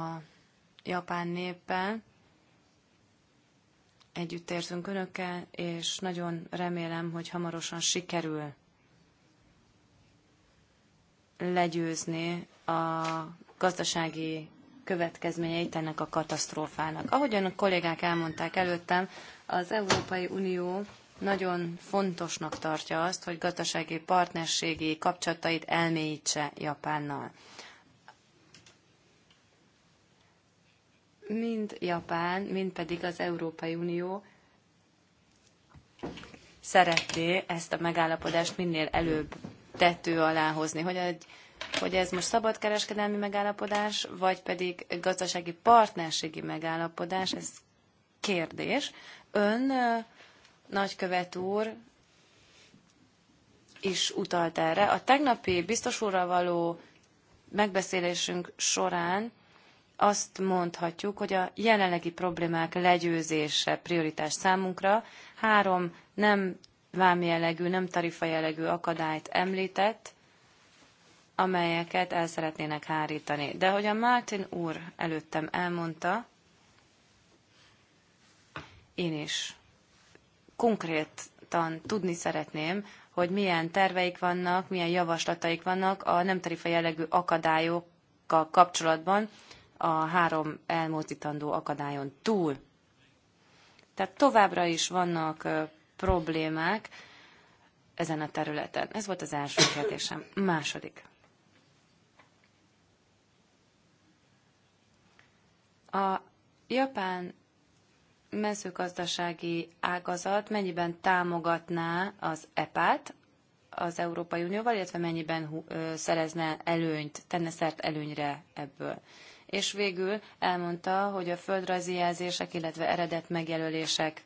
S1: japán néppel. Együttérzünk önökkel, és nagyon remélem, hogy hamarosan sikerül legyőzni a gazdasági következményeit ennek a katasztrófának. Ahogyan a kollégák elmondták előttem, az Európai Unió nagyon fontosnak tartja azt, hogy gazdasági partnerségi kapcsolatait elmélyítse Japánnal. Mind Japán, mind pedig az Európai Unió szeretné ezt a megállapodást minél előbb tető alá hozni, hogy egy hogy ez most szabadkereskedelmi megállapodás, vagy pedig gazdasági partnerségi megállapodás, ez kérdés. Ön, nagykövet úr, is utalt erre. A tegnapi biztos úrral való megbeszélésünk során azt mondhatjuk, hogy a jelenlegi problémák legyőzése prioritás számunkra. Három nem vámjellegű, nem tarifa jellegű akadályt említett, amelyeket el szeretnének hárítani. De hogy a Martin úr előttem elmondta, én is konkrétan tudni szeretném, hogy milyen terveik vannak, milyen javaslataik vannak a nem tarifa jellegű akadályokkal kapcsolatban a három elmozdítandó akadályon túl. Tehát továbbra is vannak problémák ezen a területen. Ez volt az első kérdésem. Második. A japán mezőgazdasági ágazat mennyiben támogatná az EPÁT az Európai Unióval, illetve mennyiben szerezne előnyt, tenne szert előnyre ebből. És végül elmondta, hogy a földrajzi jelzések, illetve eredet megjelölések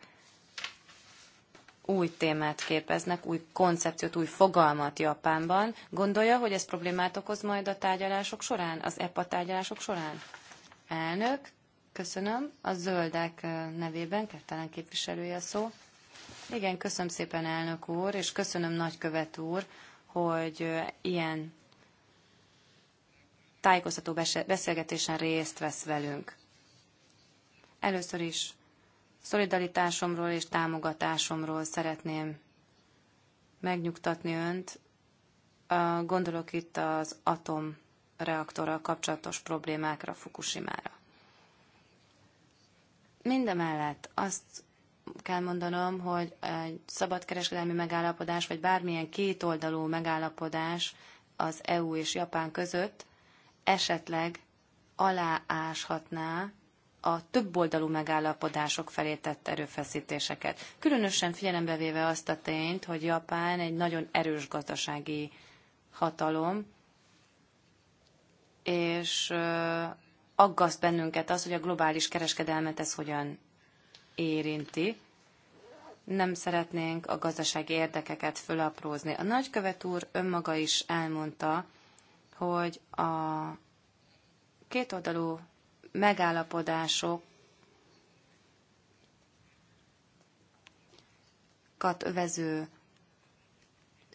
S1: új témát képeznek, új koncepciót, új fogalmat Japánban. Gondolja, hogy ez problémát okoz majd a tárgyalások során, az EPA tárgyalások során? Elnök, köszönöm. A zöldek nevében, kettelen képviselője a szó. Igen, köszönöm szépen, elnök úr, és köszönöm, nagykövet úr, hogy ilyen tájékoztató beszélgetésen részt vesz velünk. Először is szolidaritásomról és támogatásomról szeretném megnyugtatni önt. Gondolok itt az atom reaktorral kapcsolatos problémákra Fukushima-ra. Mindemellett azt kell mondanom, hogy egy szabadkereskedelmi megállapodás, vagy bármilyen kétoldalú megállapodás az EU és Japán között esetleg alááshatná a többoldalú megállapodások felé tett erőfeszítéseket. Különösen figyelembe véve azt a tényt, hogy Japán egy nagyon erős gazdasági hatalom, és aggaszt bennünket az, hogy a globális kereskedelmet ez hogyan érinti. Nem szeretnénk a gazdasági érdekeket fölaprózni. A nagykövet úr önmaga is elmondta, hogy a kétoldalú megállapodások övező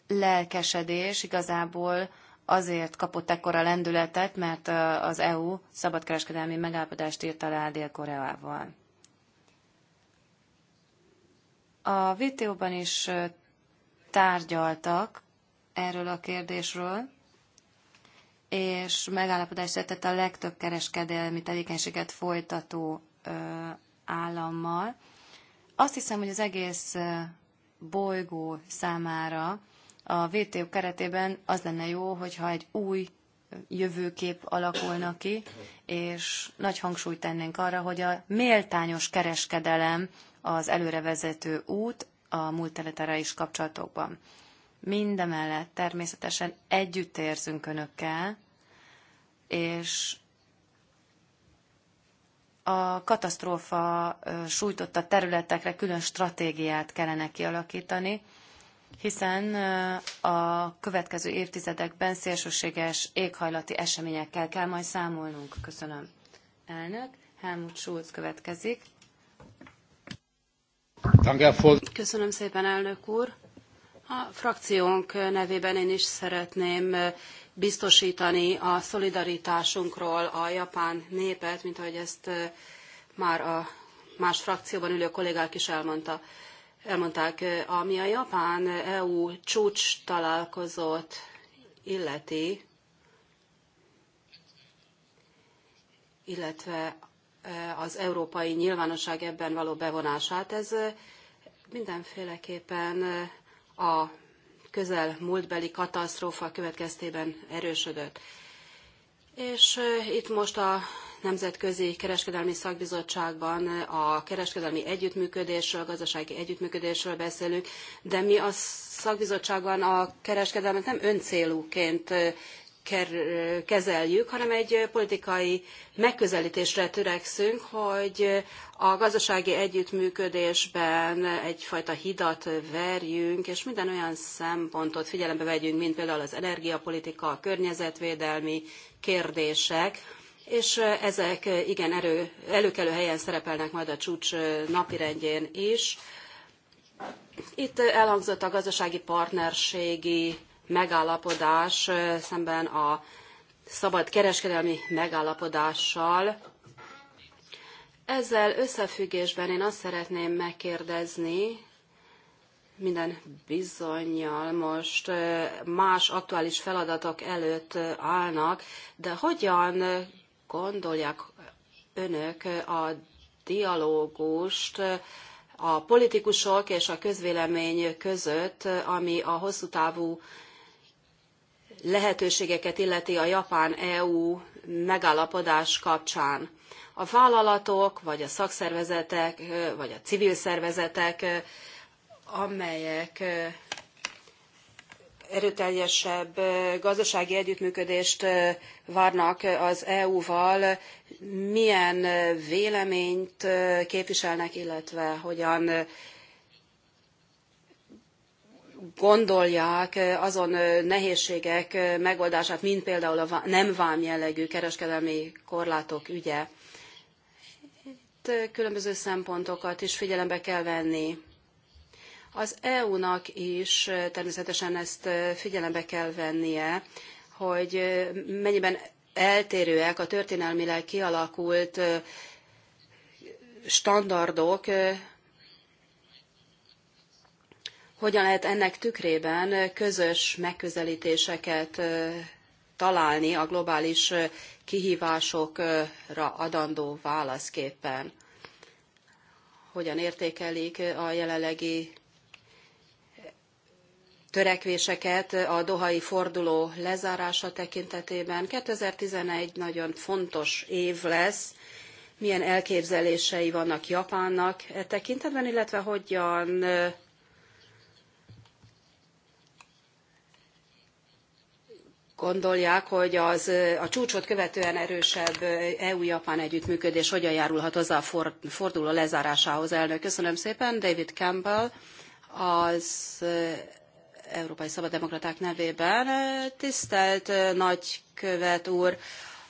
S1: lelkesedés igazából azért kapott ekkora lendületet, mert az EU szabadkereskedelmi megállapodást írt alá Dél-Koreával. A videóban is tárgyaltak erről a kérdésről, és megállapodást tett a legtöbb kereskedelmi tevékenységet folytató állammal. Azt hiszem, hogy az egész bolygó számára a WTO keretében az lenne jó, hogyha egy új jövőkép alakulna ki, és nagy hangsúlyt tennénk arra, hogy a méltányos kereskedelem az előrevezető út a multilaterális kapcsolatokban. Mindemellett természetesen együtt érzünk önökkel, és a katasztrófa sújtotta területekre külön stratégiát kellene kialakítani, hiszen a következő évtizedekben szélsőséges éghajlati eseményekkel kell majd számolnunk. Köszönöm. Elnök, Helmut Schulz következik. Köszönöm szépen, elnök úr.
S4: A frakciónk nevében én is szeretném biztosítani a szolidaritásunkról a japán népet, mint ahogy ezt már a más frakcióban ülő kollégák is elmondta elmondták, eh, ami a Japán-EU eh, csúcs találkozót illeti, illetve eh, az európai nyilvánosság ebben való bevonását. Ez mindenféleképpen a közel múltbeli katasztrófa következtében erősödött. És itt most a Nemzetközi Kereskedelmi Szakbizottságban a kereskedelmi együttműködésről, gazdasági együttműködésről beszélünk, de mi a szakbizottságban a kereskedelmet nem öncélúként kezeljük, hanem egy politikai megközelítésre törekszünk, hogy a gazdasági együttműködésben egyfajta hidat verjünk, és minden olyan szempontot figyelembe vegyünk, mint például az energiapolitika, a környezetvédelmi kérdések, és ezek igen erő, előkelő helyen szerepelnek majd a csúcs napirendjén is. Itt elhangzott a gazdasági partnerségi megállapodás szemben a szabad kereskedelmi megállapodással. Ezzel összefüggésben én azt szeretném megkérdezni, minden bizonyal most más aktuális feladatok előtt állnak, de hogyan gondolják önök a dialógust a politikusok és a közvélemény között, ami a hosszú távú lehetőségeket illeti a japán-EU megállapodás kapcsán. A vállalatok, vagy a szakszervezetek, vagy a civil szervezetek, amelyek erőteljesebb gazdasági együttműködést várnak az EU-val, milyen véleményt képviselnek, illetve hogyan gondolják azon nehézségek megoldását, mint például a nem vámjellegű kereskedelmi korlátok ügye. Itt különböző szempontokat is figyelembe kell venni. Az EU-nak is természetesen ezt figyelembe kell vennie, hogy mennyiben eltérőek a történelmileg kialakult standardok, hogyan lehet ennek tükrében közös megközelítéseket találni a globális kihívásokra adandó válaszképpen. Hogyan értékelik a jelenlegi törekvéseket a dohai forduló lezárása tekintetében. 2011 nagyon fontos év lesz, milyen elképzelései vannak Japánnak e tekintetben, illetve hogyan gondolják, hogy az, a csúcsot követően erősebb EU-Japán együttműködés hogyan járulhat hozzá a forduló lezárásához, elnök. Köszönöm szépen, David Campbell, az Európai Szabaddemokraták nevében. Tisztelt nagykövet úr,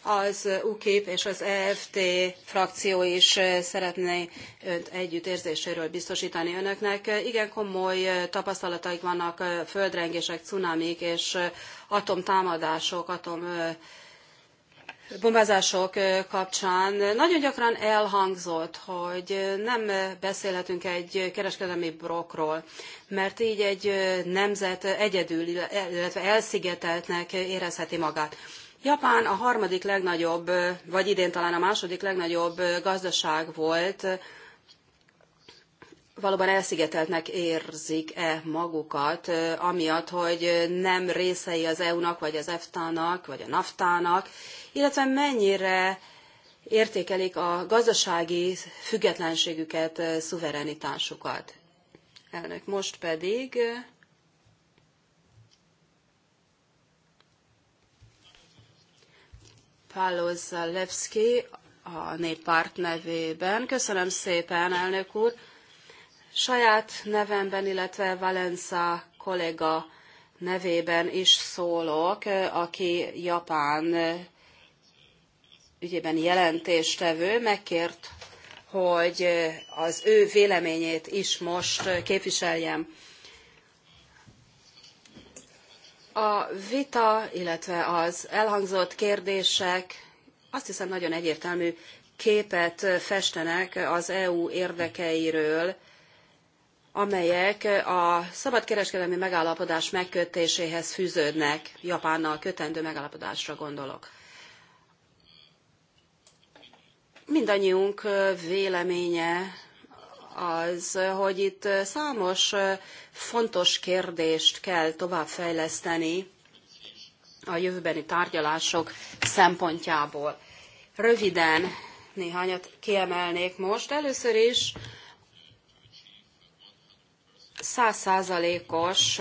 S4: az UKIP és az EFT frakció is szeretné önt együttérzéséről biztosítani önöknek. Igen komoly tapasztalataik vannak földrengések, cunamik és atomtámadások, atom bombázások kapcsán nagyon gyakran elhangzott, hogy nem beszélhetünk egy kereskedelmi brokról, mert így egy nemzet egyedül, illetve elszigeteltnek érezheti magát. Japán a harmadik legnagyobb, vagy idén talán a második legnagyobb gazdaság volt, valóban elszigeteltnek érzik-e magukat, amiatt, hogy nem részei az EU-nak, vagy az EFTA-nak, vagy a NAFTA-nak, illetve mennyire értékelik a gazdasági függetlenségüket, szuverenitásukat. Elnök, most pedig Pálo Zalewski a néppárt nevében. Köszönöm szépen, elnök úr. Saját nevemben, illetve Valenza kollega nevében is szólok, aki Japán ügyében jelentéstevő megkért, hogy az ő véleményét is most képviseljem. A vita, illetve az elhangzott kérdések azt hiszem nagyon egyértelmű képet festenek az EU érdekeiről, amelyek a szabadkereskedelmi megállapodás megkötéséhez fűződnek, Japánnal kötendő megállapodásra gondolok. mindannyiunk véleménye az, hogy itt számos fontos kérdést kell továbbfejleszteni a jövőbeni tárgyalások szempontjából. Röviden néhányat kiemelnék most. Először is Százszázalékos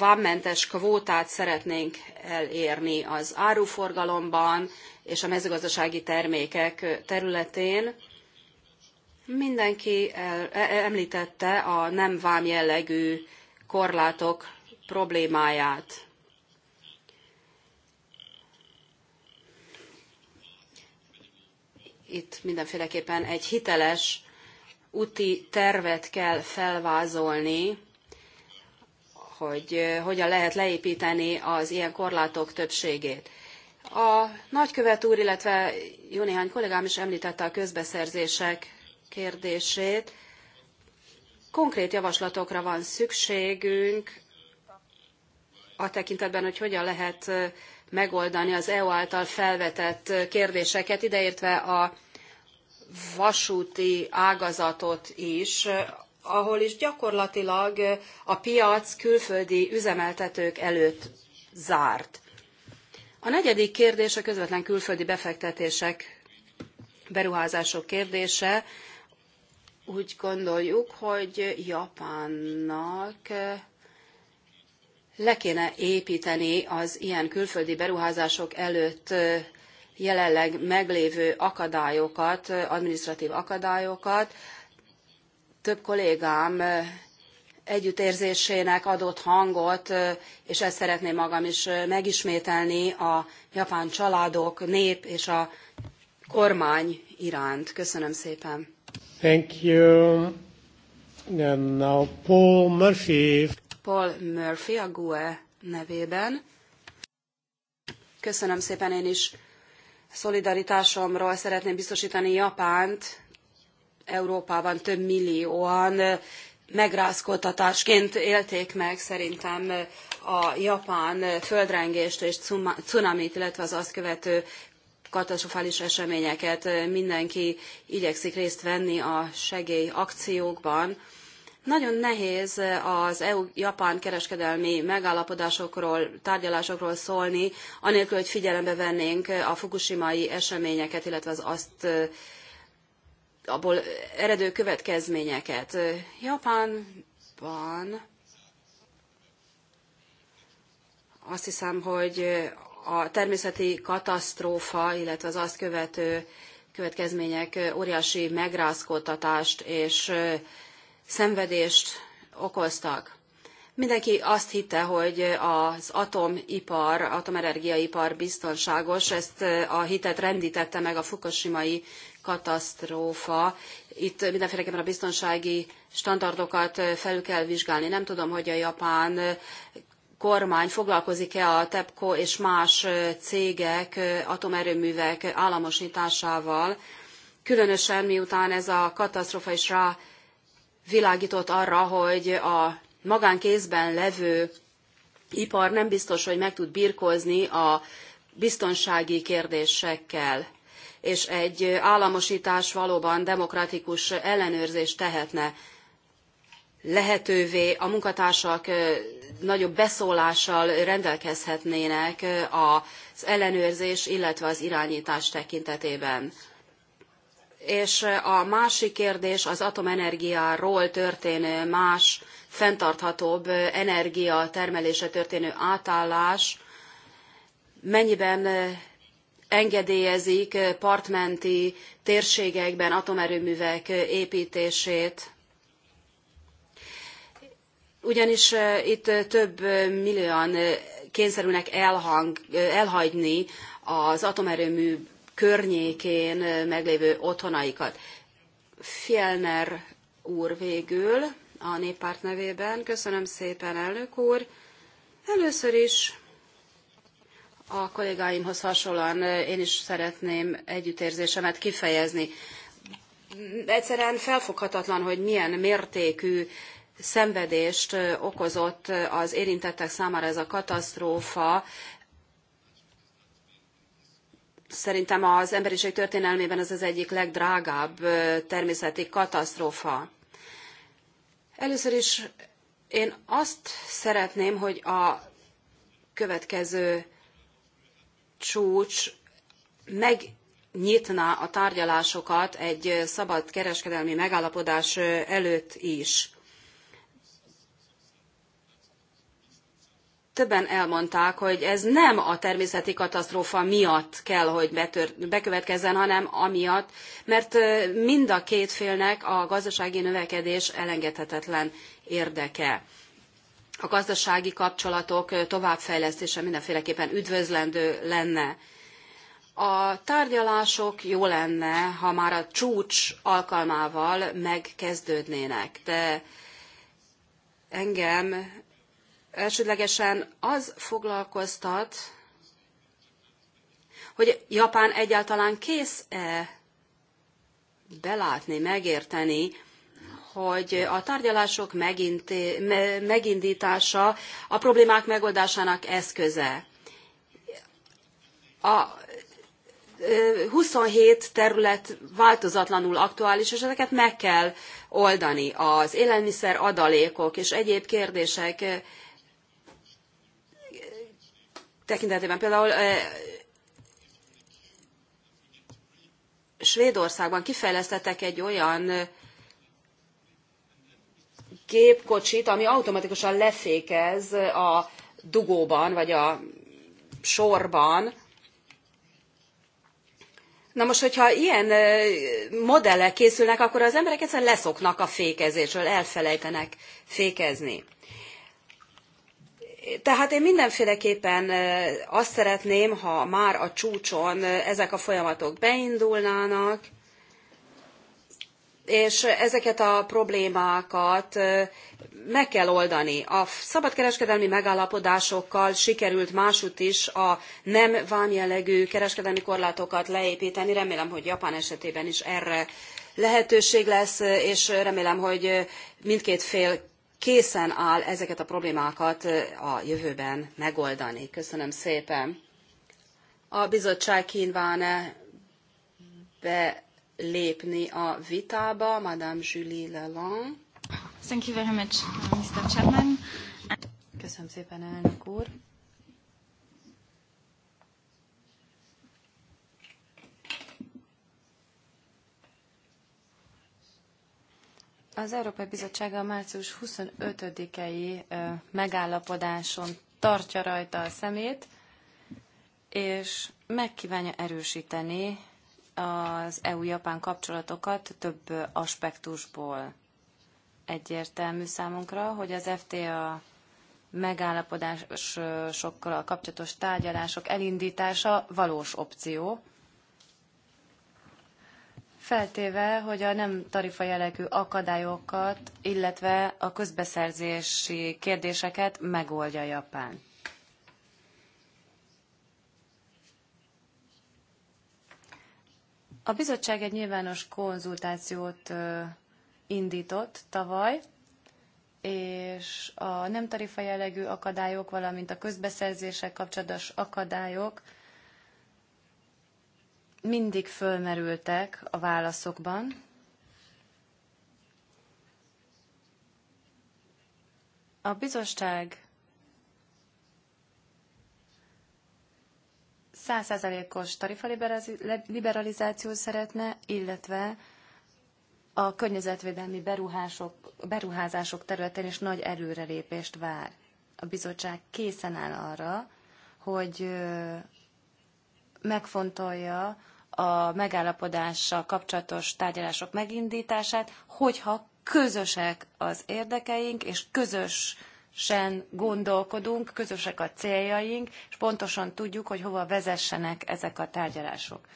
S4: vámmentes kvótát szeretnénk elérni az áruforgalomban és a mezőgazdasági termékek területén. Mindenki el, e, e, említette a nem vám jellegű korlátok problémáját. Itt mindenféleképpen egy hiteles úti tervet kell felvázolni, hogy eh, hogyan lehet leépíteni az ilyen korlátok többségét. A nagykövet úr, illetve jó néhány kollégám is említette a közbeszerzések kérdését. Konkrét javaslatokra van szükségünk a tekintetben, hogy hogyan lehet eh, megoldani az EU által felvetett eh, kérdéseket, ideértve a vasúti ágazatot is, ahol is gyakorlatilag a piac külföldi üzemeltetők előtt zárt. A negyedik kérdés a közvetlen külföldi befektetések, beruházások kérdése. Úgy gondoljuk, hogy Japánnak le kéne építeni az ilyen külföldi beruházások előtt jelenleg meglévő akadályokat, administratív akadályokat, több kollégám együttérzésének adott hangot, és ezt szeretném magam is megismételni a japán családok, nép és a kormány iránt. Köszönöm szépen.
S2: Thank you. And now Paul Murphy.
S4: Paul Murphy a GUE nevében. Köszönöm szépen én is szolidaritásomról szeretném biztosítani Japánt Európában több millióan megrázkódtatásként élték meg szerintem a japán földrengést és cunamit, illetve az azt követő katasztrofális eseményeket. Mindenki igyekszik részt venni a segélyakciókban. Nagyon nehéz az EU-Japán kereskedelmi megállapodásokról, tárgyalásokról szólni, anélkül, hogy figyelembe vennénk a fukushimai eseményeket, illetve az azt abból eredő következményeket. Japánban azt hiszem, hogy a természeti katasztrófa, illetve az azt követő következmények óriási megrázkódtatást és szenvedést okoztak. Mindenki azt hitte, hogy az atomipar, atomenergiaipar biztonságos, ezt a hitet rendítette meg a fukushimai katasztrófa. Itt mindenféleképpen a biztonsági standardokat felül kell vizsgálni. Nem tudom, hogy a japán kormány foglalkozik-e a TEPCO és más cégek atomerőművek államosításával, különösen miután ez a katasztrófa is rá világított arra, hogy a magánkézben levő ipar nem biztos, hogy meg tud birkózni a biztonsági kérdésekkel és egy államosítás valóban demokratikus ellenőrzést tehetne lehetővé, a munkatársak nagyobb beszólással rendelkezhetnének az ellenőrzés, illetve az irányítás tekintetében. És a másik kérdés az atomenergiáról történő más, fenntarthatóbb energia termelése történő átállás mennyiben engedélyezik eh, partmenti térségekben atomerőművek eh, építését. Ugyanis eh, itt több millióan kényszerülnek elhang, elhagyni az atomerőmű környékén meglévő otthonaikat. Fjellner úr végül a néppárt nevében. Köszönöm szépen, elnök úr. Először is a kollégáimhoz hasonlóan én is szeretném együttérzésemet kifejezni. Egyszerűen felfoghatatlan, hogy milyen mértékű szenvedést okozott az érintettek számára ez a katasztrófa. Szerintem az emberiség történelmében ez az egyik legdrágább természeti katasztrófa. Először is én azt szeretném, hogy a következő csúcs megnyitná a tárgyalásokat egy szabad kereskedelmi megállapodás előtt is. Többen elmondták, hogy ez nem a természeti katasztrófa miatt kell, hogy betör, bekövetkezzen, hanem amiatt, mert mind a két félnek a gazdasági növekedés elengedhetetlen érdeke a gazdasági kapcsolatok továbbfejlesztése mindenféleképpen üdvözlendő lenne. A tárgyalások jó lenne, ha már a csúcs alkalmával megkezdődnének, de engem elsődlegesen az foglalkoztat, hogy Japán egyáltalán kész-e belátni, megérteni, hogy a tárgyalások megindítása a problémák megoldásának eszköze. A 27 terület változatlanul aktuális, és ezeket meg kell oldani. Az élelmiszer adalékok és egyéb kérdések tekintetében például Svédországban kifejlesztettek egy olyan gépkocsit, ami automatikusan lefékez a dugóban, vagy a sorban. Na most, hogyha ilyen modellek készülnek, akkor az emberek egyszerűen leszoknak a fékezésről, elfelejtenek fékezni. Tehát én mindenféleképpen azt szeretném, ha már a csúcson ezek a folyamatok beindulnának, és ezeket a problémákat meg kell oldani. A szabadkereskedelmi megállapodásokkal sikerült másút is a nem vámjellegű kereskedelmi korlátokat leépíteni. Remélem, hogy Japán esetében is erre lehetőség lesz, és remélem, hogy mindkét fél készen áll ezeket a problémákat a jövőben megoldani. Köszönöm szépen. A bizottság kínván -e be lépni a vitába. Madame Julie Lalonde.
S1: Thank you very much, uh, Mr. Chairman. Köszönöm szépen, elnök úr. Az Európai Bizottság a március 25-i megállapodáson tartja rajta a szemét, és megkívánja erősíteni az EU-Japán kapcsolatokat több aspektusból. Egyértelmű számunkra, hogy az FTA megállapodásokkal a kapcsolatos tárgyalások elindítása valós opció, feltéve, hogy a nem tarifa jellegű akadályokat, illetve a közbeszerzési kérdéseket megoldja Japán. A bizottság egy nyilvános konzultációt indított tavaly, és a nem tarifa jellegű akadályok, valamint a közbeszerzések kapcsolatos akadályok mindig fölmerültek a válaszokban. A bizottság 100%-os tarifaliberalizációt szeretne, illetve a környezetvédelmi beruhások, beruházások területén is nagy előrelépést vár. A bizottság készen áll arra, hogy megfontolja a megállapodással kapcsolatos tárgyalások megindítását, hogyha közösek az érdekeink, és közös közösen gondolkodunk, közösek a céljaink, és pontosan tudjuk, hogy hova vezessenek ezek a tárgyalások.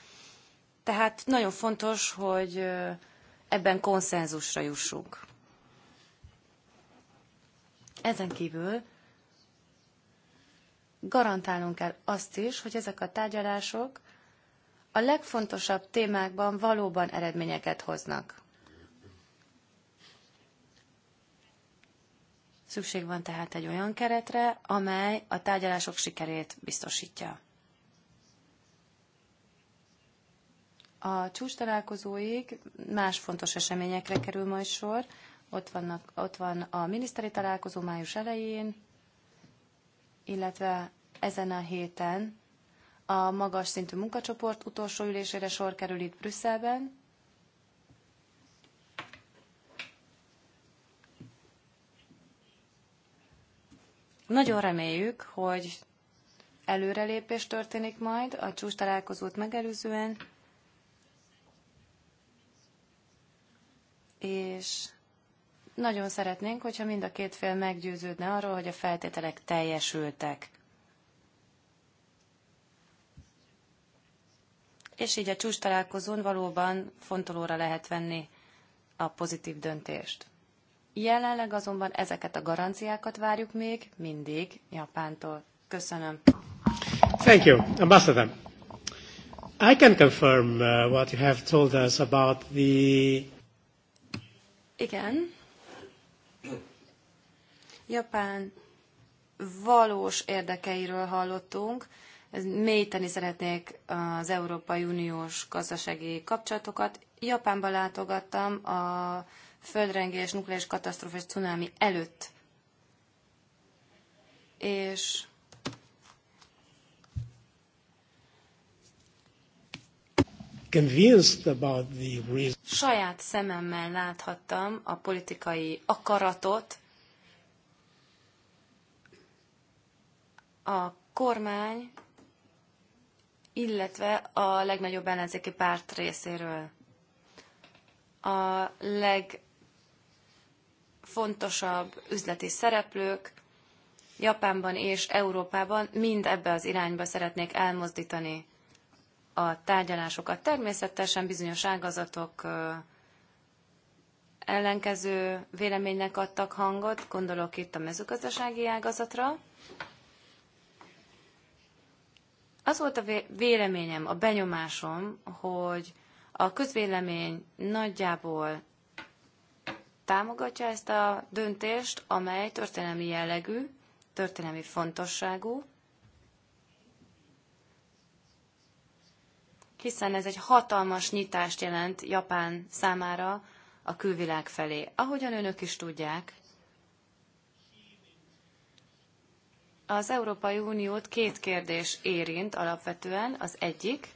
S1: Tehát nagyon fontos, hogy ebben konszenzusra jussunk. Ezen kívül garantálnunk kell azt is, hogy ezek a tárgyalások a legfontosabb témákban valóban eredményeket hoznak. Szükség van tehát egy olyan keretre, amely a tárgyalások sikerét biztosítja. A csúcs találkozóig más fontos eseményekre kerül majd sor. Ott, vannak, ott van a miniszteri találkozó május elején, illetve ezen a héten a magas szintű munkacsoport utolsó ülésére sor kerül itt Brüsszelben, Nagyon reméljük, hogy előrelépés történik majd a csúcs találkozót megelőzően, és nagyon szeretnénk, hogyha mind a két fél meggyőződne arról, hogy a feltételek teljesültek. És így a csúcs találkozón valóban fontolóra lehet venni a pozitív döntést. Jelenleg azonban ezeket a garanciákat várjuk még mindig Japántól. Köszönöm.
S2: Thank you, Ambassador. I can confirm uh, what you have told us about the...
S1: Igen. Japán valós érdekeiről hallottunk. Mélyteni szeretnék az Európai Uniós gazdasági kapcsolatokat. Japánba látogattam a földrengés, nukleáris katasztrófa és cunami előtt. És
S2: convinced about the reason.
S1: Saját szememmel láthattam a politikai akaratot. A kormány, illetve a legnagyobb ellenzéki párt részéről. A leg legfontosabb üzleti szereplők Japánban és Európában mind ebbe az irányba szeretnék elmozdítani a tárgyalásokat. Természetesen bizonyos ágazatok ellenkező véleménynek adtak hangot, gondolok itt a mezőgazdasági ágazatra. Az volt a véleményem, a benyomásom, hogy a közvélemény nagyjából támogatja ezt a döntést, amely történelmi jellegű, történelmi fontosságú, hiszen ez egy hatalmas nyitást jelent Japán számára a külvilág felé. Ahogyan önök is tudják, az Európai Uniót két kérdés érint alapvetően. Az egyik,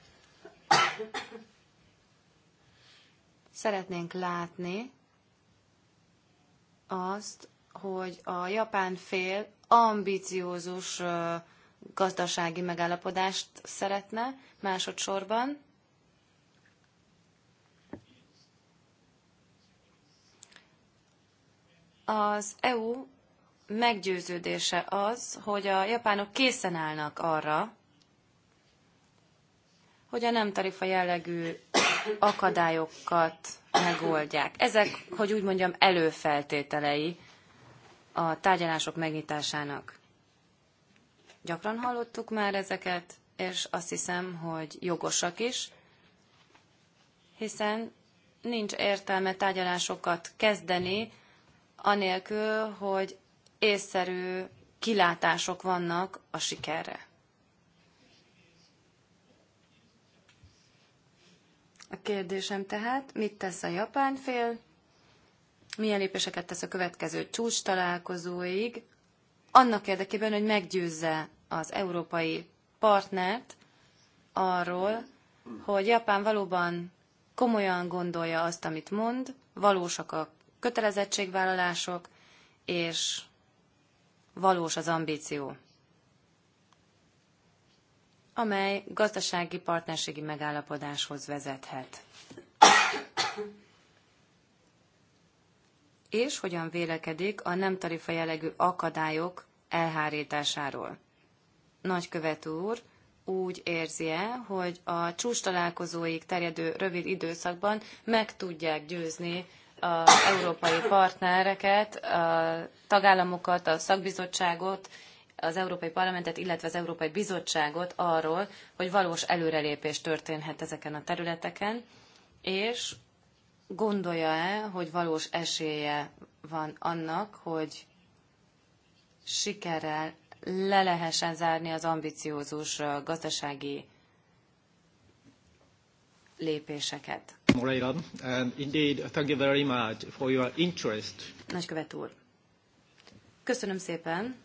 S1: szeretnénk látni azt, hogy a japán fél ambiciózus gazdasági megállapodást szeretne másodszorban. Az EU meggyőződése az, hogy a japánok készen állnak arra, hogy a nem tarifa jellegű akadályokat megoldják. Ezek, hogy úgy mondjam, előfeltételei a tárgyalások megnyitásának. Gyakran hallottuk már ezeket, és azt hiszem, hogy jogosak is, hiszen nincs értelme tárgyalásokat kezdeni, anélkül, hogy észszerű kilátások vannak a sikerre. A kérdésem tehát, mit tesz a japán fél, milyen lépéseket tesz a következő csúcs találkozóig, annak érdekében, hogy meggyőzze az európai partnert arról, hogy Japán valóban komolyan gondolja azt, amit mond, valósak a kötelezettségvállalások, és valós az ambíció amely gazdasági partnerségi megállapodáshoz vezethet. És hogyan vélekedik a nem tarifa jellegű akadályok elhárításáról. Nagykövető úr úgy érzi -e, hogy a csúcs találkozóig terjedő rövid időszakban meg tudják győzni az európai partnereket, a tagállamokat, a szakbizottságot az Európai Parlamentet, illetve az Európai Bizottságot arról, hogy valós előrelépés történhet ezeken a területeken, és gondolja-e, hogy valós esélye van annak, hogy sikerrel le lehessen zárni az ambiciózus gazdasági lépéseket.
S3: Moreira, and um, indeed, thank you very much for your interest.
S1: Nagykövet úr, köszönöm szépen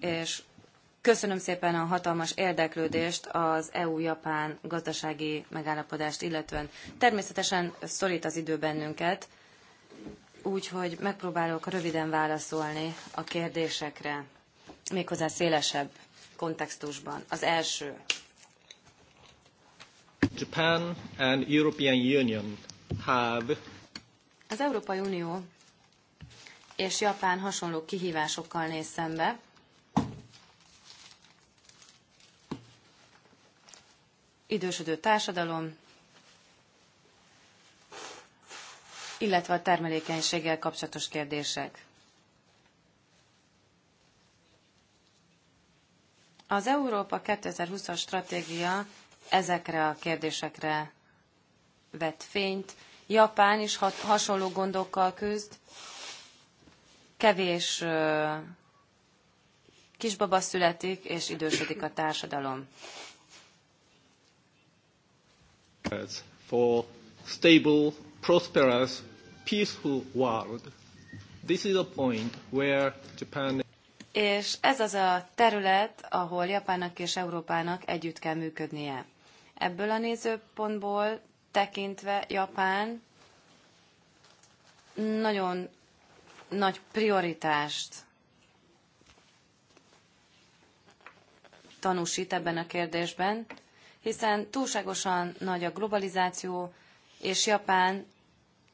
S1: és köszönöm szépen a hatalmas érdeklődést az EU-Japán gazdasági megállapodást illetően. Természetesen szorít az idő bennünket, úgyhogy megpróbálok röviden válaszolni a kérdésekre, méghozzá szélesebb kontextusban. Az első.
S3: Japan and European Union have
S1: az Európai Unió és Japán hasonló kihívásokkal néz szembe, idősödő társadalom, illetve a termelékenységgel kapcsolatos kérdések. Az Európa 2020-as stratégia ezekre a kérdésekre vett fényt. Japán is hasonló gondokkal küzd. Kevés kisbaba születik, és idősödik a társadalom
S3: for stable, prosperous, peaceful world. This is a point where Japan
S1: és ez az a terület, ahol Japánnak és Európának együtt kell működnie. Ebből a nézőpontból tekintve Japán nagyon nagy prioritást tanúsít ebben a kérdésben, hiszen túlságosan nagy a globalizáció, és Japán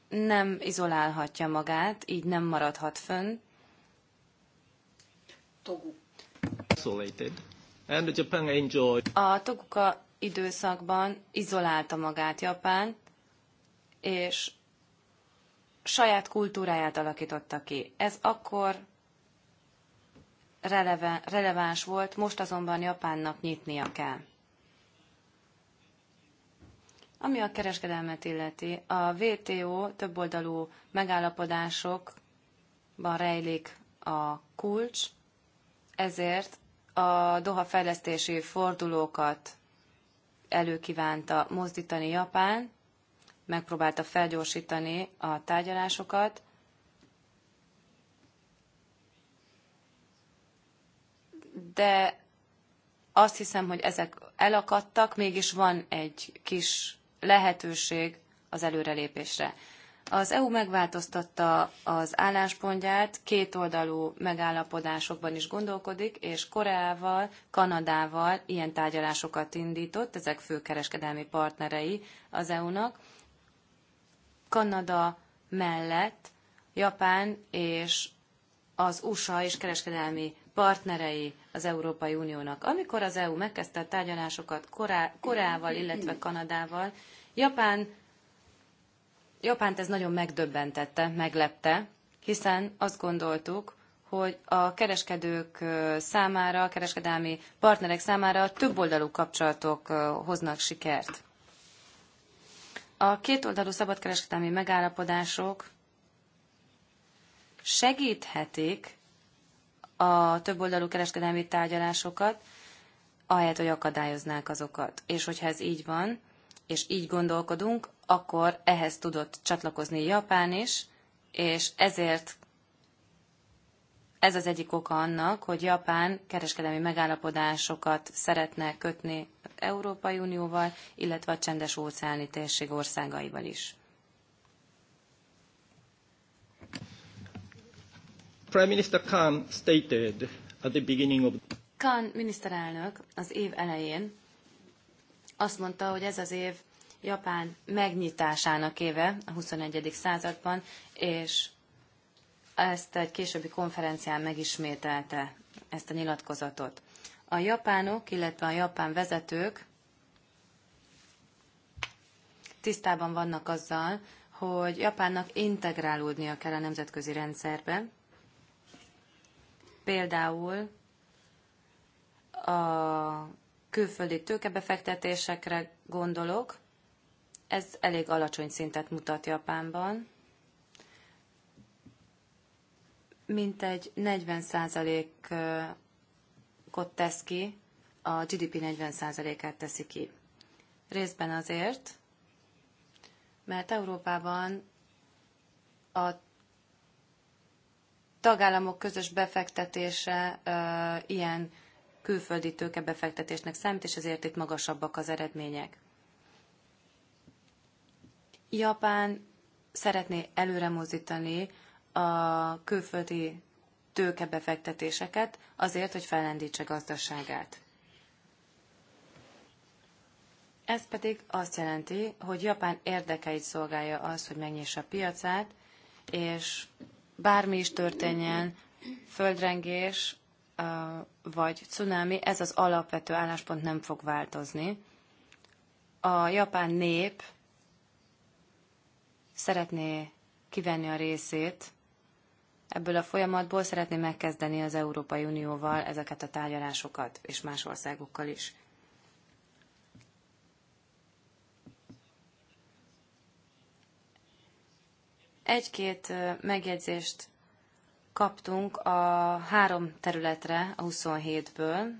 S1: nem izolálhatja magát, így nem maradhat fönn. Togu. A Toguka időszakban izolálta magát Japán, és saját kultúráját alakította ki. Ez akkor releve, releváns volt, most azonban Japánnak nyitnia kell. Ami a kereskedelmet illeti, a WTO többoldalú megállapodásokban rejlik a kulcs, ezért a Doha fejlesztési fordulókat előkívánta mozdítani Japán, megpróbálta felgyorsítani a tárgyalásokat. De azt hiszem, hogy ezek elakadtak, mégis van egy kis lehetőség az előrelépésre. Az EU megváltoztatta az álláspontját, kétoldalú megállapodásokban is gondolkodik, és Koreával, Kanadával ilyen tárgyalásokat indított, ezek fő kereskedelmi partnerei az EU-nak. Kanada mellett Japán és az USA is kereskedelmi partnerei az Európai Uniónak. Amikor az EU megkezdte a tárgyalásokat Koreával, illetve Kanadával, Japán, Japánt ez nagyon megdöbbentette, meglepte, hiszen azt gondoltuk, hogy a kereskedők számára, a kereskedelmi partnerek számára többoldalú kapcsolatok hoznak sikert. A kétoldalú szabadkereskedelmi megállapodások segíthetik a többoldalú kereskedelmi tárgyalásokat, ahelyett, hogy akadályoznák azokat. És hogyha ez így van, és így gondolkodunk, akkor ehhez tudott csatlakozni Japán is, és ezért ez az egyik oka annak, hogy Japán kereskedelmi megállapodásokat szeretne kötni az Európai Unióval, illetve a csendes óceáni térség országaival is.
S3: Prime Minister Khan stated at the beginning of
S1: Khan miniszterelnök az év elején azt mondta, hogy ez az év Japán megnyitásának éve a 21. században, és ezt egy későbbi konferencián megismételte, ezt a nyilatkozatot. A japánok, illetve a japán vezetők tisztában vannak azzal, hogy Japánnak integrálódnia kell a nemzetközi rendszerbe, Például a külföldi tőkebefektetésekre gondolok, ez elég alacsony szintet mutat Japánban. Mintegy 40%-ot tesz ki, a GDP 40%-át teszi ki. Részben azért, mert Európában a tagállamok közös befektetése ilyen külföldi tőkebefektetésnek számít, és ezért itt magasabbak az eredmények. Japán szeretné előre a külföldi tőkebefektetéseket azért, hogy fellendítse gazdaságát. Ez pedig azt jelenti, hogy Japán érdekeit szolgálja az, hogy megnyisse a piacát, és bármi is történjen, földrengés vagy cunami, ez az alapvető álláspont nem fog változni. A japán nép szeretné kivenni a részét ebből a folyamatból, szeretné megkezdeni az Európai Unióval ezeket a tárgyalásokat, és más országokkal is. Egy-két megjegyzést kaptunk a három területre, a 27-ből,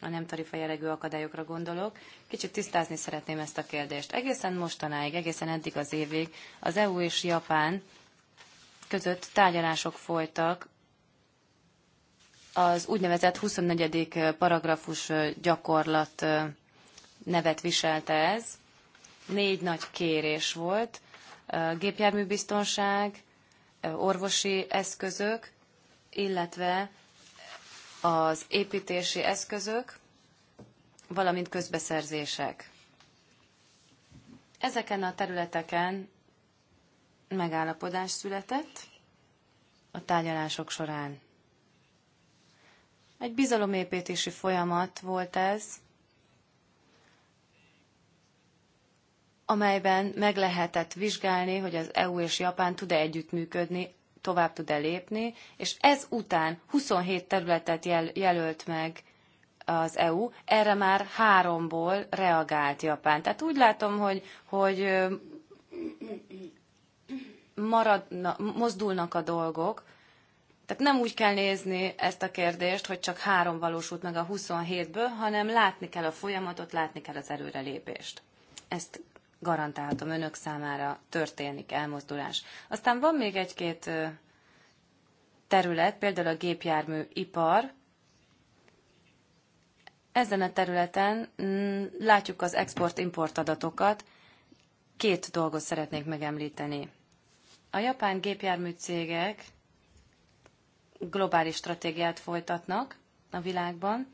S1: a nem tarifa jellegű akadályokra gondolok. Kicsit tisztázni szeretném ezt a kérdést. Egészen mostanáig, egészen eddig az évig az EU és Japán között tárgyalások folytak az úgynevezett 24. paragrafus gyakorlat nevet viselte ez. Négy nagy kérés volt, gépjárműbiztonság, orvosi eszközök, illetve az építési eszközök, valamint közbeszerzések. Ezeken a területeken megállapodás született a tárgyalások során. Egy bizalomépítési folyamat volt ez, amelyben meg lehetett vizsgálni, hogy az EU és Japán tud-e együttműködni, tovább tud-e lépni, és ez után 27 területet jel- jelölt meg az EU, erre már háromból reagált Japán. Tehát úgy látom, hogy, hogy maradna, mozdulnak a dolgok, tehát nem úgy kell nézni ezt a kérdést, hogy csak három valósult meg a 27-ből, hanem látni kell a folyamatot, látni kell az előrelépést. Ezt garantálhatom önök számára történik elmozdulás. Aztán van még egy-két terület, például a gépjármű ipar. Ezen a területen mm, látjuk az export-import adatokat. Két dolgot szeretnék megemlíteni. A japán gépjármű cégek globális stratégiát folytatnak a világban,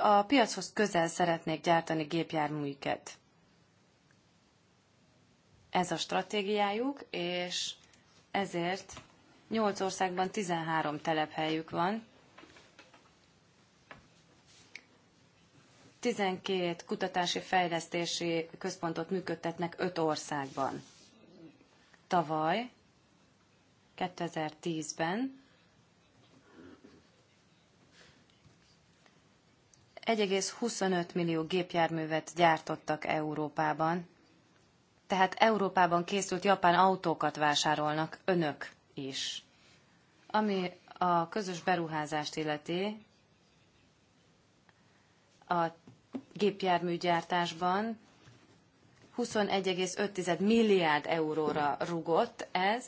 S1: a piachoz közel szeretnék gyártani gépjárműket. Ez a stratégiájuk, és ezért 8 országban 13 telephelyük van. 12 kutatási fejlesztési központot működtetnek 5 országban. Tavaly, 2010-ben 1,25 millió gépjárművet gyártottak Európában. Tehát Európában készült japán autókat vásárolnak önök is. Ami a közös beruházást illeti, a gépjárműgyártásban 21,5 milliárd euróra rugott ez.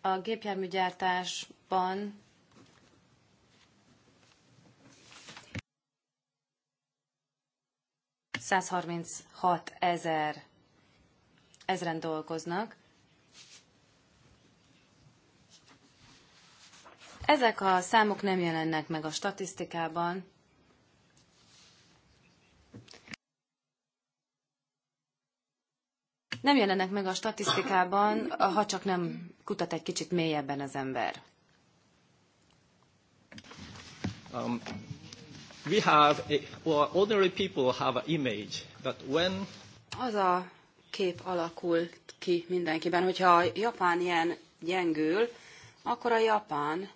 S1: A gépjárműgyártásban 136 ezer ezren dolgoznak. Ezek a számok nem jelennek meg a statisztikában. Nem jelennek meg a statisztikában, ha csak nem kutat egy kicsit mélyebben az ember.
S3: Um we have, a, eh, or ordinary people have an image that when
S4: az a kép alakul ki mindenkiben, hogyha a Japán ilyen gyengül, akkor a Japán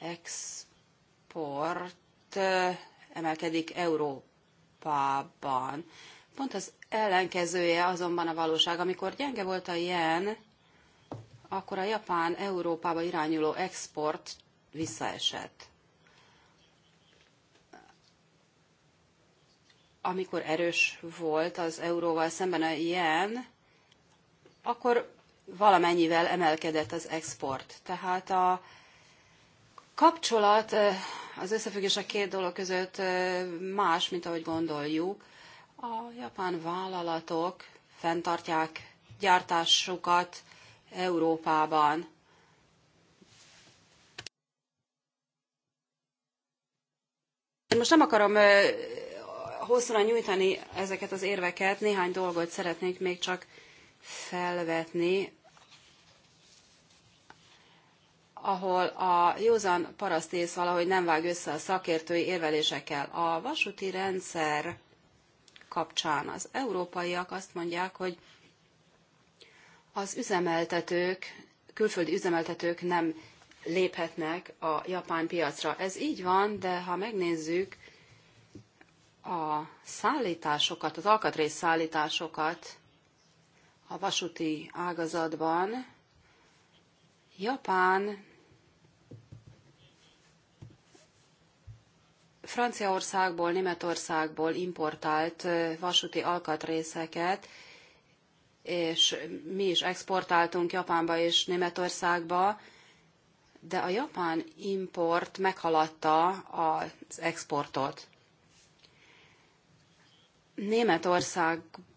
S4: export eh, emelkedik Európában. Pont az ellenkezője azonban a valóság. Amikor gyenge volt a jen, akkor a Japán Európába irányuló export visszaesett. amikor erős volt az euróval szemben a jen, akkor valamennyivel emelkedett az export. Tehát a kapcsolat, az összefüggés a két dolog között más, mint ahogy gondoljuk. A japán vállalatok fenntartják gyártásukat Európában. Most nem akarom hosszúra nyújtani ezeket az érveket, néhány dolgot szeretnék még csak felvetni, ahol a józan parasztész valahogy nem vág össze a szakértői érvelésekkel. A vasúti rendszer kapcsán az európaiak azt mondják, hogy az üzemeltetők, külföldi üzemeltetők nem léphetnek a japán piacra. Ez így van, de ha megnézzük a szállításokat, az alkatrész szállításokat a vasúti ágazatban Japán, Franciaországból, Németországból importált vasúti alkatrészeket, és mi is exportáltunk Japánba és Németországba, de a japán import meghaladta az exportot. Németországba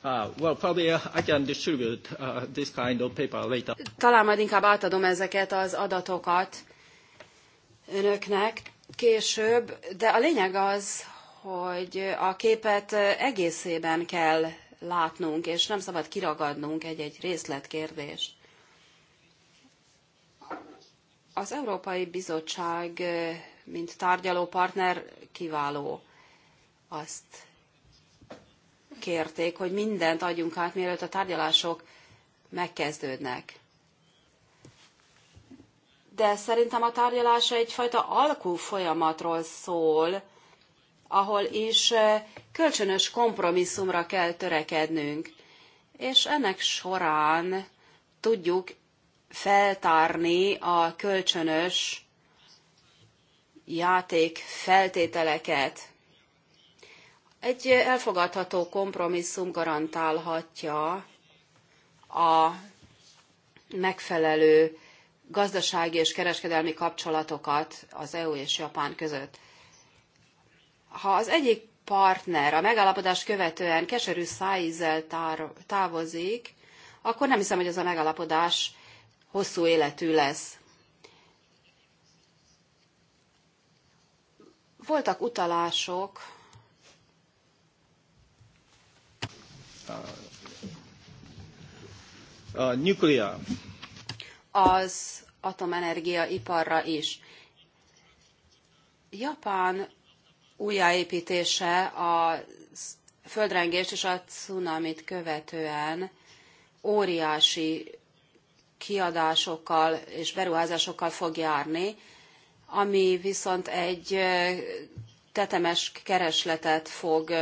S3: ah, Well, probably uh, I can distribute uh, this kind of paper later.
S4: Talán majd inkább átadom ezeket az adatokat önöknek később, de a lényeg az, hogy a képet egészében kell látnunk, és nem szabad kiragadnunk egy-egy részletkérdést. Az Európai Bizottság, mint tárgyalópartner kiváló. Azt kérték, hogy mindent adjunk át, mielőtt a tárgyalások megkezdődnek. De szerintem a tárgyalás egyfajta alkú folyamatról szól, ahol is kölcsönös kompromisszumra kell törekednünk. És ennek során tudjuk feltárni a kölcsönös játék feltételeket. Egy elfogadható kompromisszum garantálhatja a megfelelő gazdasági és kereskedelmi kapcsolatokat az EU és Japán között. Ha az egyik partner a megállapodás követően keserű szájízzel távozik, akkor nem hiszem, hogy ez a megállapodás hosszú életű lesz. Voltak utalások.
S3: A nuclear.
S4: Az atomenergia iparra is. Japán újjáépítése a földrengést és a cunamit követően óriási kiadásokkal és beruházásokkal fog járni, ami viszont egy tetemes keresletet fog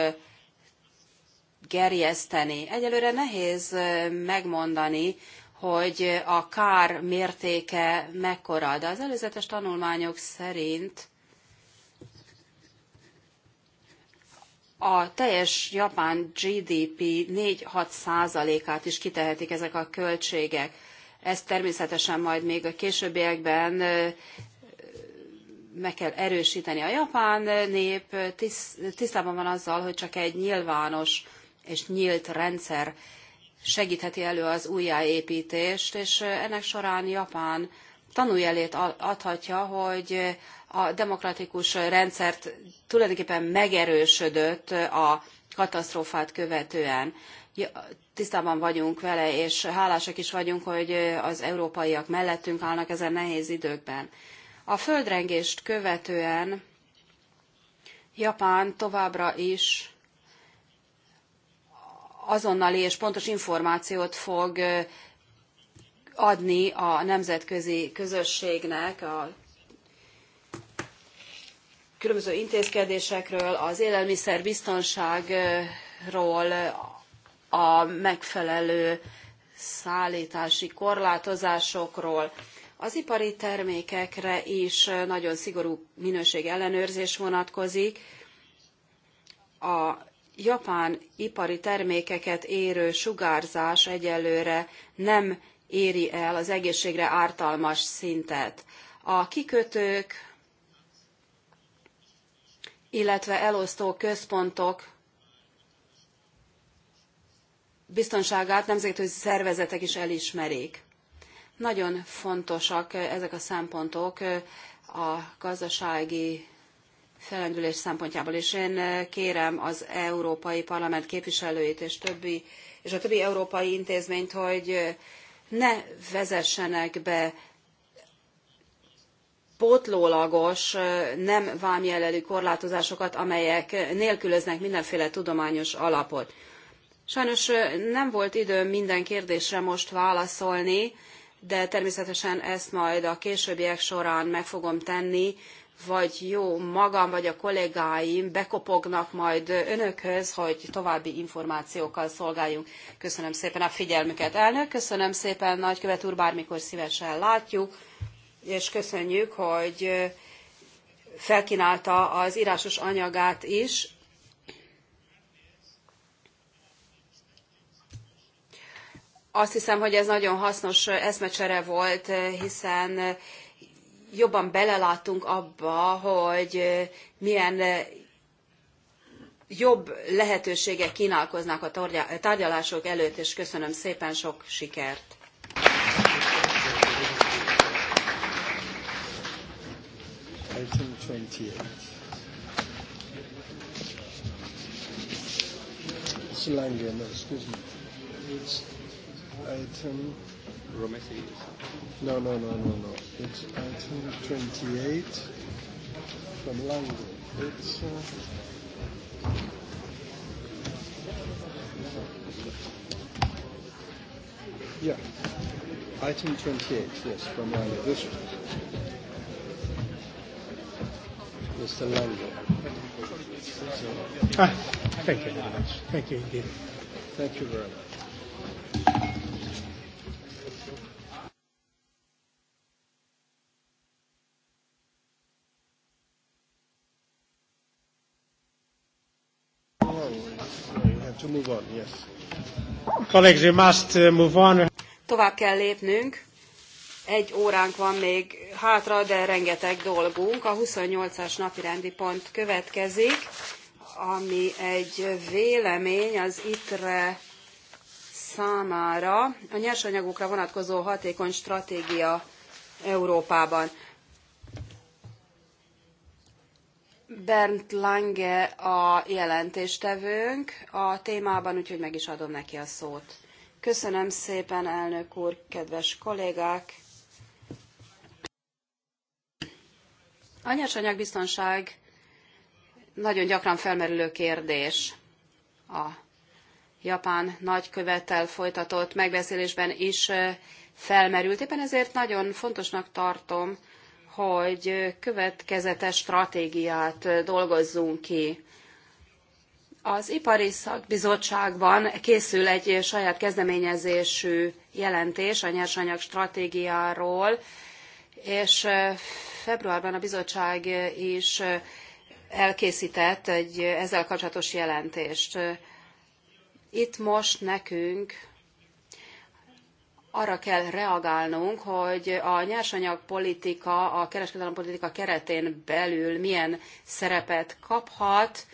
S4: gerjeszteni. Egyelőre nehéz megmondani, hogy a kár mértéke mekkora, de az előzetes tanulmányok szerint a teljes japán GDP 4-6 százalékát is kitehetik ezek a költségek. Ezt természetesen majd még a későbbiekben meg kell erősíteni. A japán nép tisztában van azzal, hogy csak egy nyilvános és nyílt rendszer segítheti elő az újjáépítést, és ennek során Japán tanújelét adhatja, hogy a demokratikus rendszert tulajdonképpen megerősödött a katasztrófát követően tisztában vagyunk vele, és hálásak is vagyunk, hogy az európaiak mellettünk állnak ezen nehéz időkben. A földrengést követően Japán továbbra is azonnali és pontos információt fog adni a nemzetközi közösségnek a különböző intézkedésekről, az élelmiszer biztonságról, a megfelelő szállítási korlátozásokról. Az ipari termékekre is nagyon szigorú minőségellenőrzés vonatkozik. A japán ipari termékeket érő sugárzás egyelőre nem éri el az egészségre ártalmas szintet. A kikötők, illetve elosztó központok biztonságát nemzetközi szervezetek is elismerik. Nagyon fontosak eh, ezek a szempontok eh, a gazdasági felendülés szempontjából, és én eh, kérem az Európai Parlament képviselőit és, többi, és a többi európai intézményt, hogy ne vezessenek be pótlólagos, nem vámjelelű korlátozásokat, amelyek nélkülöznek mindenféle tudományos alapot. Sajnos nem volt időm minden kérdésre most válaszolni, de természetesen ezt majd a későbbiek során meg fogom tenni, vagy jó magam, vagy a kollégáim bekopognak majd önökhöz, hogy további információkkal szolgáljunk. Köszönöm szépen a figyelmüket, elnök, köszönöm szépen, nagykövet úr, bármikor szívesen látjuk, és köszönjük, hogy felkínálta az írásos anyagát is, Azt hiszem, hogy ez nagyon hasznos eszmecsere volt, hiszen jobban beleláttunk abba, hogy milyen jobb lehetőségek kínálkoznak a tárgyalások előtt, és köszönöm szépen sok sikert!
S3: excuse me. It's item. Romesi. No, no, no, no, no. It's item 28 from Lange. It's. Uh, yeah. Item 28, yes, from Lange. This one. Mr. Lange. So. Ah, thank you very much. Thank you indeed. Thank you very much.
S4: to move on, yes.
S2: Colleagues, we must uh, move on.
S4: Tovább kell lépnünk. Egy óránk van még hátra, de rengeteg dolgunk. A 28-as rendi pont következik, ami egy vélemény az ITRE számára a nyersanyagokra vonatkozó hatékony stratégia Európában. Bernd Lange a jelentéstevőnk a témában, úgyhogy meg is adom neki a szót. Köszönöm szépen, elnök úr, kedves kollégák! A nyersanyagbiztonság nagyon gyakran felmerülő kérdés a japán nagykövettel folytatott megbeszélésben is felmerült. Éppen ezért nagyon fontosnak tartom, hogy következetes stratégiát dolgozzunk ki. Az Ipari Szakbizottságban készül egy saját kezdeményezésű jelentés a nyersanyag stratégiáról, és februárban a bizottság is elkészített egy ezzel kapcsolatos jelentést. Itt most nekünk arra kell reagálnunk, hogy a nyersanyagpolitika, a kereskedelempolitika keretén belül milyen szerepet kaphat,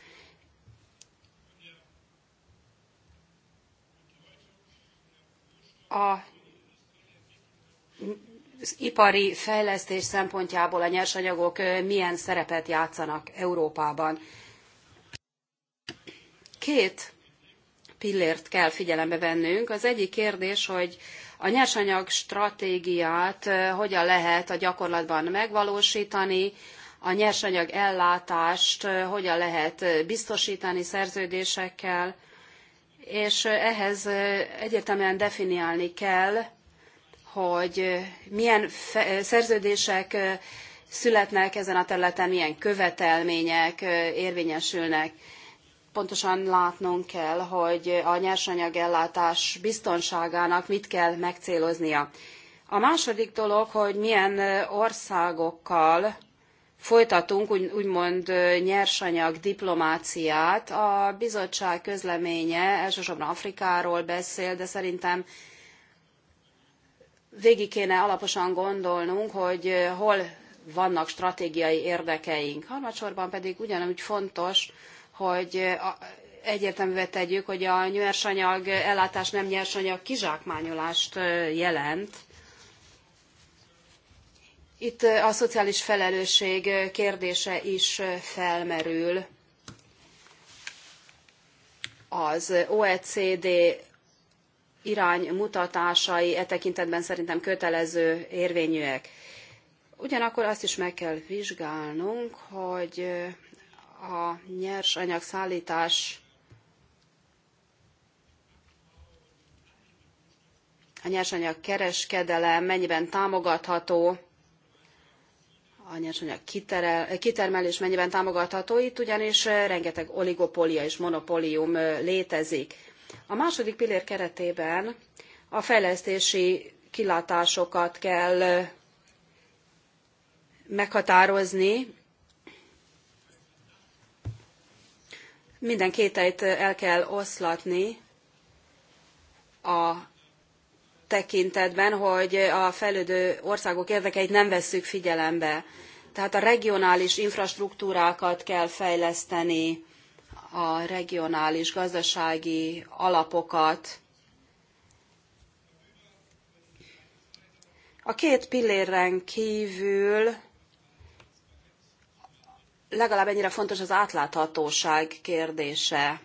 S4: a az ipari fejlesztés szempontjából a nyersanyagok milyen szerepet játszanak Európában. Két pillért kell figyelembe vennünk. Az egyik kérdés, hogy a nyersanyag stratégiát hogyan lehet a gyakorlatban megvalósítani, a nyersanyag ellátást hogyan lehet biztosítani szerződésekkel, és ehhez egyértelműen definiálni kell, hogy milyen szerződések születnek ezen a területen, milyen követelmények érvényesülnek pontosan látnunk kell, hogy a nyersanyagellátás biztonságának mit kell megcéloznia. A második dolog, hogy milyen országokkal folytatunk úgymond nyersanyag diplomáciát. A bizottság közleménye elsősorban Afrikáról beszél, de szerintem végig kéne alaposan gondolnunk, hogy hol vannak stratégiai érdekeink. Harmadsorban pedig ugyanúgy fontos, hogy egyértelművé tegyük, hogy a nyersanyag ellátás nem nyersanyag kizsákmányolást jelent. Itt a szociális felelősség kérdése is felmerül. Az OECD iránymutatásai e tekintetben szerintem kötelező érvényűek. Ugyanakkor azt is meg kell vizsgálnunk, hogy a nyersanyag szállítás a nyersanyag kereskedelem mennyiben támogatható, a nyersanyag kiterel, kitermelés mennyiben támogatható, itt ugyanis eh, rengeteg oligopólia és monopólium eh, létezik. A második pillér keretében a fejlesztési kilátásokat kell eh, meghatározni, Minden kételyt el kell oszlatni a tekintetben, hogy a fejlődő országok érdekeit nem vesszük figyelembe. Tehát a regionális infrastruktúrákat kell fejleszteni, a regionális gazdasági alapokat. A két pilléren kívül legalább ennyire fontos az átláthatóság kérdése.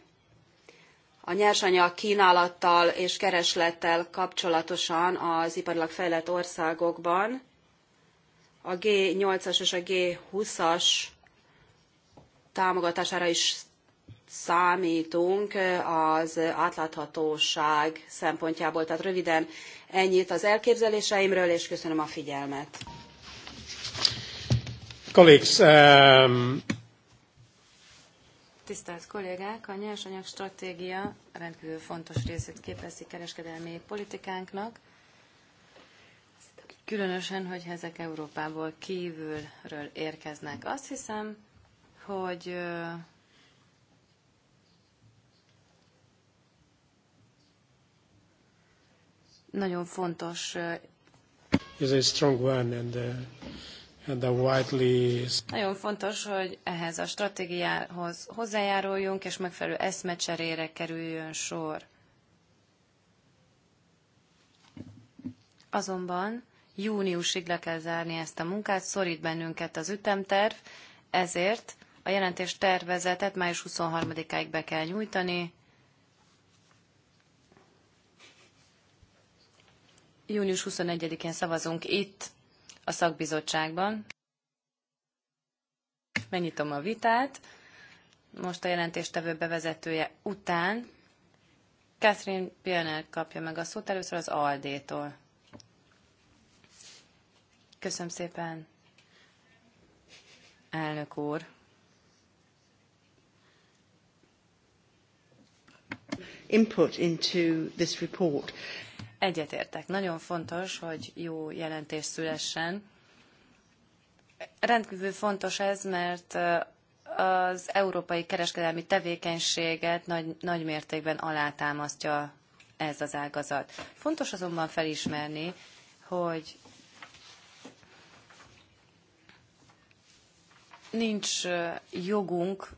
S4: A nyersanyag kínálattal és kereslettel kapcsolatosan az iparilag fejlett országokban a G8-as és a G20-as támogatására is számítunk az átláthatóság szempontjából. Tehát röviden ennyit az elképzeléseimről, és köszönöm a figyelmet.
S2: Colleagues, um...
S1: Tisztelt kollégák, a nyersanyag stratégia rendkívül fontos részét képezi kereskedelmi politikánknak, különösen, hogy ezek Európából kívülről érkeznek. Azt hiszem, hogy nagyon fontos.
S2: Ez egy strong one and uh,
S1: nagyon fontos, hogy ehhez a stratégiához hozzájáruljunk, és megfelelő eszmecserére kerüljön sor. Azonban júniusig le kell zárni ezt a munkát, szorít bennünket az ütemterv, ezért a jelentés tervezetet május 23-áig be kell nyújtani. Június 21-én szavazunk itt a szakbizottságban. Megnyitom a vitát. Most a jelentéstevő bevezetője után Catherine Pioner kapja meg a szót először az Aldétól. Köszönöm szépen, elnök úr.
S4: Input into this report
S1: egyetértek. Nagyon fontos, hogy jó jelentés szülessen. Rendkívül fontos ez, mert az európai kereskedelmi tevékenységet nagy, nagy mértékben alátámasztja ez az ágazat. Fontos azonban felismerni, hogy nincs jogunk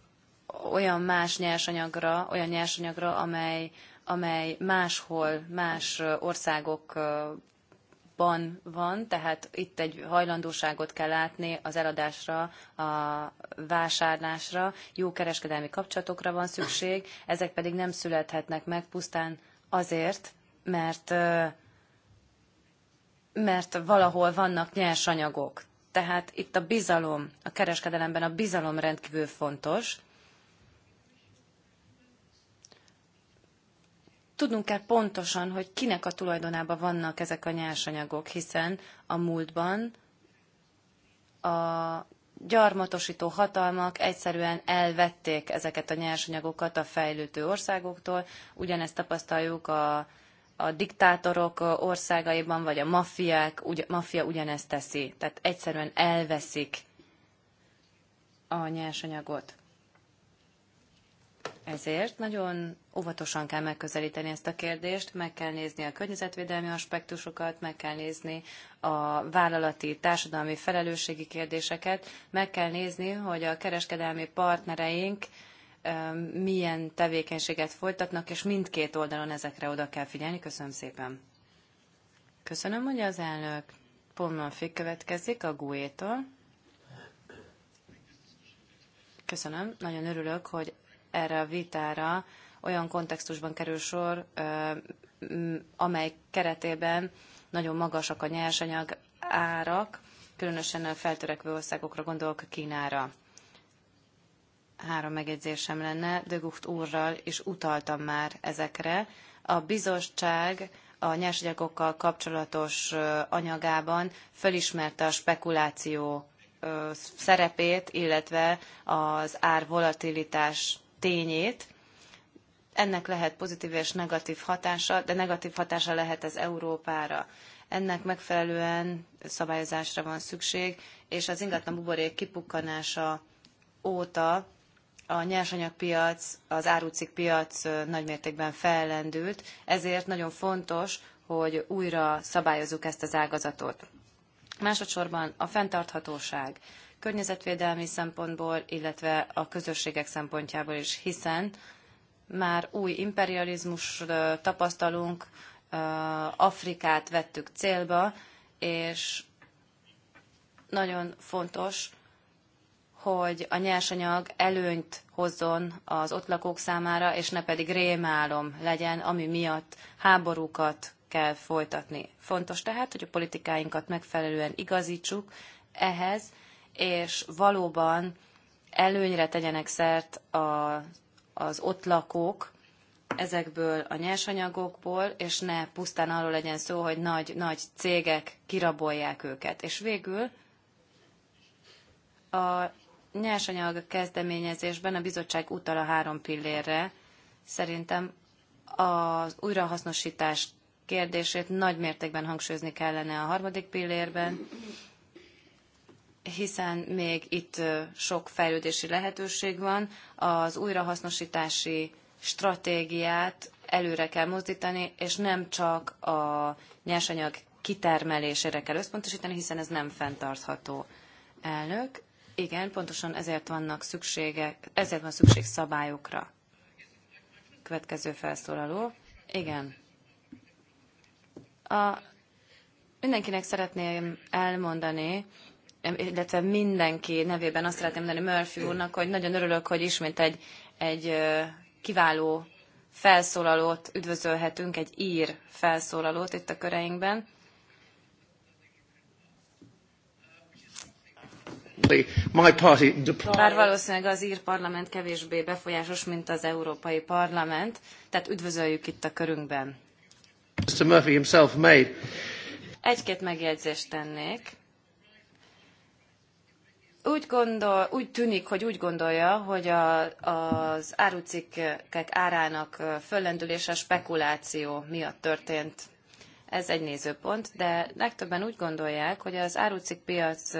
S1: olyan más nyersanyagra, olyan nyersanyagra, amely, amely máshol, más országokban van, tehát itt egy hajlandóságot kell látni az eladásra, a vásárlásra, jó kereskedelmi kapcsolatokra van szükség, ezek pedig nem születhetnek meg pusztán azért, mert mert valahol vannak nyersanyagok. Tehát itt a bizalom, a kereskedelemben a bizalom rendkívül fontos, Tudnunk kell pontosan, hogy kinek a tulajdonában vannak ezek a nyersanyagok, hiszen a múltban a gyarmatosító hatalmak egyszerűen elvették ezeket a nyersanyagokat a fejlődő országoktól. Ugyanezt tapasztaljuk a, a diktátorok országaiban, vagy a maffiák, ugy, maffia ugyanezt teszi. Tehát egyszerűen elveszik a nyersanyagot. Ezért nagyon óvatosan kell megközelíteni ezt a kérdést, meg kell nézni a környezetvédelmi aspektusokat, meg kell nézni a vállalati, társadalmi felelősségi kérdéseket, meg kell nézni, hogy a kereskedelmi partnereink milyen tevékenységet folytatnak, és mindkét oldalon ezekre oda kell figyelni. Köszönöm szépen. Köszönöm, hogy az elnök. Pomlan Fik következik a GUE-tól. Köszönöm, nagyon örülök, hogy erre a vitára olyan kontextusban kerül sor, amely keretében nagyon magasak a nyersanyag árak, különösen a feltörekvő országokra gondolok Kínára. Három megjegyzésem lenne, de úrral is utaltam már ezekre. A bizottság a nyersanyagokkal kapcsolatos anyagában fölismerte a spekuláció szerepét, illetve az ár volatilitás tényét, ennek lehet pozitív és negatív hatása, de negatív hatása lehet ez Európára. Ennek megfelelően szabályozásra van szükség, és az ingatlan buborék kipukkanása óta a nyersanyagpiac, az piac nagymértékben fellendült, ezért nagyon fontos, hogy újra szabályozzuk ezt az ágazatot. Másodszorban a fenntarthatóság környezetvédelmi szempontból, illetve a közösségek szempontjából is, hiszen már új imperializmus tapasztalunk, Afrikát vettük célba, és nagyon fontos, hogy a nyersanyag előnyt hozzon az ott lakók számára, és ne pedig rémálom legyen, ami miatt háborúkat kell folytatni. Fontos tehát, hogy a politikáinkat megfelelően igazítsuk ehhez, és valóban előnyre tegyenek szert az az ott lakók ezekből a nyersanyagokból, és ne pusztán arról legyen szó, hogy nagy, nagy cégek kirabolják őket. És végül a nyersanyag kezdeményezésben a bizottság utal a három pillérre. Szerintem az újrahasznosítás kérdését nagy mértékben hangsúlyozni kellene a harmadik pillérben, hiszen még itt sok fejlődési lehetőség van. Az újrahasznosítási stratégiát előre kell mozdítani, és nem csak a nyersanyag kitermelésére kell összpontosítani, hiszen ez nem fenntartható. Elnök, igen, pontosan ezért vannak szüksége, ezért van szükség szabályokra. Következő felszólaló. Igen. A, mindenkinek szeretném elmondani, illetve mindenki nevében azt szeretném mondani Murphy úrnak, hogy nagyon örülök, hogy ismét egy, egy kiváló felszólalót üdvözölhetünk, egy ír felszólalót itt a köreinkben. Bár valószínűleg az ír parlament kevésbé befolyásos, mint az európai parlament, tehát üdvözöljük itt a körünkben. Mr. Murphy himself made. Egy-két megjegyzést tennék úgy, gondol, úgy tűnik, hogy úgy gondolja, hogy a, az árucikkek árának föllendülése spekuláció miatt történt. Ez egy nézőpont, de legtöbben úgy gondolják, hogy az árucik piac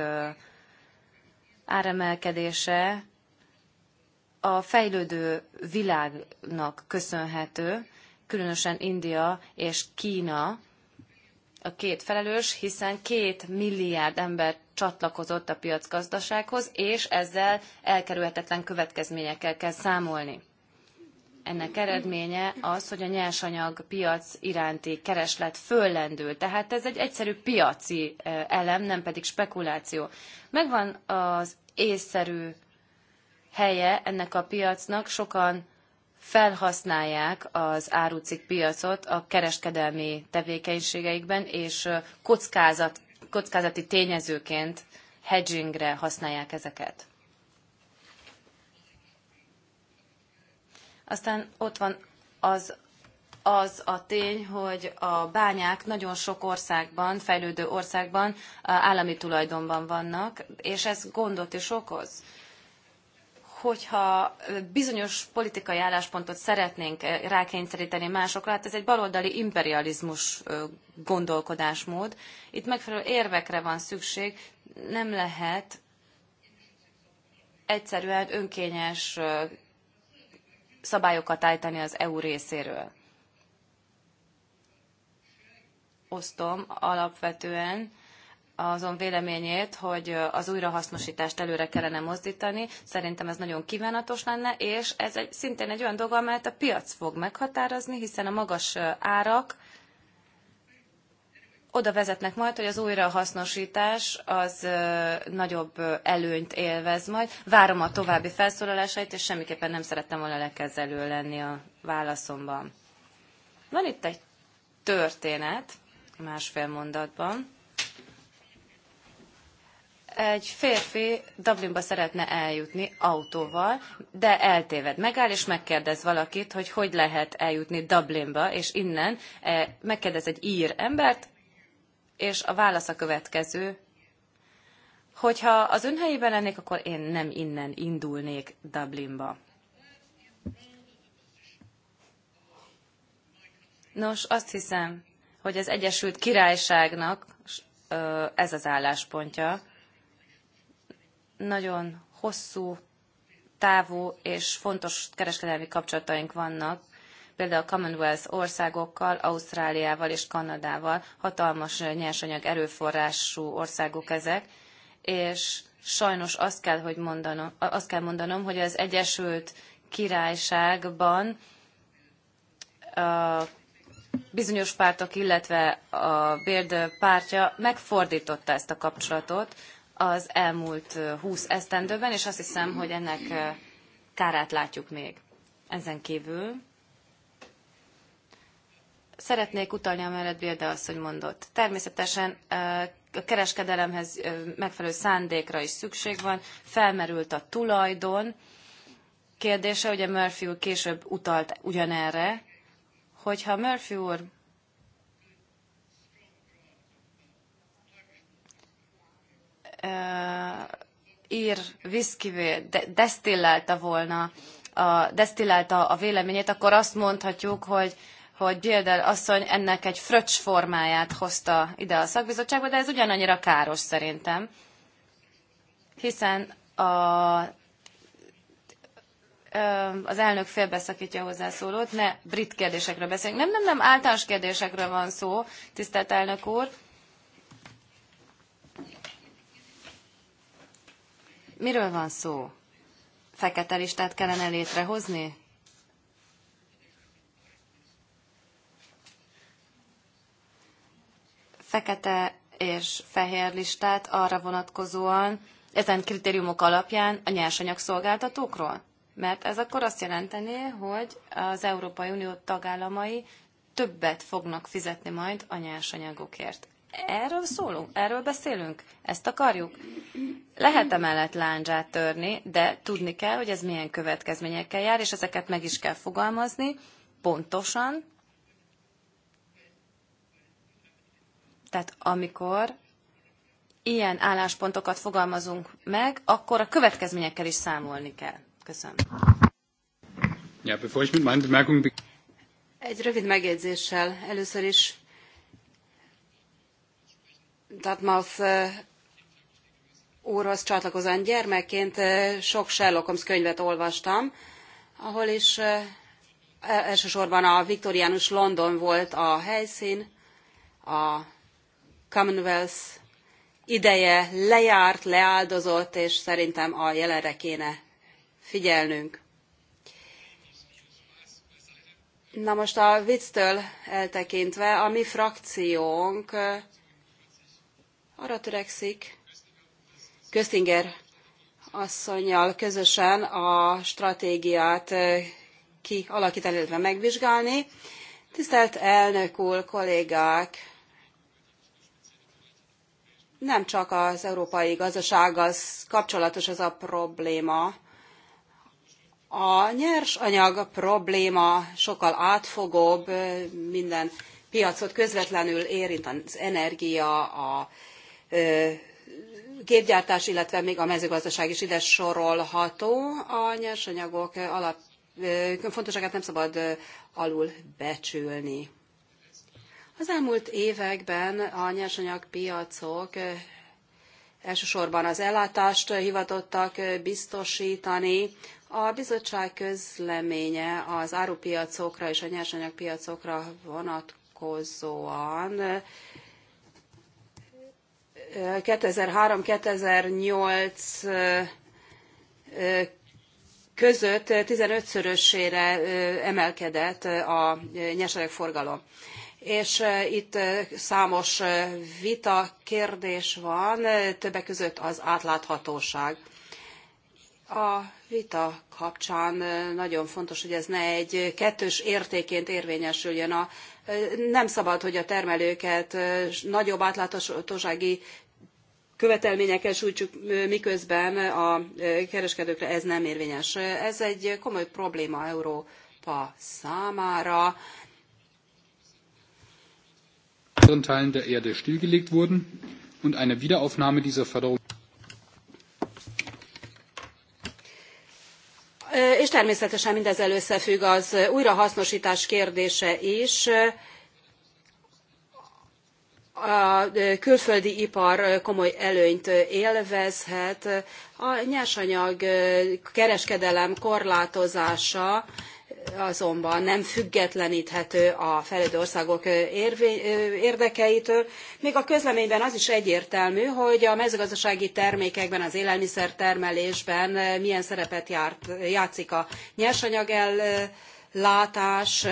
S1: áremelkedése a fejlődő világnak köszönhető, különösen India és Kína a két felelős, hiszen két milliárd ember csatlakozott a piacgazdasághoz, és ezzel elkerülhetetlen következményekkel kell számolni. Ennek eredménye az, hogy a nyersanyag piac iránti kereslet föllendül. Tehát ez egy egyszerű piaci elem, nem pedig spekuláció. Megvan az észszerű helye ennek a piacnak, sokan felhasználják az árucik piacot a kereskedelmi tevékenységeikben, és kockázat, kockázati tényezőként hedgingre használják ezeket. Aztán ott van az, az a tény, hogy a bányák nagyon sok országban, fejlődő országban állami tulajdonban vannak, és ez gondot is okoz hogyha bizonyos politikai álláspontot szeretnénk eh, rákényszeríteni másokra, hát ez egy baloldali imperializmus gondolkodásmód. Itt megfelelő érvekre van szükség, nem lehet egyszerűen önkényes szabályokat állítani az EU részéről. Osztom alapvetően azon véleményét, hogy az újrahasznosítást előre kellene mozdítani. Szerintem ez nagyon kívánatos lenne, és ez egy, szintén egy olyan dolog, amelyet a piac fog meghatározni, hiszen a magas árak oda vezetnek majd, hogy az újrahasznosítás az nagyobb előnyt élvez majd. Várom a további felszólalásait, és semmiképpen nem szerettem volna lekezelő lenni a válaszomban. Van itt egy történet, másfél mondatban egy férfi Dublinba szeretne eljutni autóval, de eltéved. Megáll és megkérdez valakit, hogy hogy lehet eljutni Dublinba, és innen e, megkérdez egy ír embert, és a válasz a következő. Hogyha az ön helyében lennék, akkor én nem innen indulnék Dublinba. Nos, azt hiszem, hogy az Egyesült Királyságnak ez az álláspontja, nagyon hosszú távú és fontos kereskedelmi kapcsolataink vannak, például a Commonwealth országokkal, Ausztráliával és Kanadával, hatalmas nyersanyag erőforrású országok ezek, és sajnos azt kell, hogy mondanom, azt kell mondanom, hogy az Egyesült Királyságban a bizonyos pártok, illetve a Bérd pártja megfordította ezt a kapcsolatot, az elmúlt 20 esztendőben, és azt hiszem, hogy ennek kárát látjuk még. Ezen kívül szeretnék utalni, a mellett Bilde hogy mondott. Természetesen a kereskedelemhez megfelelő szándékra is szükség van, felmerült a tulajdon kérdése, ugye Murphy úr később utalt ugyanerre, hogyha Murphy úr ír viszkivé desztillálta volna, a, desztillálta a véleményét, akkor azt mondhatjuk, hogy hogy Bilder asszony ennek egy fröccs formáját hozta ide a szakbizottságba, de ez ugyanannyira káros szerintem. Hiszen a, az elnök félbeszakítja a hozzászólót, ne brit kérdésekről beszéljünk. Nem, nem, nem, általános kérdésekről van szó, tisztelt elnök úr. Miről van szó? Fekete listát kellene létrehozni? Fekete és fehér listát arra vonatkozóan, ezen kritériumok alapján a szolgáltatókról? Mert ez akkor azt jelenteni, hogy az Európai Unió tagállamai többet fognak fizetni majd a nyersanyagokért. Erről szólunk, erről beszélünk, ezt akarjuk. Lehet emellett láncsát törni, de tudni kell, hogy ez milyen következményekkel jár, és ezeket meg is kell fogalmazni pontosan. Tehát amikor ilyen álláspontokat fogalmazunk meg, akkor a következményekkel is számolni kell. Köszönöm.
S2: Ja, bevor ich mit meinen Bemerkungen...
S4: Egy rövid megjegyzéssel először is Dartmouth úrhoz csatlakozóan gyermekként sok Sherlock Holmes könyvet olvastam, ahol is e, elsősorban a viktoriánus London volt a helyszín, a Commonwealth ideje lejárt, leáldozott, és szerintem a jelenre kéne figyelnünk. Na most a vicctől eltekintve, a mi frakciónk arra törekszik, Köztinger asszonyjal közösen a stratégiát eh, kialakítani, illetve megvizsgálni. Tisztelt elnök úr, kollégák! Nem csak az európai gazdasággal kapcsolatos ez a probléma. A nyersanyag probléma sokkal átfogóbb, eh, minden piacot közvetlenül érint az energia, a gépgyártás, illetve még a mezőgazdaság is ide sorolható. A nyersanyagok alap fontosságát nem szabad alul becsülni. Az elmúlt években a nyersanyagpiacok elsősorban az ellátást hivatottak biztosítani. A bizottság közleménye az árupiacokra és a nyersanyagpiacokra vonatkozóan 2003-2008 között 15-szörösére emelkedett a nyersanyagforgalom. És itt számos vita kérdés van, többek között az átláthatóság. A vita kapcsán nagyon fontos, hogy ez ne egy kettős értéként érvényesüljön. A, nem szabad, hogy a termelőket nagyobb átláthatósági követelményekkel sújtsuk, miközben a kereskedőkre ez nem érvényes. Ez egy komoly probléma Európa számára.
S2: Teilen der Erde stillgelegt wurden und eine Wiederaufnahme dieser Förderung
S4: És természetesen mindezzel összefügg az újrahasznosítás kérdése is a külföldi ipar komoly előnyt élvezhet. A nyersanyag kereskedelem korlátozása azonban nem függetleníthető a fejlődő országok érdekeitől. Még a közleményben az is egyértelmű, hogy a mezőgazdasági termékekben, az élelmiszertermelésben milyen szerepet járt, játszik a nyersanyag ellátás,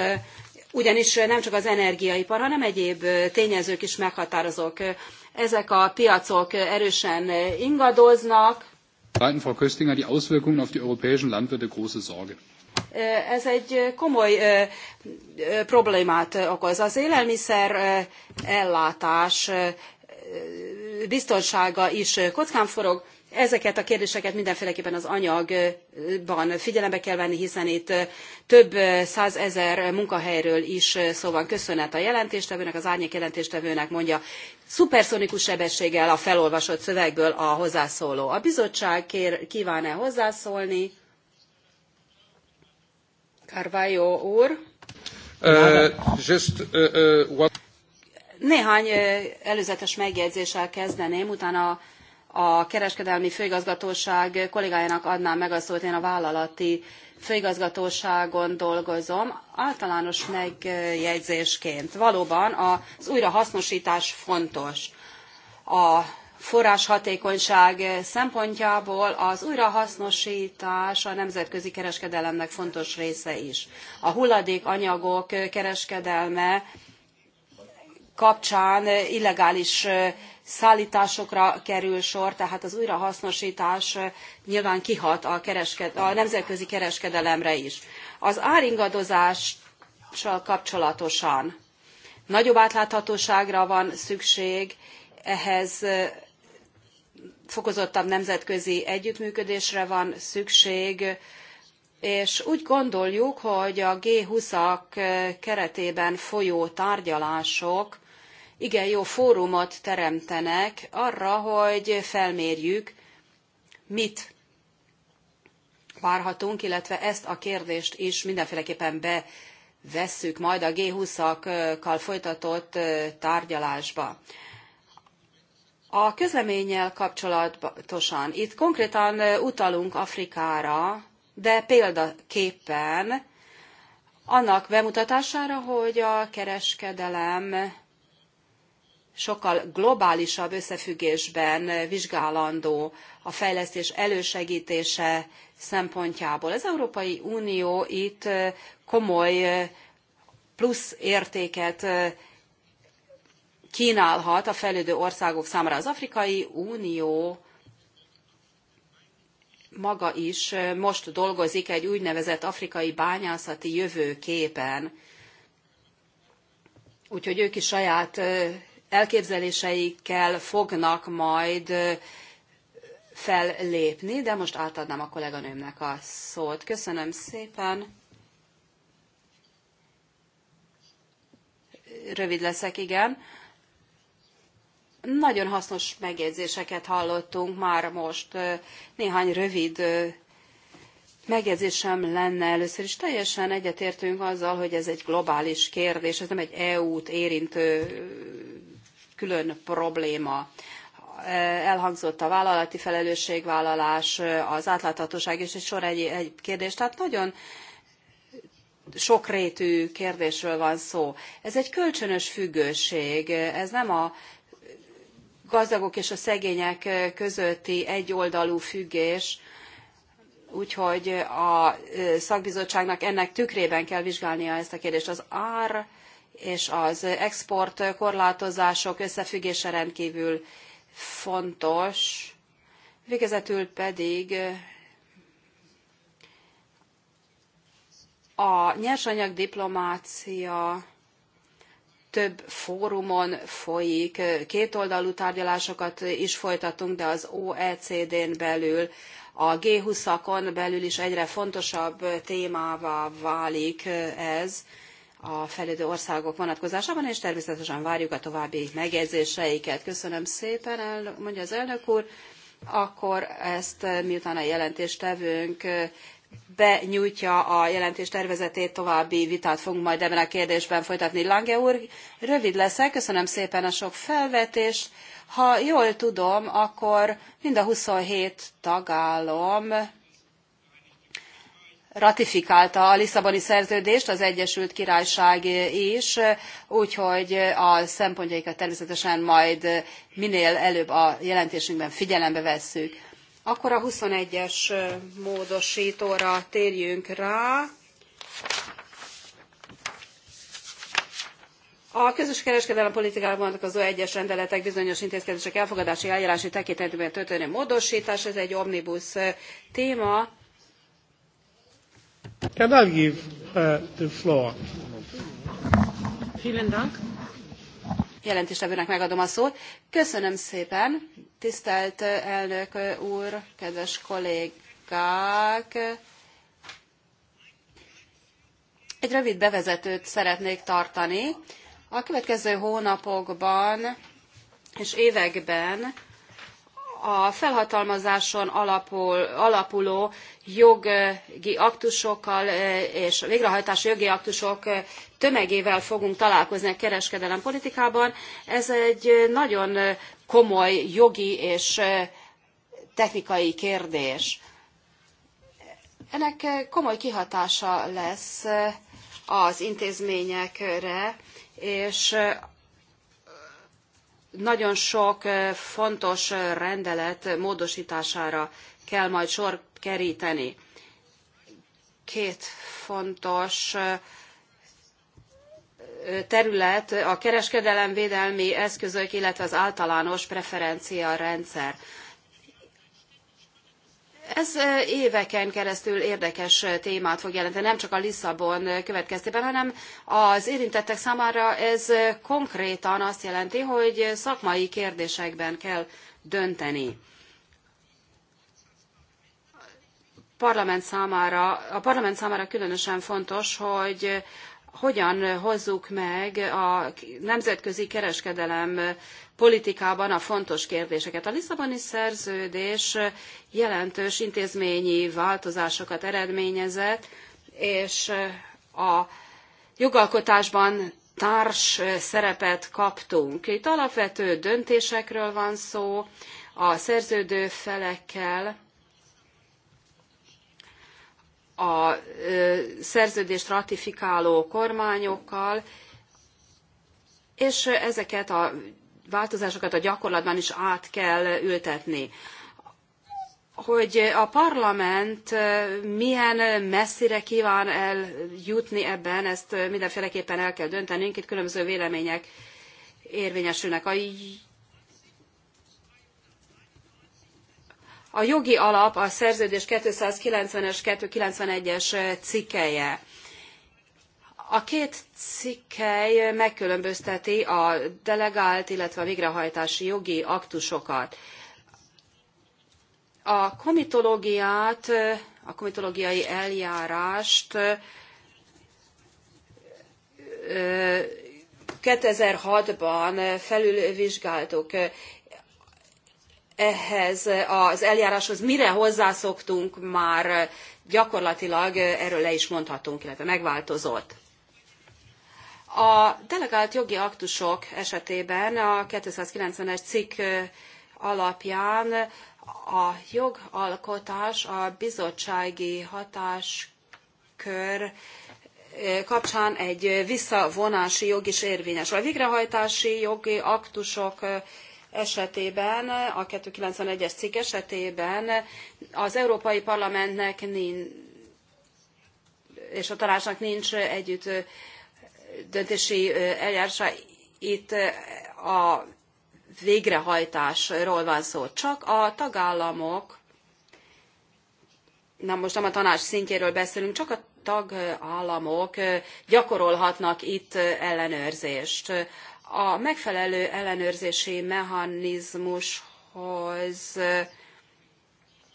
S4: ugyanis nem csak az energiaipar, hanem egyéb tényezők is meghatározók. Ezek a piacok erősen ingadoznak.
S2: Seiten Frau Köstinger, die Auswirkungen auf die europäischen Landwirte große Sorge.
S4: Ez egy komoly problémát okoz. Az élelmiszer ellátás biztonsága is kockán forog. Ezeket a kérdéseket mindenféleképpen az anyagban figyelembe kell venni, hiszen itt több százezer munkahelyről is szó van. Köszönet a jelentéstevőnek, az árnyék jelentéstevőnek mondja, szuperszonikus sebességgel a felolvasott szövegből a hozzászóló. A bizottság kér, kíván-e hozzászólni? Carvalho úr. Uh, Néhány előzetes megjegyzéssel kezdeném, utána a kereskedelmi főigazgatóság kollégájának adnám meg a szót, én a vállalati főigazgatóságon dolgozom, általános megjegyzésként. Valóban az újrahasznosítás fontos. A forráshatékonyság szempontjából az újrahasznosítás a nemzetközi kereskedelemnek fontos része is. A hulladékanyagok kereskedelme kapcsán illegális szállításokra kerül sor, tehát az újrahasznosítás nyilván kihat a, a nemzetközi kereskedelemre is. Az áringadozással kapcsolatosan nagyobb átláthatóságra van szükség, ehhez fokozottabb nemzetközi együttműködésre van szükség, és úgy gondoljuk, hogy a G20-ak keretében folyó tárgyalások igen jó fórumot teremtenek arra, hogy felmérjük, mit várhatunk, illetve ezt a kérdést is mindenféleképpen bevesszük majd a G20-akkal folytatott tárgyalásba. A közleménnyel kapcsolatosan itt konkrétan utalunk Afrikára, de példaképpen annak bemutatására, hogy a kereskedelem sokkal globálisabb összefüggésben vizsgálandó a fejlesztés elősegítése szempontjából. Az Európai Unió itt komoly plusz értéket kínálhat a fejlődő országok számára. Az Afrikai Unió maga is most dolgozik egy úgynevezett afrikai bányászati jövőképen, úgyhogy ők is saját elképzeléseikkel fognak majd fellépni, de most átadnám a kolléganőmnek a szót. Köszönöm szépen. Rövid leszek, igen. Nagyon hasznos megjegyzéseket hallottunk már most. Néhány rövid megjegyzésem lenne először is. Teljesen egyetértünk azzal, hogy ez egy globális kérdés, ez nem egy EU-t érintő külön probléma. Elhangzott a vállalati felelősségvállalás, az átláthatóság és egy sor egy, egy kérdés. Tehát nagyon sokrétű kérdésről van szó. Ez egy kölcsönös függőség, ez nem a gazdagok és a szegények közötti egyoldalú függés, úgyhogy a szakbizottságnak ennek tükrében kell vizsgálnia ezt a kérdést. Az ár és az export korlátozások összefüggése rendkívül fontos. Végezetül pedig a nyersanyag diplomácia több fórumon folyik, kétoldalú tárgyalásokat is folytatunk, de az OECD-n belül, a G20-akon belül is egyre fontosabb témává válik ez a fejlődő országok vonatkozásában, és természetesen várjuk a további megjegyzéseiket. Köszönöm szépen, el, mondja az elnök úr. Akkor ezt eh, miután a jelentéstevőnk eh, benyújtja a jelentés tervezetét, további vitát fogunk majd ebben a kérdésben folytatni. Lange úr, rövid leszek, köszönöm szépen a sok felvetést. Ha jól tudom, akkor mind a 27 tagállam ratifikálta a Lisszaboni szerződést, az Egyesült Királyság is, úgyhogy a szempontjaikat természetesen majd minél előbb a jelentésünkben figyelembe vesszük. Akkor a 21-es módosítóra térjünk rá. A közös kereskedelmi politikában vonatkozó egyes rendeletek bizonyos intézkedések elfogadási eljárási tekintetében történő módosítás, ez egy omnibus téma
S2: Can I give her uh, the floor?
S4: Vielen Dank. Jelentéstevőnek megadom a szót. Köszönöm szépen, tisztelt elnök úr, kedves kollégák. Egy rövid bevezetőt szeretnék tartani. A következő hónapokban és években a felhatalmazáson alapul, alapuló jogi aktusokkal eh, és végrehajtási jogi aktusok eh, tömegével fogunk találkozni a kereskedelempolitikában. politikában. Ez egy eh, nagyon komoly jogi és technikai kérdés. Ennek komoly kihatása lesz az intézményekre, és nagyon sok fontos rendelet módosítására kell majd sor keríteni. Két fontos terület a kereskedelemvédelmi eszközök, illetve az általános preferencia rendszer. Ez éveken keresztül érdekes témát fog jelenteni, nem csak a Lisszabon következtében, hanem az érintettek számára ez konkrétan azt jelenti, hogy szakmai kérdésekben kell dönteni. Parlament számára, a parlament számára különösen fontos, hogy hogyan hozzuk meg a nemzetközi kereskedelem politikában a fontos kérdéseket. A Lisszaboni szerződés jelentős intézményi változásokat eredményezett, és a jogalkotásban társ szerepet kaptunk. Itt alapvető döntésekről van szó, a szerződő felekkel, a szerződést ratifikáló kormányokkal, és ezeket a változásokat a gyakorlatban is át kell ültetni. Hogy a parlament milyen messzire kíván eljutni ebben, ezt mindenféleképpen el kell döntenünk, itt különböző vélemények érvényesülnek. A A jogi alap a szerződés 290-es, 291-es cikkelje. A két cikkely megkülönbözteti a delegált, illetve a végrehajtási jogi aktusokat. A komitológiát, a komitológiai eljárást 2006-ban felülvizsgáltuk, ehhez az eljáráshoz mire hozzászoktunk, már gyakorlatilag erről le is mondhatunk, illetve megváltozott. A delegált jogi aktusok esetében a 290-es cikk alapján a jogalkotás a bizottsági hatáskör kapcsán egy visszavonási jog is érvényes. A végrehajtási jogi aktusok esetében, a 291-es cikk esetében az Európai Parlamentnek nincs, és a tanácsnak nincs együtt döntési eljárása. Itt a végrehajtásról van szó. Csak a tagállamok, na most nem a tanács szintjéről beszélünk, csak a tagállamok gyakorolhatnak itt ellenőrzést a megfelelő ellenőrzési mechanizmushoz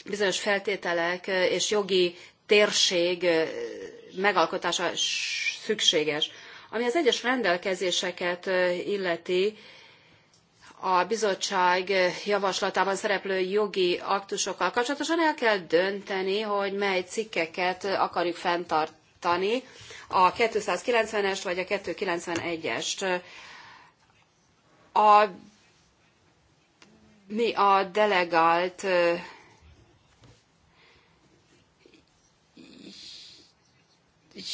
S4: bizonyos feltételek és jogi térség megalkotása szükséges. Ami az egyes rendelkezéseket illeti, a bizottság javaslatában szereplő jogi aktusokkal kapcsolatosan el kell dönteni, hogy mely cikkeket akarjuk fenntartani, a 290-est vagy a 291-est. A, mi a delegált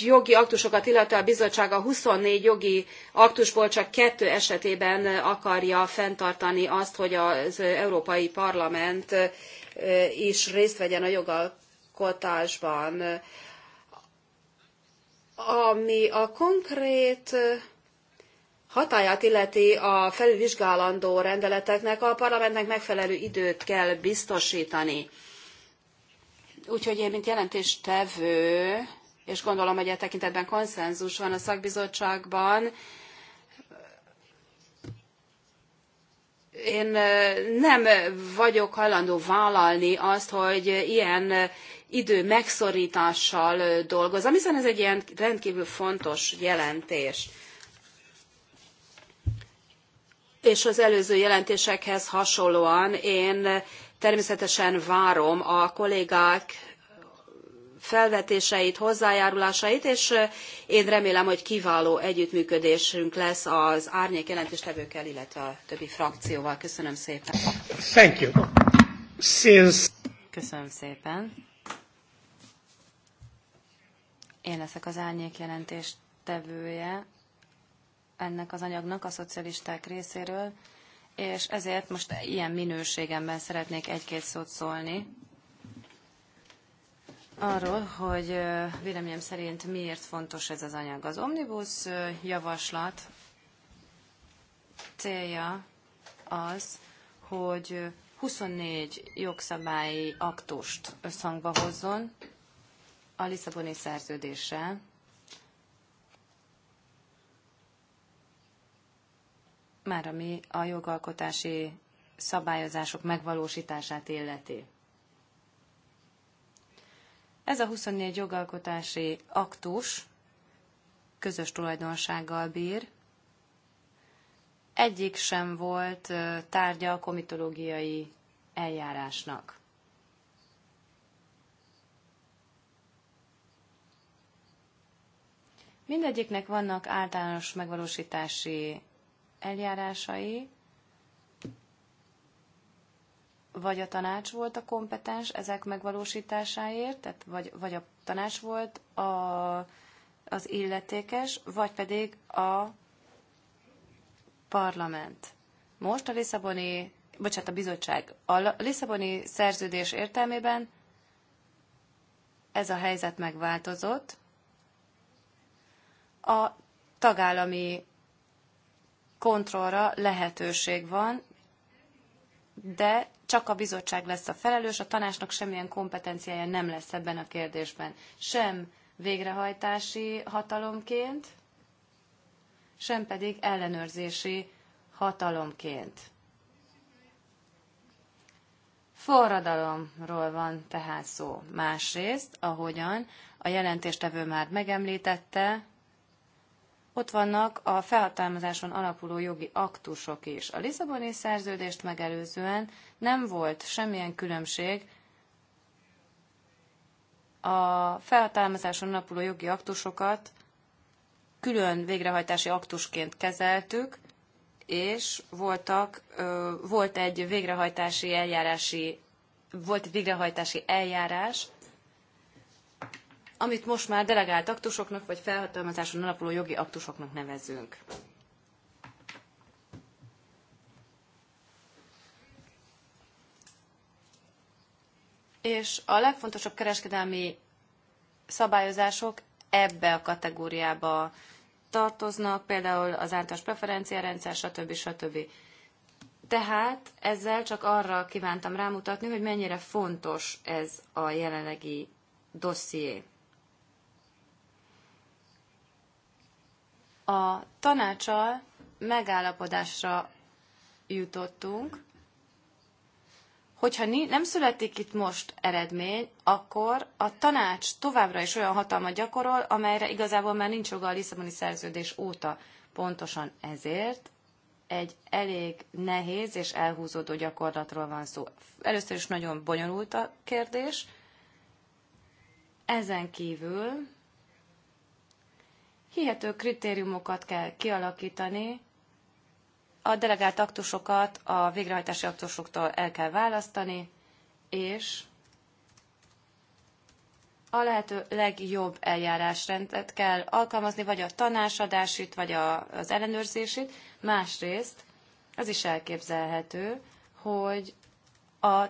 S4: jogi aktusokat, illetve a bizottság a 24 jogi aktusból csak kettő esetében akarja fenntartani azt, hogy az Európai Parlament is részt vegyen a jogalkotásban. Ami a konkrét hatáját illeti a felülvizsgálandó rendeleteknek a parlamentnek megfelelő időt kell biztosítani. Úgyhogy én, mint jelentéstevő, és gondolom, hogy e tekintetben konszenzus van a szakbizottságban, én nem vagyok hajlandó vállalni azt, hogy ilyen idő megszorítással dolgozom, hiszen ez egy ilyen rendkívül fontos jelentés és az előző jelentésekhez hasonlóan én természetesen várom a kollégák felvetéseit, hozzájárulásait, és én remélem, hogy kiváló együttműködésünk lesz az árnyék jelentéstevőkkel, illetve a többi frakcióval. Köszönöm
S1: szépen. Thank you. Since... Köszönöm szépen. Én leszek az árnyék jelentéstevője ennek az anyagnak a szocialisták részéről, és ezért most ilyen minőségemben szeretnék egy-két szót szólni arról, hogy véleményem szerint miért fontos ez az anyag. Az omnibus javaslat célja az, hogy 24 jogszabályi aktust összhangba hozzon a Lisszaboni szerződéssel, már ami a jogalkotási szabályozások megvalósítását illeti. Ez a 24 jogalkotási aktus közös tulajdonsággal bír. Egyik sem volt tárgya a komitológiai eljárásnak. Mindegyiknek vannak általános megvalósítási eljárásai, vagy a tanács volt a kompetens ezek megvalósításáért, tehát vagy, vagy a tanács volt a, az illetékes, vagy pedig a parlament. Most a Lisszaboni, bocsánat, a bizottság. A Lisszaboni szerződés értelmében ez a helyzet megváltozott. A tagállami kontrollra lehetőség van, de csak a bizottság lesz a felelős, a tanácsnak semmilyen kompetenciája nem lesz ebben a kérdésben. Sem végrehajtási hatalomként, sem pedig ellenőrzési hatalomként. Forradalomról van tehát szó. Másrészt, ahogyan a jelentéstevő már megemlítette, ott vannak a felhatalmazáson alapuló jogi aktusok is. A Lisszaboni szerződést megelőzően nem volt semmilyen különbség a felhatalmazáson alapuló jogi aktusokat külön végrehajtási aktusként kezeltük, és voltak, volt egy végrehajtási eljárási, volt egy végrehajtási eljárás, amit most már delegált aktusoknak vagy felhatalmazáson alapuló jogi aktusoknak nevezünk. És a legfontosabb kereskedelmi szabályozások ebbe a kategóriába tartoznak, például az általános preferenciarendszer, stb. stb. Tehát ezzel csak arra kívántam rámutatni, hogy mennyire fontos ez a jelenlegi dosszié. A tanácsal megállapodásra jutottunk, hogyha nem születik itt most eredmény, akkor a tanács továbbra is olyan hatalmat gyakorol, amelyre igazából már nincs joga a Lisszaboni szerződés óta. Pontosan ezért egy elég nehéz és elhúzódó gyakorlatról van szó. Először is nagyon bonyolult a kérdés. Ezen kívül hihető kritériumokat kell kialakítani, a delegált aktusokat a végrehajtási aktusoktól el kell választani, és a lehető legjobb eljárásrendet kell alkalmazni, vagy a tanácsadásit, vagy a, az ellenőrzését. Másrészt az is elképzelhető, hogy a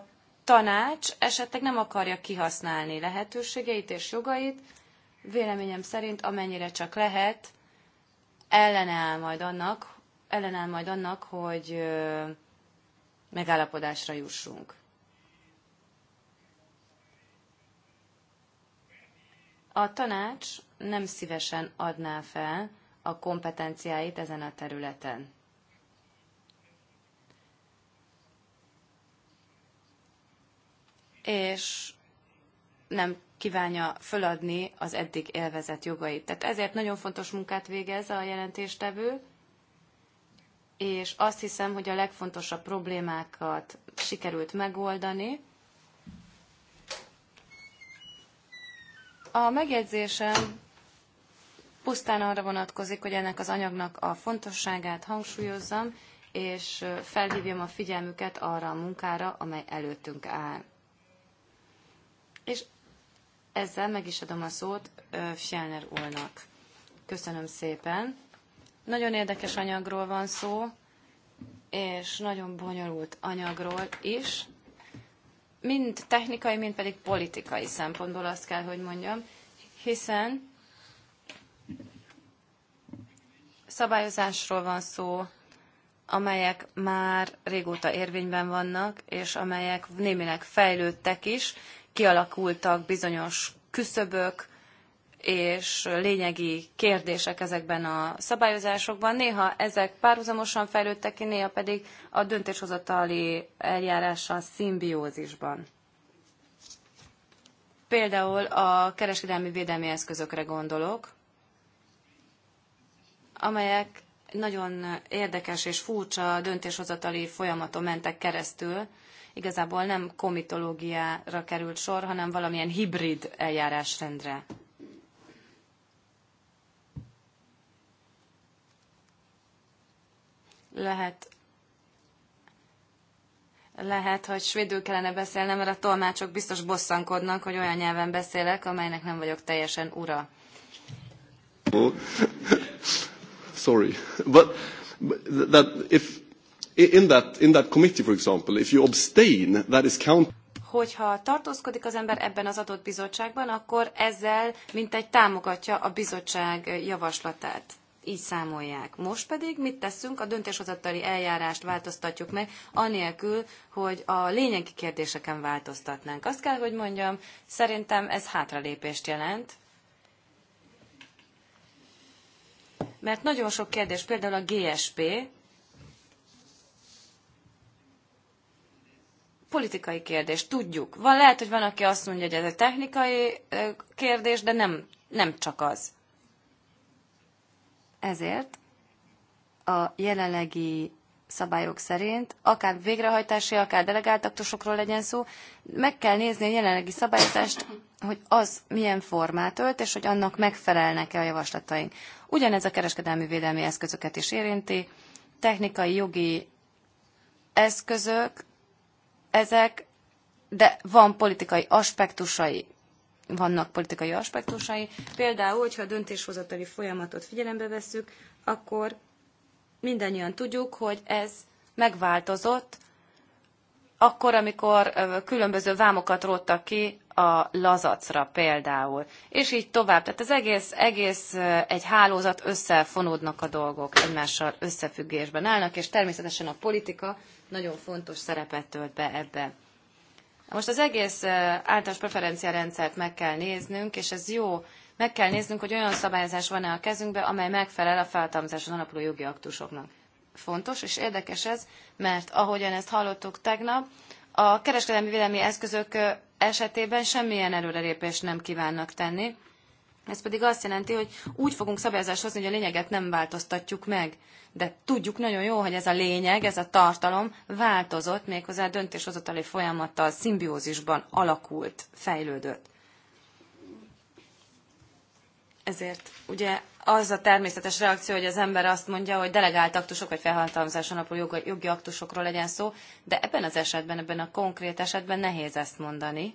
S1: tanács esetleg nem akarja kihasználni lehetőségeit és jogait, véleményem szerint amennyire csak lehet, ellenáll majd annak, ellenáll majd annak, hogy megállapodásra jussunk. A tanács nem szívesen adná fel a kompetenciáit ezen a területen. És nem kívánja föladni az eddig élvezett jogait. Tehát ezért nagyon fontos munkát végez a jelentéstevő, és azt hiszem, hogy a legfontosabb problémákat sikerült megoldani. A megjegyzésem pusztán arra vonatkozik, hogy ennek az anyagnak a fontosságát hangsúlyozzam, és felhívjam a figyelmüket arra a munkára, amely előttünk áll. És ezzel meg is adom a szót Fjellner úrnak. Köszönöm szépen. Nagyon érdekes anyagról van szó, és nagyon bonyolult anyagról is. Mind technikai, mind pedig politikai szempontból azt kell, hogy mondjam, hiszen szabályozásról van szó, amelyek már régóta érvényben vannak, és amelyek némileg fejlődtek is, kialakultak bizonyos küszöbök, és lényegi kérdések ezekben a szabályozásokban. Néha ezek párhuzamosan fejlődtek ki, néha pedig a döntéshozatali eljárással szimbiózisban. Például a kereskedelmi védelmi eszközökre gondolok, amelyek nagyon érdekes és furcsa döntéshozatali folyamaton mentek keresztül, igazából nem komitológiára került sor, hanem valamilyen hibrid eljárásrendre. Lehet, lehet, hogy svédül kellene beszélnem, mert a tolmácsok biztos bosszankodnak, hogy olyan nyelven beszélek, amelynek nem vagyok teljesen ura.
S3: Sorry, but, but that if in that, in that committee, for example, if you abstain, that is count
S1: hogyha tartózkodik az ember ebben az adott bizottságban, akkor ezzel mintegy támogatja a bizottság javaslatát. Így számolják. Most pedig mit teszünk? A döntéshozatali eljárást változtatjuk meg, anélkül, hogy a lényegi kérdéseken változtatnánk. Azt kell, hogy mondjam, szerintem ez hátralépést jelent, mert nagyon sok kérdés, például a GSP, politikai kérdés, tudjuk. Van, lehet, hogy van, aki azt mondja, hogy ez egy technikai kérdés, de nem, nem csak az. Ezért a jelenlegi szabályok szerint, akár végrehajtási, akár delegáltaktusokról legyen szó, meg kell nézni a jelenlegi szabályozást, hogy az milyen formát ölt, és hogy annak megfelelnek-e a javaslataink. Ugyanez a kereskedelmi védelmi eszközöket is érinti, technikai, jogi eszközök ezek, de van politikai aspektusai, vannak politikai aspektusai. Például, hogyha a döntéshozatali folyamatot figyelembe vesszük, akkor mindannyian tudjuk, hogy ez megváltozott, akkor, amikor különböző vámokat róttak ki a lazacra például, és így tovább. Tehát az egész, egész egy hálózat összefonódnak a dolgok, egymással összefüggésben állnak, és természetesen a politika nagyon fontos szerepet tölt be ebbe. Most az egész általános preferenciarendszert meg kell néznünk, és ez jó, meg kell néznünk, hogy olyan szabályozás van-e a kezünkbe, amely megfelel a feltalmazáson alapuló jogi aktusoknak. Fontos és érdekes ez, mert ahogyan ezt hallottuk tegnap, a kereskedelmi vélemi eszközök esetében semmilyen előrelépést nem kívánnak tenni, ez pedig azt jelenti, hogy úgy fogunk szabályozást hozni, hogy a lényeget nem változtatjuk meg. De tudjuk nagyon jó, hogy ez a lényeg, ez a tartalom változott, méghozzá a döntéshozatali folyamattal szimbiózisban alakult, fejlődött. Ezért ugye az a természetes reakció, hogy az ember azt mondja, hogy delegált aktusok vagy felhatalmazáson alapuló jogi aktusokról legyen szó, de ebben az esetben, ebben a konkrét esetben nehéz ezt mondani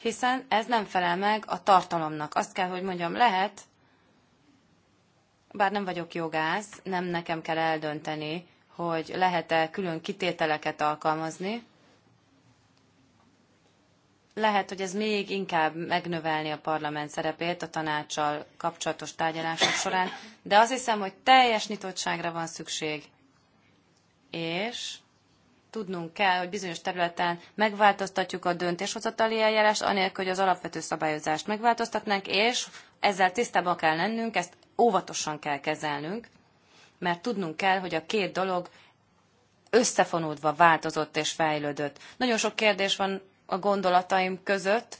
S1: hiszen ez nem felel meg a tartalomnak. Azt kell, hogy mondjam, lehet, bár nem vagyok jogász, nem nekem kell eldönteni, hogy lehet-e külön kitételeket alkalmazni. Lehet, hogy ez még inkább megnövelni a parlament szerepét a tanácssal kapcsolatos tárgyalások során, de azt hiszem, hogy teljes nyitottságra van szükség. És tudnunk kell, hogy bizonyos területen megváltoztatjuk a döntéshozatali eljárást, anélkül, hogy az alapvető szabályozást megváltoztatnánk, és ezzel tisztában kell lennünk, ezt óvatosan kell kezelnünk, mert tudnunk kell, hogy a két dolog összefonódva változott és fejlődött. Nagyon sok kérdés van a gondolataim között,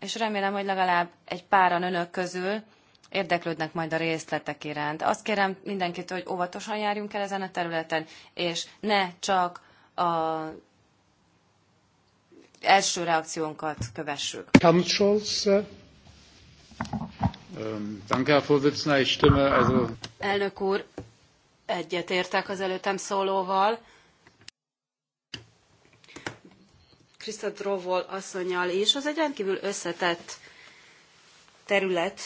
S1: és remélem, hogy legalább egy páran önök közül érdeklődnek majd a részletek iránt. Azt kérem mindenkitől, hogy óvatosan járjunk el ezen a területen, és ne csak a első reakciónkat kövessük.
S2: Eh, um,
S4: Elnök úr, egyetértek az előttem szólóval. Kriszta Drovol asszonyjal is. Az egy rendkívül összetett terület,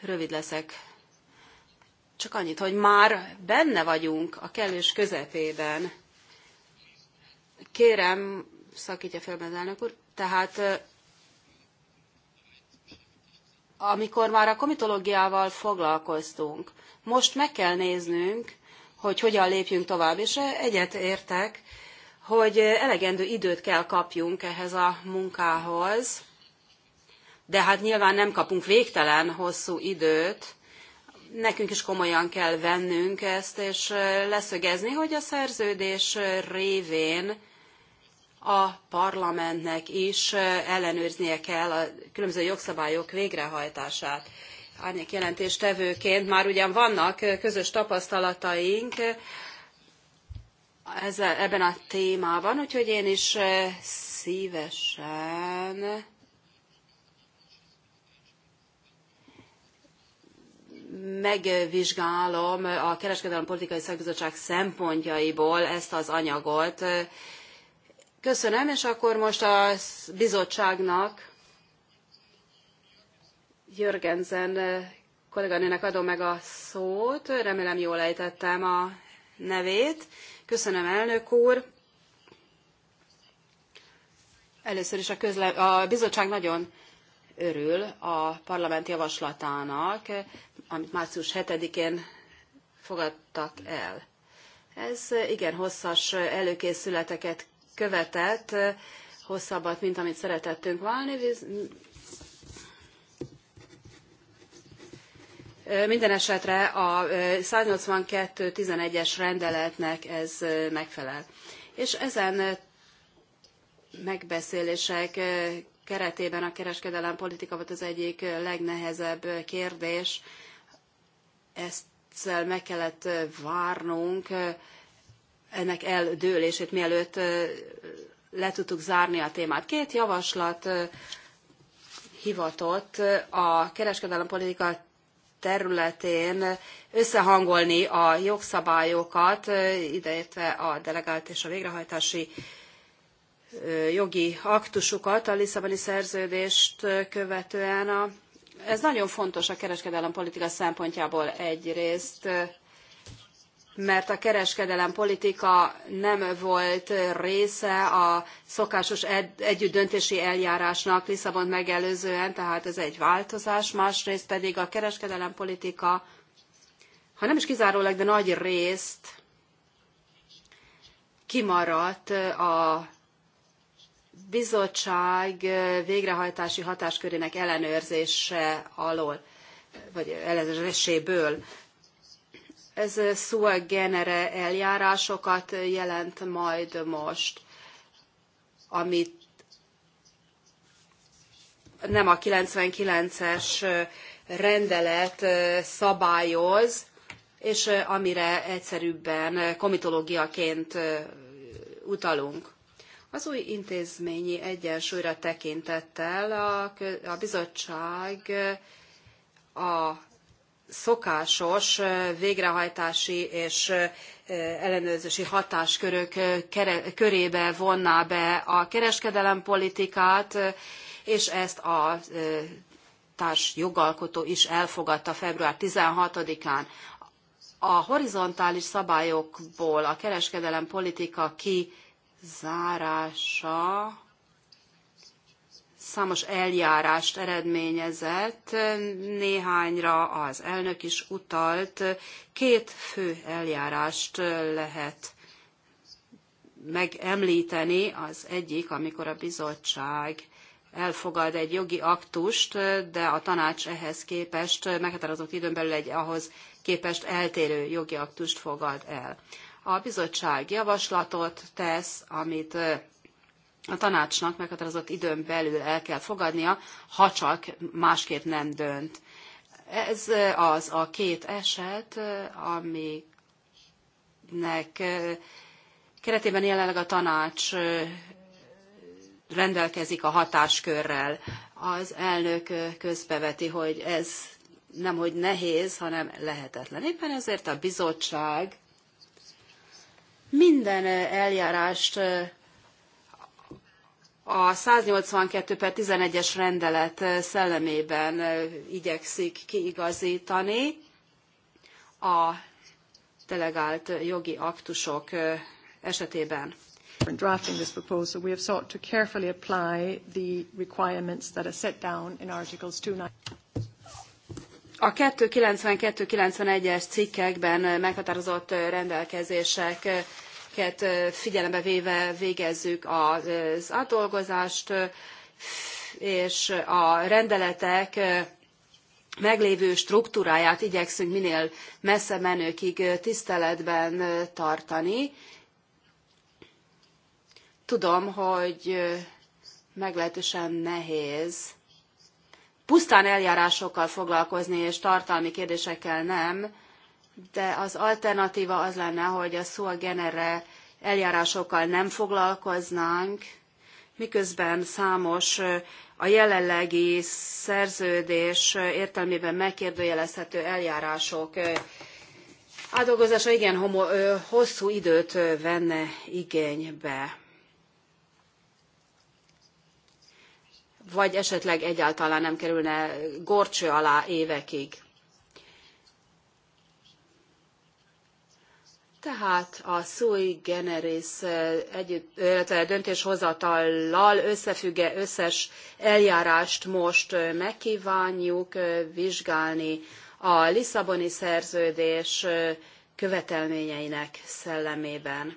S4: rövid leszek. Csak annyit, hogy már benne vagyunk a kellős közepében. Kérem, szakítja fel az elnök úr, tehát amikor már a komitológiával foglalkoztunk, most meg kell néznünk, hogy hogyan lépjünk tovább, és egyet értek, hogy elegendő időt kell kapjunk ehhez a munkához, de hát nyilván nem kapunk végtelen hosszú időt, nekünk is komolyan kell vennünk ezt, és leszögezni, hogy a szerződés révén a parlamentnek is ellenőrznie kell a különböző jogszabályok végrehajtását. Árnyék jelentéstevőként már ugyan vannak közös tapasztalataink ezzel, ebben a témában, úgyhogy én is szívesen megvizsgálom a Kereskedelmi Politikai Szakbizottság szempontjaiból ezt az anyagot. Köszönöm, és akkor most a bizottságnak Jörgensen kolléganőnek adom meg a szót. Remélem jól ejtettem a nevét. Köszönöm, elnök úr. Először is a, közle- a bizottság nagyon örül a parlament javaslatának, amit március 7-én fogadtak el. Ez igen hosszas előkészületeket követett, hosszabbat, mint amit szeretettünk válni. Minden esetre a 182.11-es rendeletnek ez megfelel. És ezen megbeszélések keretében a kereskedelem politika volt az egyik legnehezebb kérdés. Ezt meg kellett várnunk ennek eldőlését, mielőtt le tudtuk zárni a témát. Két javaslat hivatott a kereskedelempolitika területén összehangolni a jogszabályokat, ideértve a delegált és a végrehajtási jogi aktusukat, a Lisszaboni szerződést követően. A, ez nagyon fontos a kereskedelem politika szempontjából egyrészt, mert a kereskedelem politika nem volt része a szokásos ed- együttdöntési eljárásnak Lisszabon megelőzően, tehát ez egy változás, másrészt pedig a kereskedelem politika, ha nem is kizárólag, de nagy részt kimaradt a bizottság végrehajtási hatáskörének ellenőrzése alól, vagy ellenőrzéséből. Ez sua genere eljárásokat jelent majd most, amit nem a 99-es rendelet szabályoz, és amire egyszerűbben komitológiaként utalunk. Az új intézményi egyensúlyra tekintettel a, a bizottság a szokásos végrehajtási és ellenőrzési hatáskörök körébe vonná be a kereskedelempolitikát, és ezt a társ jogalkotó is elfogadta február 16-án. A horizontális szabályokból a kereskedelempolitika ki zárása számos eljárást eredményezett, néhányra az elnök is utalt, két fő eljárást lehet megemlíteni, az egyik, amikor a bizottság elfogad egy jogi aktust, de a tanács ehhez képest meghatározott időn belül egy ahhoz képest eltérő jogi aktust fogad el a bizottság javaslatot tesz, amit a tanácsnak meghatározott időn belül el kell fogadnia, ha csak másképp nem dönt. Ez az a két eset, aminek keretében jelenleg a tanács rendelkezik a hatáskörrel. Az elnök közbeveti, hogy ez nem hogy nehéz, hanem lehetetlen. Éppen ezért a bizottság minden eljárást a 182 per 11-es rendelet szellemében igyekszik kiigazítani a delegált jogi aktusok esetében.
S3: In drafting this proposal, we have sought to carefully apply the requirements that are set down in Articles 290.
S4: A 292-91-es cikkekben meghatározott rendelkezéseket figyelembe véve végezzük az átdolgozást, és a rendeletek meglévő struktúráját igyekszünk minél messze menőkig tiszteletben tartani. Tudom, hogy meglehetősen nehéz pusztán eljárásokkal foglalkozni, és tartalmi kérdésekkel nem, de az alternatíva az lenne, hogy a szó a genere eljárásokkal nem foglalkoznánk, miközben számos a jelenlegi szerződés értelmében megkérdőjelezhető eljárások átdolgozása igen homo, hosszú időt venne igénybe. vagy esetleg egyáltalán nem kerülne gorcső alá évekig. Tehát a sui generis együtt, döntéshozatallal összefügge összes eljárást most megkívánjuk vizsgálni a Lisszaboni szerződés követelményeinek szellemében.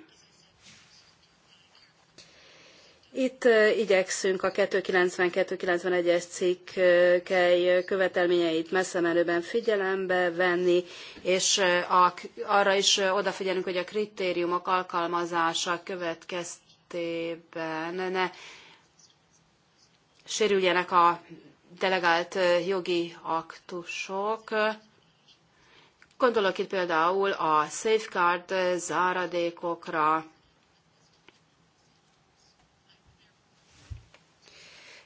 S4: Itt igyekszünk a 292-91-es cikkely követelményeit messze menőben figyelembe venni, és a, arra is odafigyelünk, hogy a kritériumok alkalmazása következtében ne sérüljenek a delegált jogi aktusok. Gondolok itt például a safeguard záradékokra,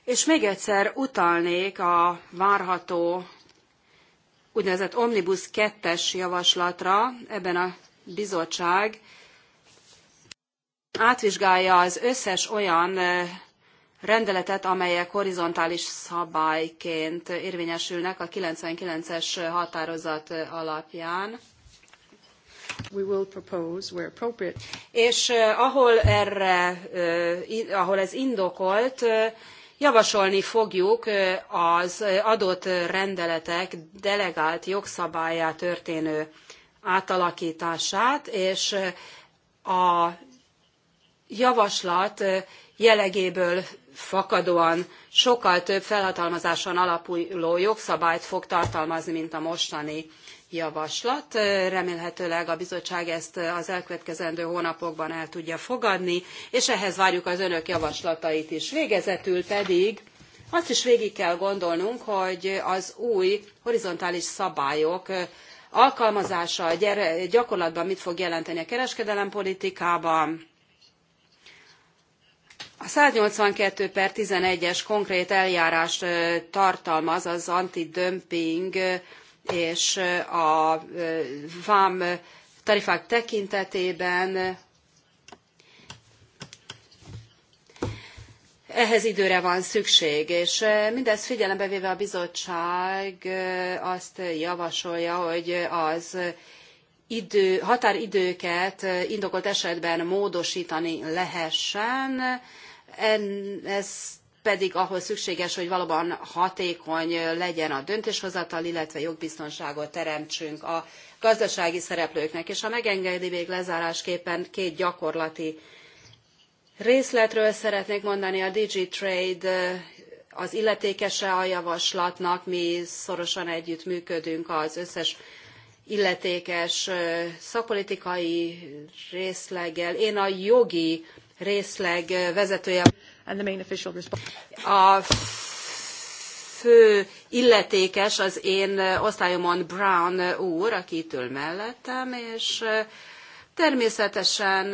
S4: És még egyszer utalnék a várható úgynevezett Omnibus 2-es javaslatra, ebben a bizottság átvizsgálja az összes olyan rendeletet, amelyek horizontális szabályként érvényesülnek a 99-es határozat alapján. És ahol erre, ahol ez indokolt, javasolni fogjuk az adott rendeletek delegált jogszabályá történő átalakítását, és a javaslat jellegéből fakadóan sokkal több felhatalmazáson alapuló jogszabályt fog tartalmazni, mint a mostani javaslat. Remélhetőleg a bizottság ezt az elkövetkezendő hónapokban el tudja fogadni, és ehhez várjuk az önök javaslatait is. Végezetül pedig azt is végig kell gondolnunk, hogy az új horizontális szabályok alkalmazása gyakorlatban mit fog jelenteni a kereskedelempolitikában, a 182 per 11-es konkrét eljárást tartalmaz az antidömping és a vám tarifák tekintetében ehhez időre van szükség, és mindez figyelembe véve a bizottság azt javasolja, hogy az idő, határidőket indokolt esetben módosítani lehessen. En, ezt pedig ahhoz szükséges, hogy valóban hatékony legyen a döntéshozatal, illetve jogbiztonságot teremtsünk a gazdasági szereplőknek. És ha megengedi még lezárásképpen két gyakorlati részletről szeretnék mondani a DG Trade az illetékese a javaslatnak, mi szorosan együttműködünk az összes illetékes szakpolitikai részleggel. Én a jogi részleg vezetője and the main official A fő illetékes az én osztályomon Brown úr, aki itt ül mellettem, és természetesen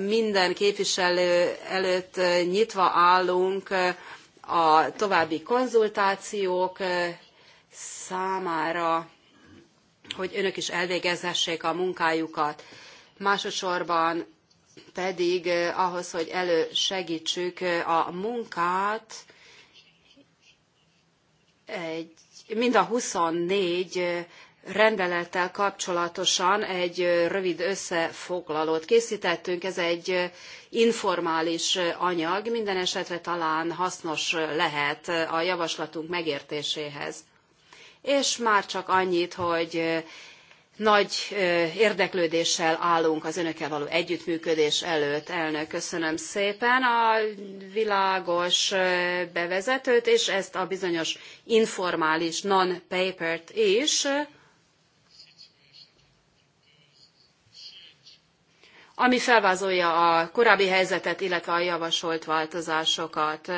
S4: minden képviselő előtt nyitva állunk a további konzultációk számára, hogy önök is elvégezhessék a munkájukat. Másodszorban pedig eh, ahhoz, hogy elősegítsük eh, a munkát, egy, mind a 24 eh, rendelettel kapcsolatosan egy rövid összefoglalót készítettünk. Ez egy informális anyag, minden esetre talán hasznos lehet a javaslatunk megértéséhez. És már csak annyit, hogy nagy érdeklődéssel állunk az önökkel való együttműködés előtt. Elnök, köszönöm szépen a világos bevezetőt, és ezt a bizonyos informális non-papert is. ami felvázolja a korábbi helyzetet, illetve a javasolt változásokat.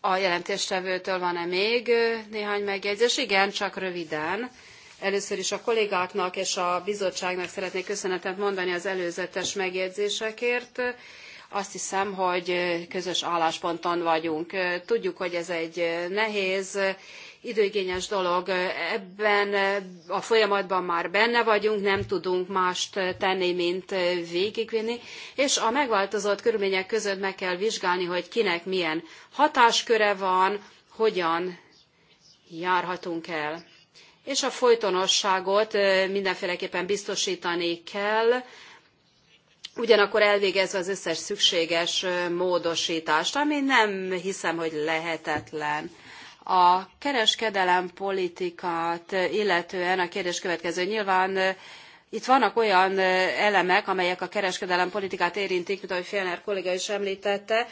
S4: A jelentéstevőtől van-e még néhány megjegyzés? Igen, csak röviden Először is a kollégáknak és a bizottságnak szeretnék köszönetet mondani az előzetes megjegyzésekért. Azt hiszem, hogy közös állásponton vagyunk. Tudjuk, hogy ez egy nehéz, időigényes dolog. Ebben a folyamatban már benne vagyunk, nem tudunk mást tenni, mint végigvinni, és a megváltozott körülmények között meg kell vizsgálni, hogy kinek milyen hatásköre van, hogyan járhatunk el és a folytonosságot mindenféleképpen biztosítani kell, ugyanakkor elvégezve az összes szükséges módosítást, ami nem hiszem, hogy lehetetlen. A kereskedelem politikát illetően a kérdés következő nyilván itt vannak olyan elemek, amelyek a kereskedelem politikát érintik, mint ahogy Fjellner kolléga is említette,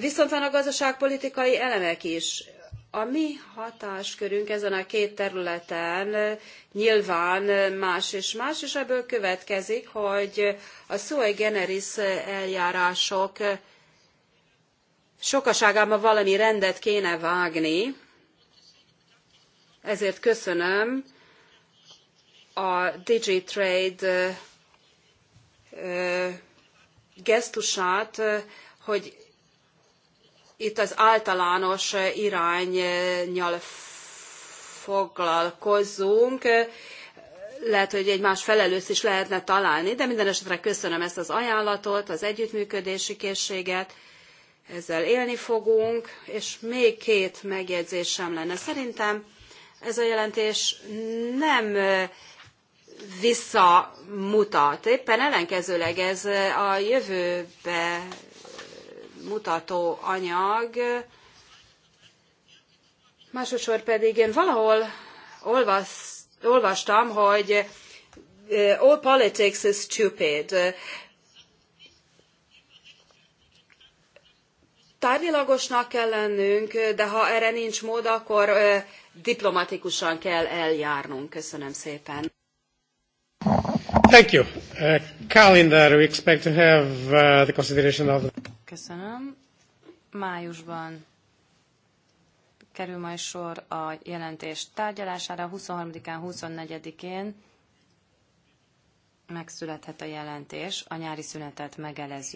S4: viszont vannak gazdaságpolitikai elemek is. A mi hatáskörünk ezen a két területen nyilván más és más, és ebből következik, hogy a sui generis eljárások sokaságában valami rendet kéne vágni, ezért köszönöm a DigiTrade gesztusát, hogy itt az általános irányjal foglalkozzunk. Lehet, hogy egy más felelős is lehetne találni, de minden esetre köszönöm ezt az ajánlatot, az együttműködési készséget. Ezzel élni fogunk, és még két megjegyzésem lenne. Szerintem ez a jelentés nem visszamutat, éppen ellenkezőleg ez a jövőbe mutató anyag. Másodszor pedig én valahol olvastam, hogy eh, all politics is stupid. Tárgyilagosnak kell lennünk, de ha erre nincs mód, akkor eh, diplomatikusan kell eljárnunk. Köszönöm szépen.
S2: Thank you. Uh, calendar, we expect to have uh, the consideration of
S1: Köszönöm. Májusban kerül majd sor a jelentés tárgyalására, 23-án, 24-én megszülethet a jelentés, a nyári szünetet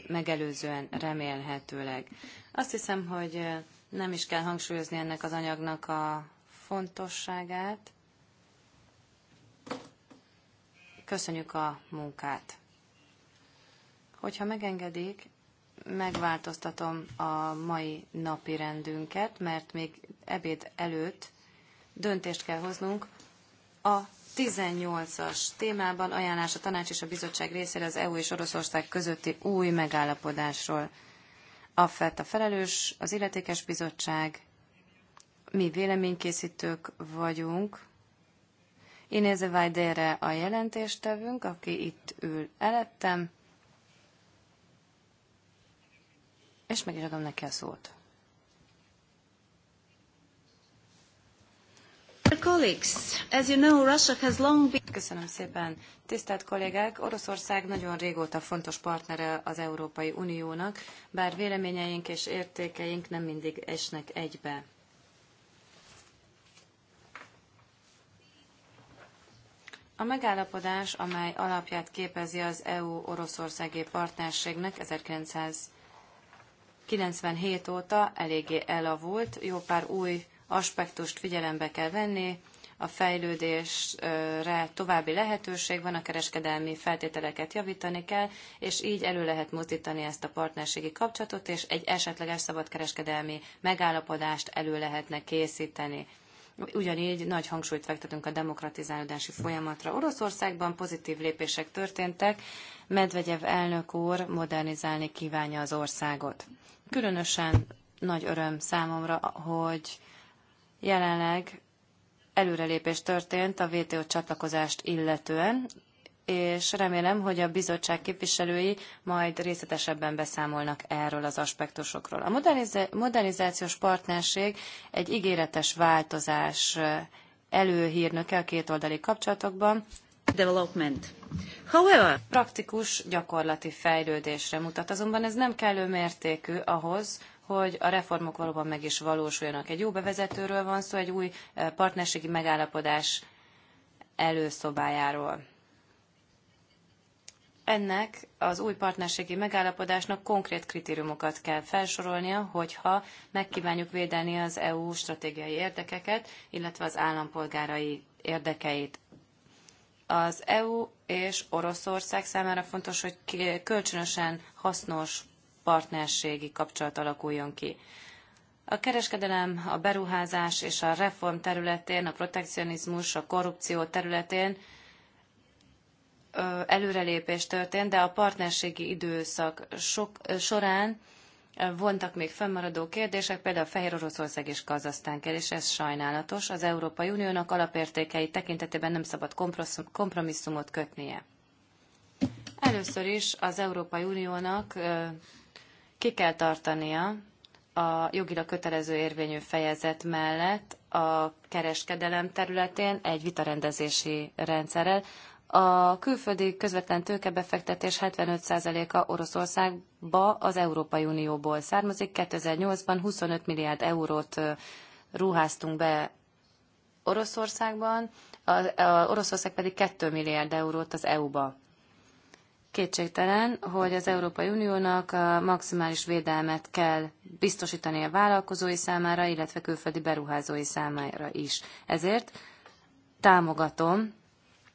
S1: megelőzően remélhetőleg. Azt hiszem, hogy eh, nem is kell hangsúlyozni ennek az anyagnak a fontosságát. Köszönjük a munkát. Hogyha megengedik, megváltoztatom a mai napi rendünket, mert még ebéd előtt döntést kell hoznunk a 18-as témában ajánlás a tanács és a bizottság részére az EU és Oroszország közötti új megállapodásról. A FET a felelős, az illetékes bizottság, mi véleménykészítők vagyunk, Inéze Vajdére a jelentést tevünk, aki itt ül elettem, és meg is adom neki a szót. Köszönöm szépen. Tisztelt kollégák, Oroszország nagyon régóta fontos partnere az Európai Uniónak, bár véleményeink és értékeink nem mindig esnek egybe. A megállapodás, amely alapját képezi az EU-Oroszországi partnerségnek 1900 97 óta eléggé elavult, jó pár új aspektust figyelembe kell venni, a fejlődésre további lehetőség van, a kereskedelmi feltételeket javítani kell, és így elő lehet mozdítani ezt a partnerségi kapcsolatot, és egy esetleges szabadkereskedelmi megállapodást elő lehetne készíteni. Ugyanígy nagy hangsúlyt fektetünk a demokratizálódási folyamatra. Oroszországban pozitív lépések történtek, Medvegyev elnök úr modernizálni kívánja az országot. Különösen nagy öröm számomra, hogy jelenleg előrelépés történt a VTO csatlakozást illetően, és remélem, hogy a bizottság képviselői majd részletesebben beszámolnak erről az aspektusokról. A modernizációs partnerség egy ígéretes változás eh, előhírnöke a kétoldali kapcsolatokban, Development. However, praktikus, gyakorlati fejlődésre mutat, azonban ez nem kellő mértékű ahhoz, hogy a reformok valóban meg is valósuljanak. Egy jó bevezetőről van szó, egy új eh, partnerségi megállapodás előszobájáról. Ennek az új partnerségi megállapodásnak konkrét kritériumokat kell felsorolnia, hogyha megkívánjuk védeni az EU stratégiai érdekeket, illetve az állampolgárai érdekeit. Az EU és Oroszország számára fontos, hogy kölcsönösen hasznos partnerségi kapcsolat alakuljon ki. A kereskedelem, a beruházás és a reform területén, a protekcionizmus, a korrupció területén előrelépés történt, de a partnerségi időszak sok, során vontak még fennmaradó kérdések, például a Fehér Oroszország és Kazasztán kérdés, ez sajnálatos. Az Európai Uniónak alapértékei tekintetében nem szabad kompromisszumot kötnie. Először is az Európai Uniónak ki kell tartania a jogilag kötelező érvényű fejezet mellett a kereskedelem területén egy vitarendezési rendszerrel, a külföldi közvetlen tőkebefektetés 75%-a Oroszországba az Európai Unióból származik. 2008-ban 25 milliárd eurót ruháztunk be Oroszországban, a, a Oroszország pedig 2 milliárd eurót az EU-ba. Kétségtelen, hogy az Európai Uniónak a maximális védelmet kell biztosítani a vállalkozói számára, illetve külföldi beruházói számára is. Ezért támogatom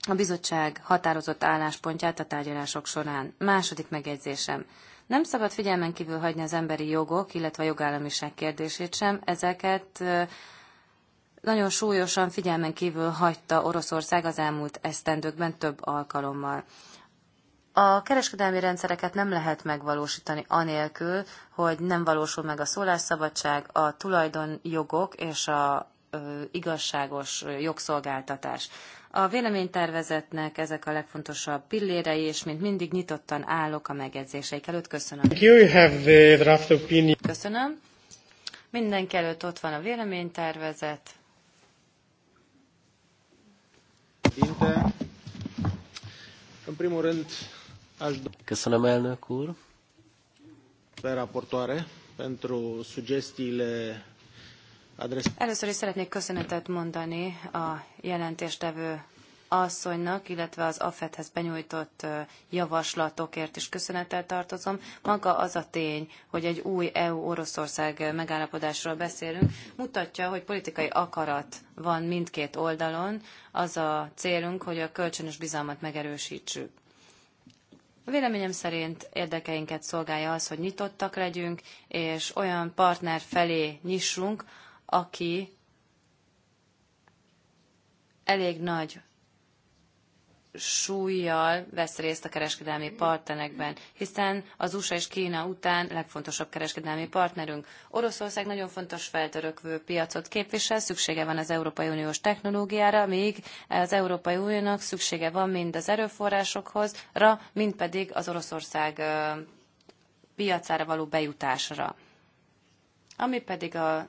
S1: a bizottság határozott álláspontját a tárgyalások során. Második megjegyzésem. Nem szabad figyelmen kívül hagyni az emberi jogok, illetve a jogállamiság kérdését sem. Ezeket nagyon súlyosan figyelmen kívül hagyta Oroszország az elmúlt esztendőkben több alkalommal. A kereskedelmi rendszereket nem lehet megvalósítani anélkül, hogy nem valósul meg a szólásszabadság, a tulajdonjogok és a igazságos jogszolgáltatás. A véleménytervezetnek ezek a legfontosabb pillérei, és mint mindig nyitottan állok a megjegyzéseik előtt. Köszönöm. Köszönöm. Mindenki előtt ott van a véleménytervezet.
S5: Köszönöm, elnök úr. pentru sugestiile
S1: Először is szeretnék köszönetet mondani a jelentéstevő asszonynak, illetve az AFET-hez benyújtott javaslatokért is köszönettel tartozom. Maga az a tény, hogy egy új EU-Oroszország megállapodásról beszélünk, mutatja, hogy politikai akarat van mindkét oldalon. Az a célunk, hogy a kölcsönös bizalmat megerősítsük. Véleményem szerint érdekeinket szolgálja az, hogy nyitottak legyünk, és olyan partner felé nyissunk, aki elég nagy súlyjal vesz részt a kereskedelmi partnerekben, hiszen az USA és Kína után legfontosabb kereskedelmi partnerünk. Oroszország nagyon fontos feltörökvő piacot képvisel, szüksége van az Európai Uniós technológiára, míg az Európai Uniónak szüksége van mind az erőforrásokhoz, ra, mind pedig az Oroszország piacára való bejutásra. Ami pedig a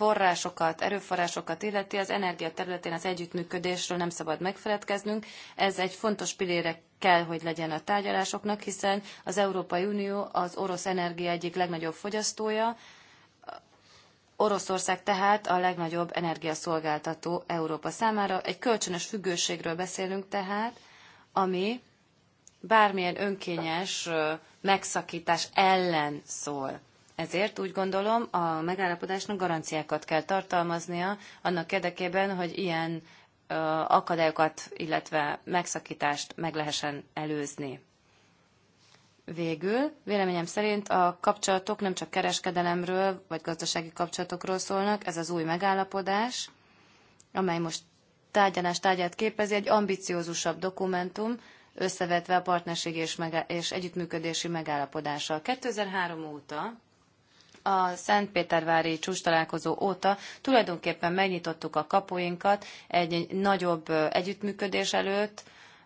S1: forrásokat, erőforrásokat illeti, az energia területén az együttműködésről nem szabad megfeledkeznünk. Ez egy fontos pillére kell, hogy legyen a tárgyalásoknak, hiszen az Európai Unió az orosz energia egyik legnagyobb fogyasztója, Oroszország tehát a legnagyobb energiaszolgáltató Európa számára. Egy kölcsönös függőségről beszélünk tehát, ami bármilyen önkényes megszakítás ellen szól. Ezért úgy gondolom, a megállapodásnak garanciákat kell tartalmaznia annak érdekében, hogy ilyen akadályokat, illetve megszakítást meg lehessen előzni. Végül, véleményem szerint a kapcsolatok nem csak kereskedelemről vagy gazdasági kapcsolatokról szólnak, ez az új megállapodás, amely most tárgyalás tárgyát képezi, egy ambiciózusabb dokumentum, összevetve a partnerség és, és együttműködési megállapodással. 2003 óta a Szentpétervári csúcs találkozó óta tulajdonképpen megnyitottuk a kapuinkat egy nagyobb együttműködés előtt,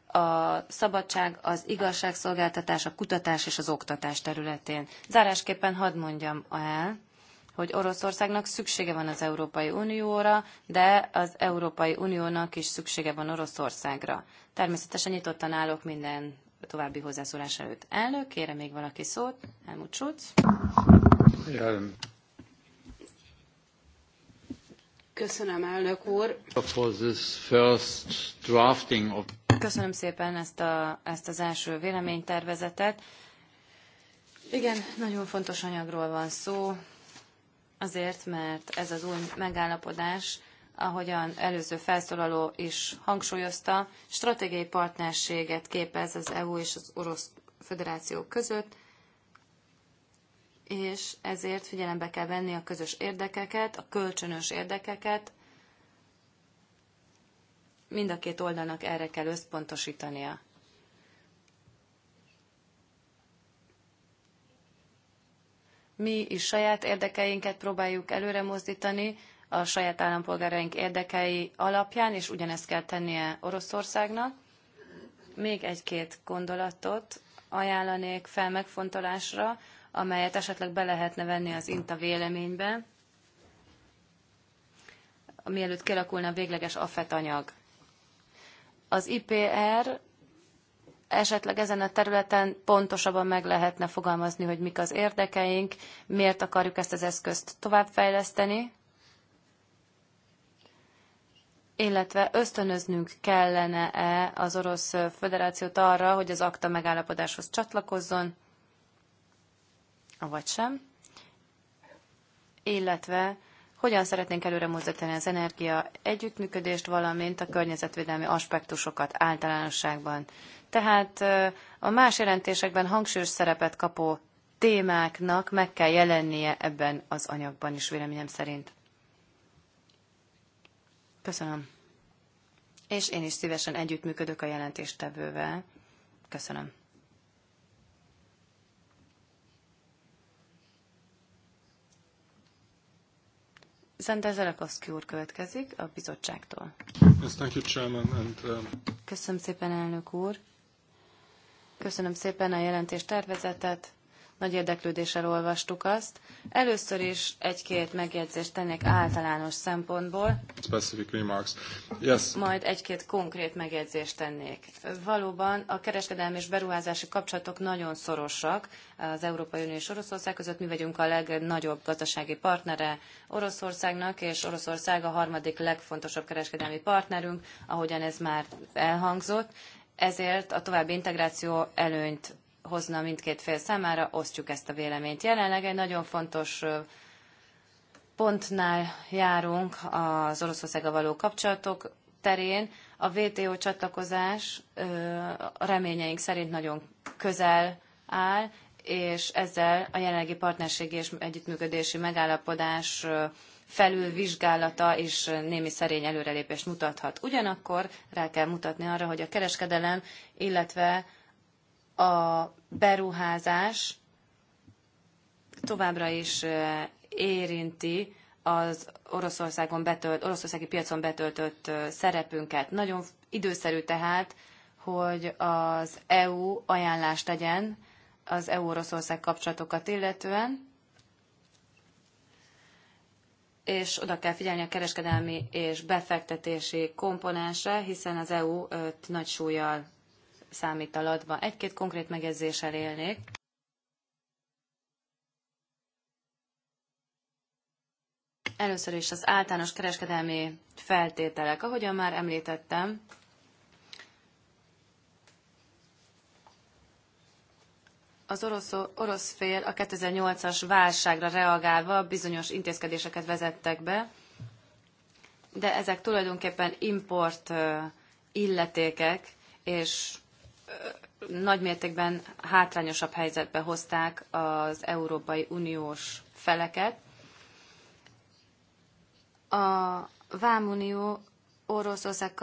S1: a szabadság, az igazságszolgáltatás, a kutatás és az oktatás területén. Zárásképpen hadd mondjam el, hogy Oroszországnak szüksége van az Európai Unióra, de az Európai Uniónak is szüksége van Oroszországra. Természetesen nyitottan állok minden további hozzászólás előtt. Elnök, kérem még valaki szót? Helmut Schulz. Köszönöm, elnök úr. Köszönöm szépen ezt, a, ezt az első véleménytervezetet. Igen, nagyon fontos anyagról van szó, azért, mert ez az új megállapodás, ahogyan előző felszólaló is hangsúlyozta, stratégiai partnerséget képez az EU és az Orosz Föderáció között, és ezért figyelembe kell venni a közös érdekeket, a kölcsönös érdekeket. Mind a két oldalnak erre kell összpontosítania. Mi is saját érdekeinket próbáljuk előre mozdítani, a saját állampolgáraink érdekei alapján, és ugyanezt kell tennie Oroszországnak. Még egy-két gondolatot ajánlanék fel megfontolásra amelyet esetleg be lehetne venni az INTA véleménybe, mielőtt kialakulna a végleges AFET anyag. Az IPR esetleg ezen a területen pontosabban meg lehetne fogalmazni, hogy mik az érdekeink, miért akarjuk ezt az eszközt továbbfejleszteni, illetve ösztönöznünk kellene-e az Orosz Föderációt arra, hogy az akta megállapodáshoz csatlakozzon, vagy sem, illetve hogyan szeretnénk előre mozdítani az energia együttműködést, valamint a környezetvédelmi aspektusokat általánosságban. Tehát a más jelentésekben hangsúlyos szerepet kapó témáknak meg kell jelennie ebben az anyagban is, véleményem szerint. Köszönöm. És én is szívesen együttműködök a jelentéstevővel. Köszönöm. Zende Zerekowski úr következik a bizottságtól.
S2: Um,
S1: Köszönöm szépen, elnök úr. Köszönöm szépen a jelentés tervezetet nagy érdeklődéssel olvastuk azt. Először is egy-két megjegyzést tennék általános szempontból,
S5: Specific remarks. Yes. majd
S1: egy-két konkrét megjegyzést tennék. Valóban a kereskedelmi és beruházási kapcsolatok nagyon szorosak az Európai Unió és Oroszország között. Mi vagyunk a legnagyobb gazdasági partnere Oroszországnak, és Oroszország a harmadik legfontosabb kereskedelmi partnerünk, ahogyan ez már elhangzott ezért a további integráció előnyt hozna mindkét fél számára, osztjuk ezt a véleményt. Jelenleg egy nagyon fontos pontnál járunk az Oroszországa való kapcsolatok terén. A WTO csatlakozás a reményeink szerint nagyon közel áll, és ezzel a jelenlegi partnerségi és együttműködési megállapodás felülvizsgálata és némi szerény előrelépést mutathat. Ugyanakkor rá kell mutatni arra, hogy a kereskedelem, illetve a beruházás továbbra is érinti az Oroszországon betölt, oroszországi piacon betöltött szerepünket. Nagyon időszerű tehát, hogy az EU ajánlást tegyen az EU-Oroszország kapcsolatokat illetően, és oda kell figyelni a kereskedelmi és befektetési komponensre, hiszen az EU nagy súlyjal számít Egy-két konkrét megjegyzéssel élnék. Először is az általános kereskedelmi feltételek. Ahogyan már említettem, az orosz, orosz fél a 2008-as válságra reagálva bizonyos intézkedéseket vezettek be, de ezek tulajdonképpen import illetékek, és nagymértékben hátrányosabb helyzetbe hozták az Európai Uniós feleket. A Vámunió Oroszország,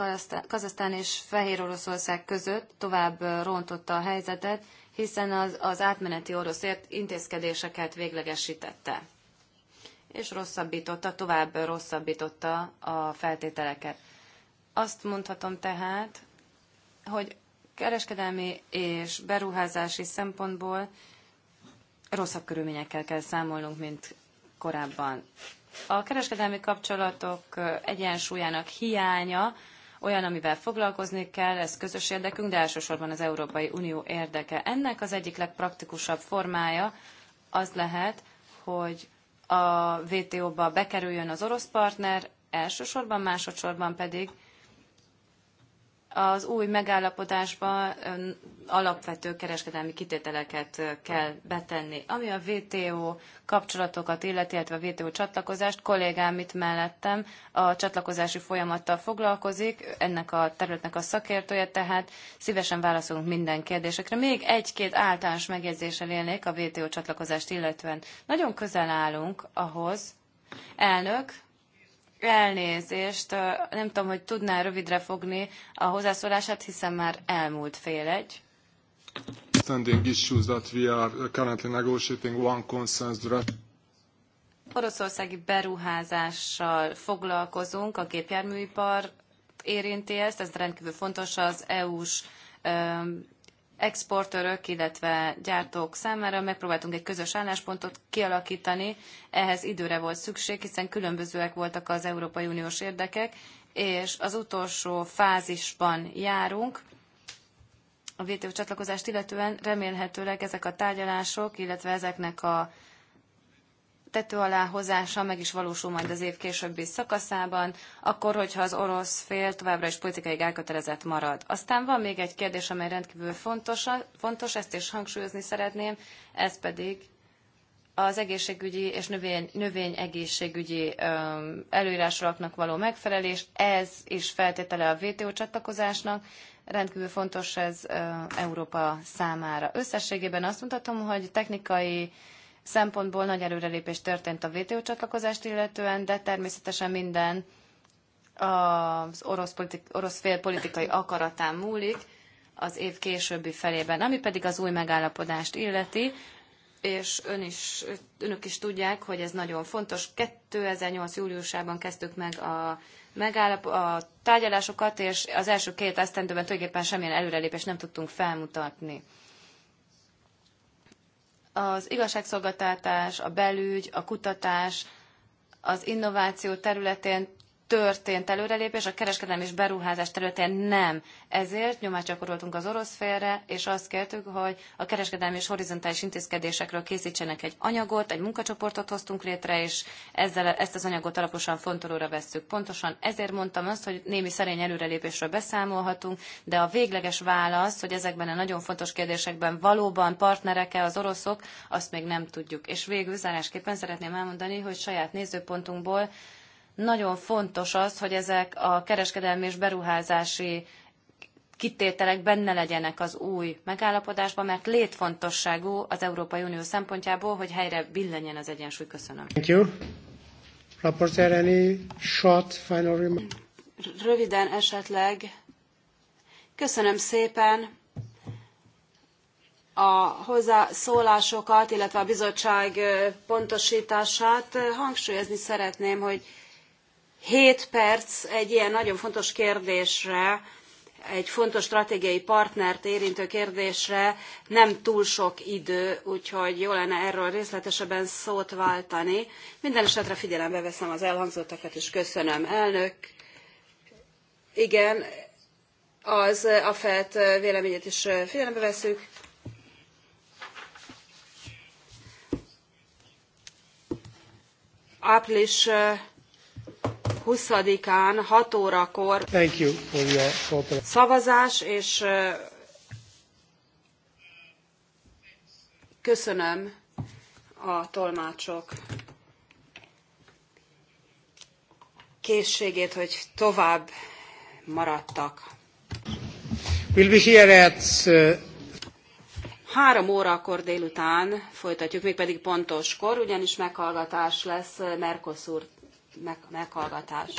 S1: Kazasztán és Fehér Oroszország között tovább rontotta a helyzetet, hiszen az, az átmeneti orosz intézkedéseket véglegesítette, és rosszabbította, tovább rosszabbította a feltételeket. Azt mondhatom tehát, hogy kereskedelmi és beruházási szempontból rosszabb körülményekkel kell számolnunk, mint korábban. A kereskedelmi kapcsolatok egyensúlyának hiánya olyan, amivel foglalkozni kell, ez közös érdekünk, de elsősorban az Európai Unió érdeke. Ennek az egyik legpraktikusabb formája az lehet, hogy a WTO-ba bekerüljön az orosz partner, elsősorban, másodszorban pedig az új megállapodásban alapvető kereskedelmi kitételeket kell betenni. Ami a WTO kapcsolatokat illeti, illetve a WTO csatlakozást, kollégám itt mellettem a csatlakozási folyamattal foglalkozik, ennek a területnek a szakértője, tehát szívesen válaszolunk minden kérdésekre. Még egy-két általános megjegyzéssel élnék a WTO csatlakozást illetően. Nagyon közel állunk ahhoz, elnök, Elnézést, nem tudom, hogy tudná rövidre fogni a hozzászólását, hiszen már elmúlt fél egy.
S5: Standing issues that we are currently negotiating one consensus draft.
S1: Oroszországi beruházással foglalkozunk, a gépjárműipar érinti ezt, ez rendkívül fontos az EU-s exportőrök, illetve gyártók számára megpróbáltunk egy közös álláspontot kialakítani. Ehhez időre volt szükség, hiszen különbözőek voltak az Európai Uniós érdekek, és az utolsó fázisban járunk a WTO csatlakozást illetően remélhetőleg ezek a tárgyalások, illetve ezeknek a tető alá hozása meg is valósul majd az év későbbi szakaszában, akkor, hogyha az orosz fél továbbra is politikai elkötelezett marad. Aztán van még egy kérdés, amely rendkívül fontos, fontos ezt is hangsúlyozni szeretném, ez pedig az egészségügyi és növény, növény egészségügyi előírásoknak való megfelelés, ez is feltétele a WTO csatlakozásnak, rendkívül fontos ez Európa számára. Összességében azt mutatom, hogy technikai szempontból nagy előrelépés történt a WTO csatlakozást illetően, de természetesen minden az orosz, politi- orosz fél politikai akaratán múlik az év későbbi felében, ami pedig az új megállapodást illeti, és ön is, önök is tudják, hogy ez nagyon fontos. 2008. júliusában kezdtük meg a, megállap, a tárgyalásokat, és az első két esztendőben tulajdonképpen semmilyen előrelépést nem tudtunk felmutatni az igazságszolgáltatás, a belügy, a kutatás, az innováció területén történt előrelépés, a kereskedelmi és beruházás területén nem. Ezért nyomást gyakoroltunk az orosz félre, és azt kértük, hogy a kereskedelmi és horizontális intézkedésekről készítsenek egy anyagot, egy munkacsoportot hoztunk létre, és ezzel, ezt az anyagot alaposan fontolóra vesszük. Pontosan ezért mondtam azt, hogy némi szerény előrelépésről beszámolhatunk, de a végleges válasz, hogy ezekben a nagyon fontos kérdésekben valóban partnereke az oroszok, azt még nem tudjuk. És végül zárásképpen szeretném elmondani, hogy saját nézőpontunkból nagyon fontos az, hogy ezek a kereskedelmi és beruházási kitételek benne legyenek az új megállapodásban, mert létfontosságú az Európai Unió szempontjából, hogy helyre billenjen az egyensúly. Köszönöm.
S2: Thank you. Rapporteur, any short final remark?
S1: Röviden esetleg.
S4: Köszönöm szépen a hozzászólásokat, illetve a bizottság pontosítását. Hangsúlyozni szeretném, hogy 7 perc egy ilyen nagyon fontos kérdésre, egy fontos stratégiai partnert érintő kérdésre nem túl sok idő, úgyhogy jó lenne erről részletesebben szót váltani. Minden esetre figyelembe veszem az elhangzottakat, és köszönöm, elnök. Igen, az AFET véleményét is figyelembe veszük. Április 20-án 6 órakor szavazás, és köszönöm a tolmácsok készségét, hogy tovább maradtak.
S2: We'll be here at, uh...
S4: Három órakor délután folytatjuk, mégpedig pontoskor, ugyanis meghallgatás lesz Mercosur meghallgatás.